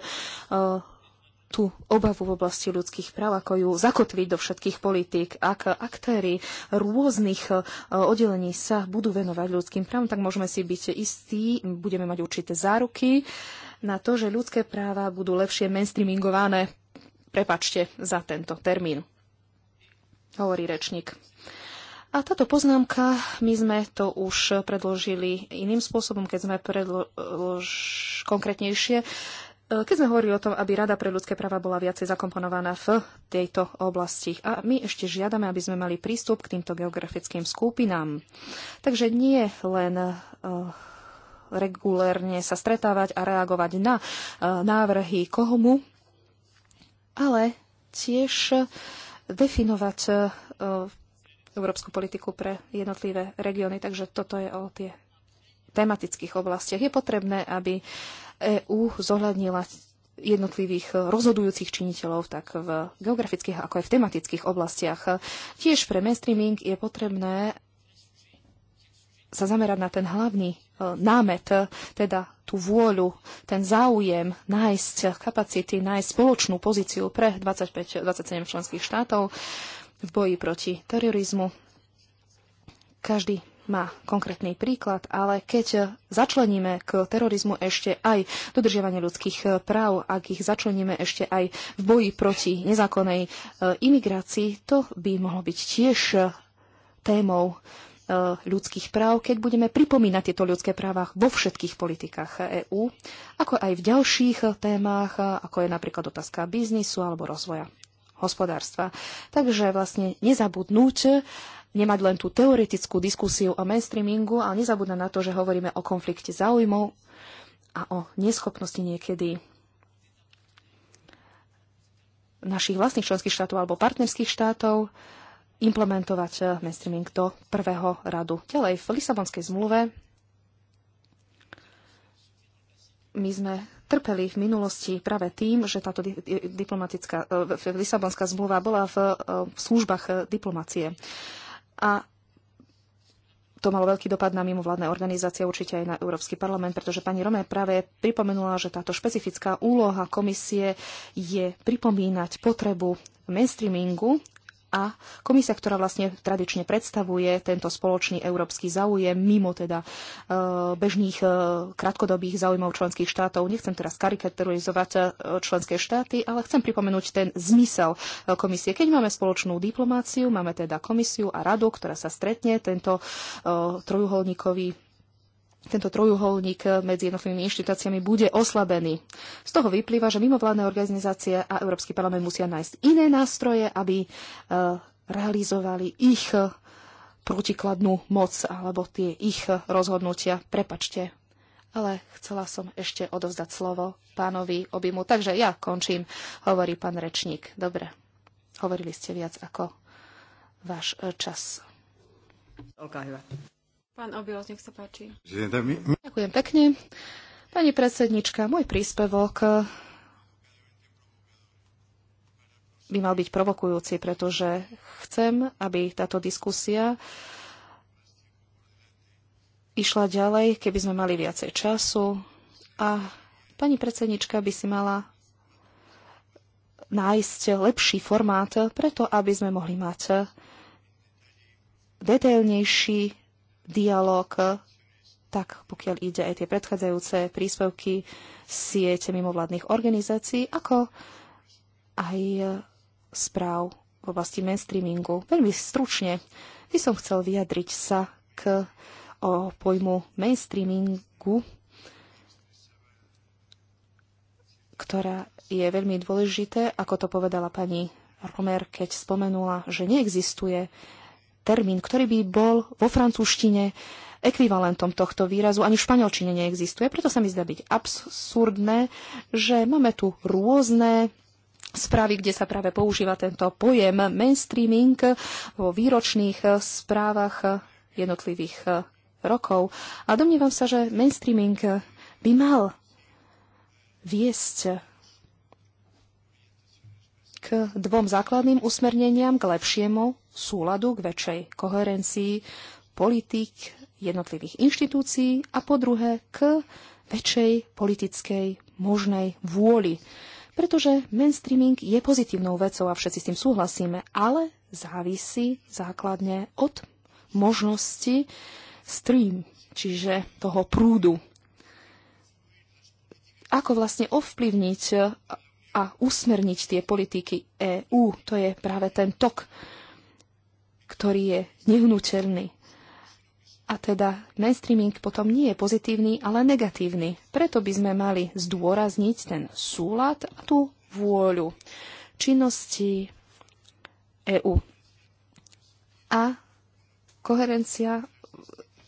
tú obavu v oblasti ľudských práv, ako ju zakotviť do všetkých politík. Ak aktéry rôznych e, oddelení sa budú venovať ľudským právom, tak môžeme si byť istí, budeme mať určité záruky na to, že ľudské práva budú lepšie mainstreamingované. Prepačte za tento termín, hovorí rečník. A táto poznámka, my sme to už predložili iným spôsobom, keď sme predlož... konkrétnejšie, e, keď sme hovorili o tom, aby Rada pre ľudské práva bola viacej zakomponovaná v tejto oblasti. A my ešte žiadame, aby sme mali prístup k týmto geografickým skupinám. Takže nie len e, regulérne sa stretávať a reagovať na e, návrhy komu, ale tiež definovať európsku politiku pre jednotlivé regióny. Takže toto je o tie tematických oblastiach. Je potrebné, aby EÚ zohľadnila jednotlivých rozhodujúcich činiteľov, tak v geografických ako aj v tematických oblastiach. Tiež pre mainstreaming je potrebné sa zamerať na ten hlavný e, námet, teda tú vôľu, ten záujem nájsť kapacity, nájsť spoločnú pozíciu pre 25-27 členských štátov v boji proti terorizmu. Každý má konkrétny príklad, ale keď začleníme k terorizmu ešte aj dodržiavanie ľudských eh, práv, ak ich začleníme ešte aj v boji proti nezákonnej eh, imigrácii, to by mohlo byť tiež eh, témou ľudských práv, keď budeme pripomínať tieto ľudské práva vo všetkých politikách EÚ, ako aj v ďalších témach, ako je napríklad otázka biznisu alebo rozvoja hospodárstva. Takže vlastne nezabudnúť nemať len tú teoretickú diskusiu o mainstreamingu, ale nezabudnúť na to, že hovoríme o konflikte záujmov a o neschopnosti niekedy našich vlastných členských štátov alebo partnerských štátov implementovať mainstreaming do prvého radu. Ďalej v Lisabonskej zmluve my sme trpeli v minulosti práve tým, že táto diplomatická, e, Lisabonská zmluva bola v e, službách e, diplomacie. A to malo veľký dopad na mimovládne organizácie, určite aj na Európsky parlament, pretože pani Romé práve pripomenula, že táto špecifická úloha komisie je pripomínať potrebu mainstreamingu a komisia, ktorá vlastne tradične predstavuje tento spoločný európsky záujem mimo teda e, bežných e, krátkodobých záujmov členských štátov. Nechcem teraz karikaturizovať e, členské štáty, ale chcem pripomenúť ten zmysel komisie. Keď máme spoločnú diplomáciu, máme teda komisiu a radu, ktorá sa stretne, tento trojuholníkový tento trojuholník medzi jednotlivými inštitúciami bude oslabený. Z toho vyplýva, že mimovládne organizácie a Európsky parlament musia nájsť iné nástroje, aby e, realizovali ich e, protikladnú moc alebo tie ich rozhodnutia. Prepačte, ale chcela som ešte odovzdať slovo pánovi obimu. Takže ja končím, hovorí pán rečník. Dobre, hovorili ste viac ako váš e, čas. Olká Pán Obilos, nech sa páči. Ďakujem pekne. Pani predsednička, môj príspevok eh, by mal byť provokujúci, pretože chcem, aby táto diskusia išla ďalej, keby sme mali viacej času. A pani predsednička by si mala nájsť lepší formát, preto aby sme mohli mať eh, detailnejší dialog, tak pokiaľ ide aj tie predchádzajúce príspevky siete mimovládnych organizácií, ako aj správ v oblasti mainstreamingu. Veľmi stručne by som chcel vyjadriť sa k o pojmu mainstreamingu, ktorá je veľmi dôležité, ako to povedala pani Romer, keď spomenula, že neexistuje termín, ktorý by bol vo francúzštine ekvivalentom tohto výrazu ani v španielčine neexistuje. Preto sa mi zdá byť absurdné, že máme tu rôzne správy, kde sa práve používa tento pojem mainstreaming vo výročných správach jednotlivých rokov. A domnievam sa, že mainstreaming by mal viesť k dvom základným usmerneniam, k lepšiemu súladu, k väčšej koherencii politík jednotlivých inštitúcií a po druhé k väčšej politickej možnej vôli. Pretože mainstreaming je pozitívnou vecou a všetci s tým súhlasíme, ale závisí základne od možnosti stream, čiže toho prúdu. Ako vlastne ovplyvniť a usmerniť tie politiky EÚ. To je práve ten tok, ktorý je nehnuteľný. A teda mainstreaming potom nie je pozitívny, ale negatívny. Preto by sme mali zdôrazniť ten súlad a tú vôľu činnosti EÚ. A koherencia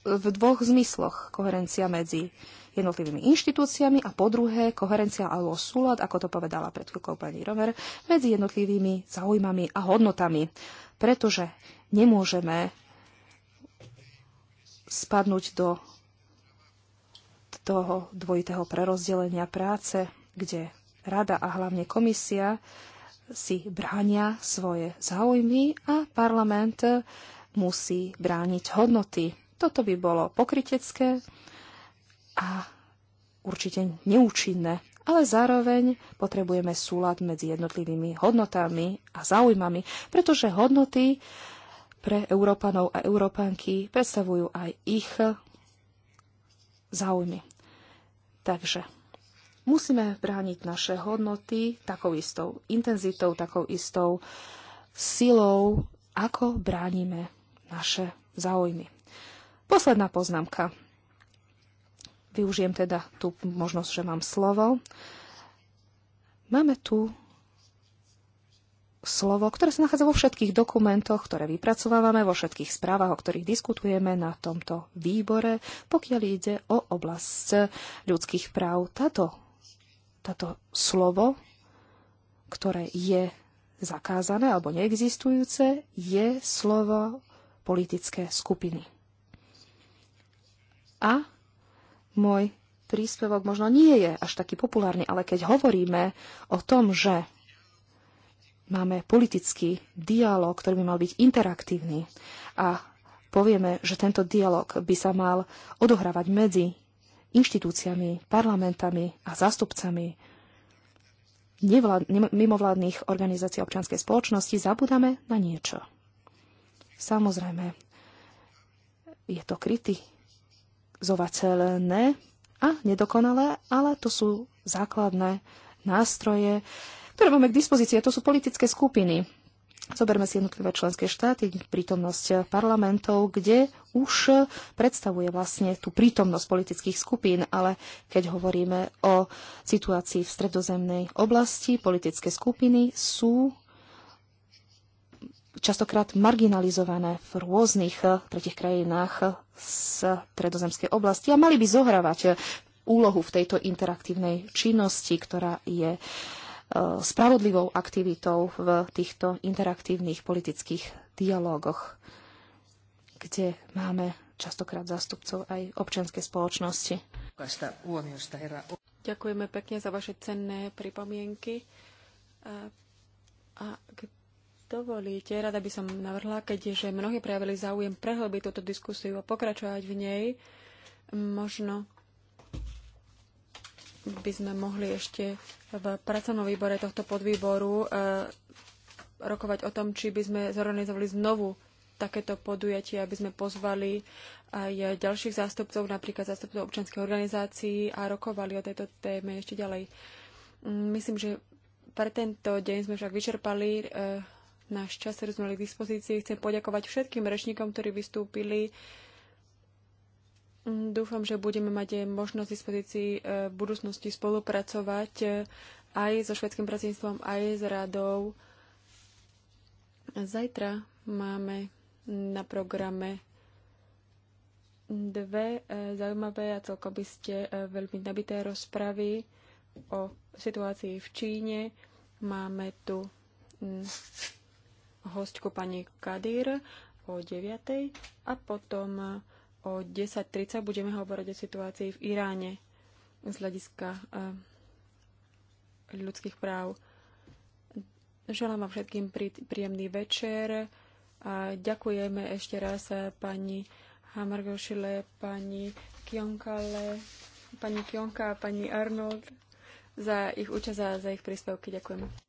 v dvoch zmysloch. Koherencia medzi jednotlivými inštitúciami a po druhé koherencia alebo súlad, ako to povedala pred chvíľkou pani Rover, medzi jednotlivými záujmami a hodnotami. Pretože nemôžeme spadnúť do toho dvojitého prerozdelenia práce, kde rada a hlavne komisia si bránia svoje záujmy a parlament musí brániť hodnoty. Toto by bolo pokrytecké a určite neúčinné, ale zároveň potrebujeme súlad medzi jednotlivými hodnotami a záujmami, pretože hodnoty pre Európanov a Európanky predstavujú aj ich záujmy. Takže musíme brániť naše hodnoty takou istou intenzitou, takou istou silou, ako bránime naše záujmy. Posledná poznámka. Využijem teda tú možnosť, že mám slovo. Máme tu slovo, ktoré sa nachádza vo všetkých dokumentoch, ktoré vypracovávame, vo všetkých správach, o ktorých diskutujeme na tomto výbore, pokiaľ ide o oblasť ľudských práv. Táto, táto slovo, ktoré je zakázané alebo neexistujúce, je slovo politické skupiny. A môj príspevok možno nie je až taký populárny, ale keď hovoríme o tom, že máme politický dialog, ktorý by mal byť interaktívny a povieme, že tento dialog by sa mal odohrávať medzi inštitúciami, parlamentami a zástupcami nevlád, mimovládnych organizácií občianskej spoločnosti, zabudáme na niečo. Samozrejme, je to kriti- zovacelné a nedokonalé, ale to sú základné nástroje, ktoré máme k dispozícii. A to sú politické skupiny. Zoberme si jednotlivé členské štáty, prítomnosť parlamentov, kde už predstavuje vlastne tú prítomnosť politických skupín, ale keď hovoríme o situácii v stredozemnej oblasti, politické skupiny sú častokrát marginalizované v rôznych eh, tretich krajinách eh, z tredozemskej oblasti a mali by zohrávať eh, úlohu v tejto interaktívnej činnosti, ktorá je spravodlivou aktivitou v týchto interaktívnych politických dialógoch, kde máme častokrát zástupcov aj občianskej spoločnosti. Ďakujeme pekne za vaše cenné pripomienky. A, a dovolíte, rada by som navrhla, keďže mnohí prejavili záujem prehlbiť túto diskusiu a pokračovať v nej, možno by sme mohli ešte v pracovnom výbore tohto podvýboru e, rokovať o tom, či by sme zorganizovali znovu takéto podujatie, aby sme pozvali aj ďalších zástupcov, napríklad zástupcov občanských organizácií a rokovali o tejto téme ešte ďalej. Mm, myslím, že pre tento deň sme však vyčerpali e, náš čas, ktorý sme mali k dispozícii. Chcem poďakovať všetkým rečníkom, ktorí vystúpili. Mm, dúfam, že budeme mať možnosť v dispozícii e, v budúcnosti spolupracovať e, aj so švedským pracovníctvom, aj s radou. Zajtra máme na programe dve e, zaujímavé a celko by ste veľmi nabité rozpravy o situácii v Číne. Máme tu mm, hostku pani Kadír o 9. a potom o 10.30 budeme hovoriť o situácii v Iráne z hľadiska eh, ľudských práv. Želám vám všetkým príjemný večer a ďakujeme ešte raz eh, pani Hamargošile, pani Kionkale, pani Kionka a pani Arnold za ich účasť a za ich príspevky. Ďakujeme.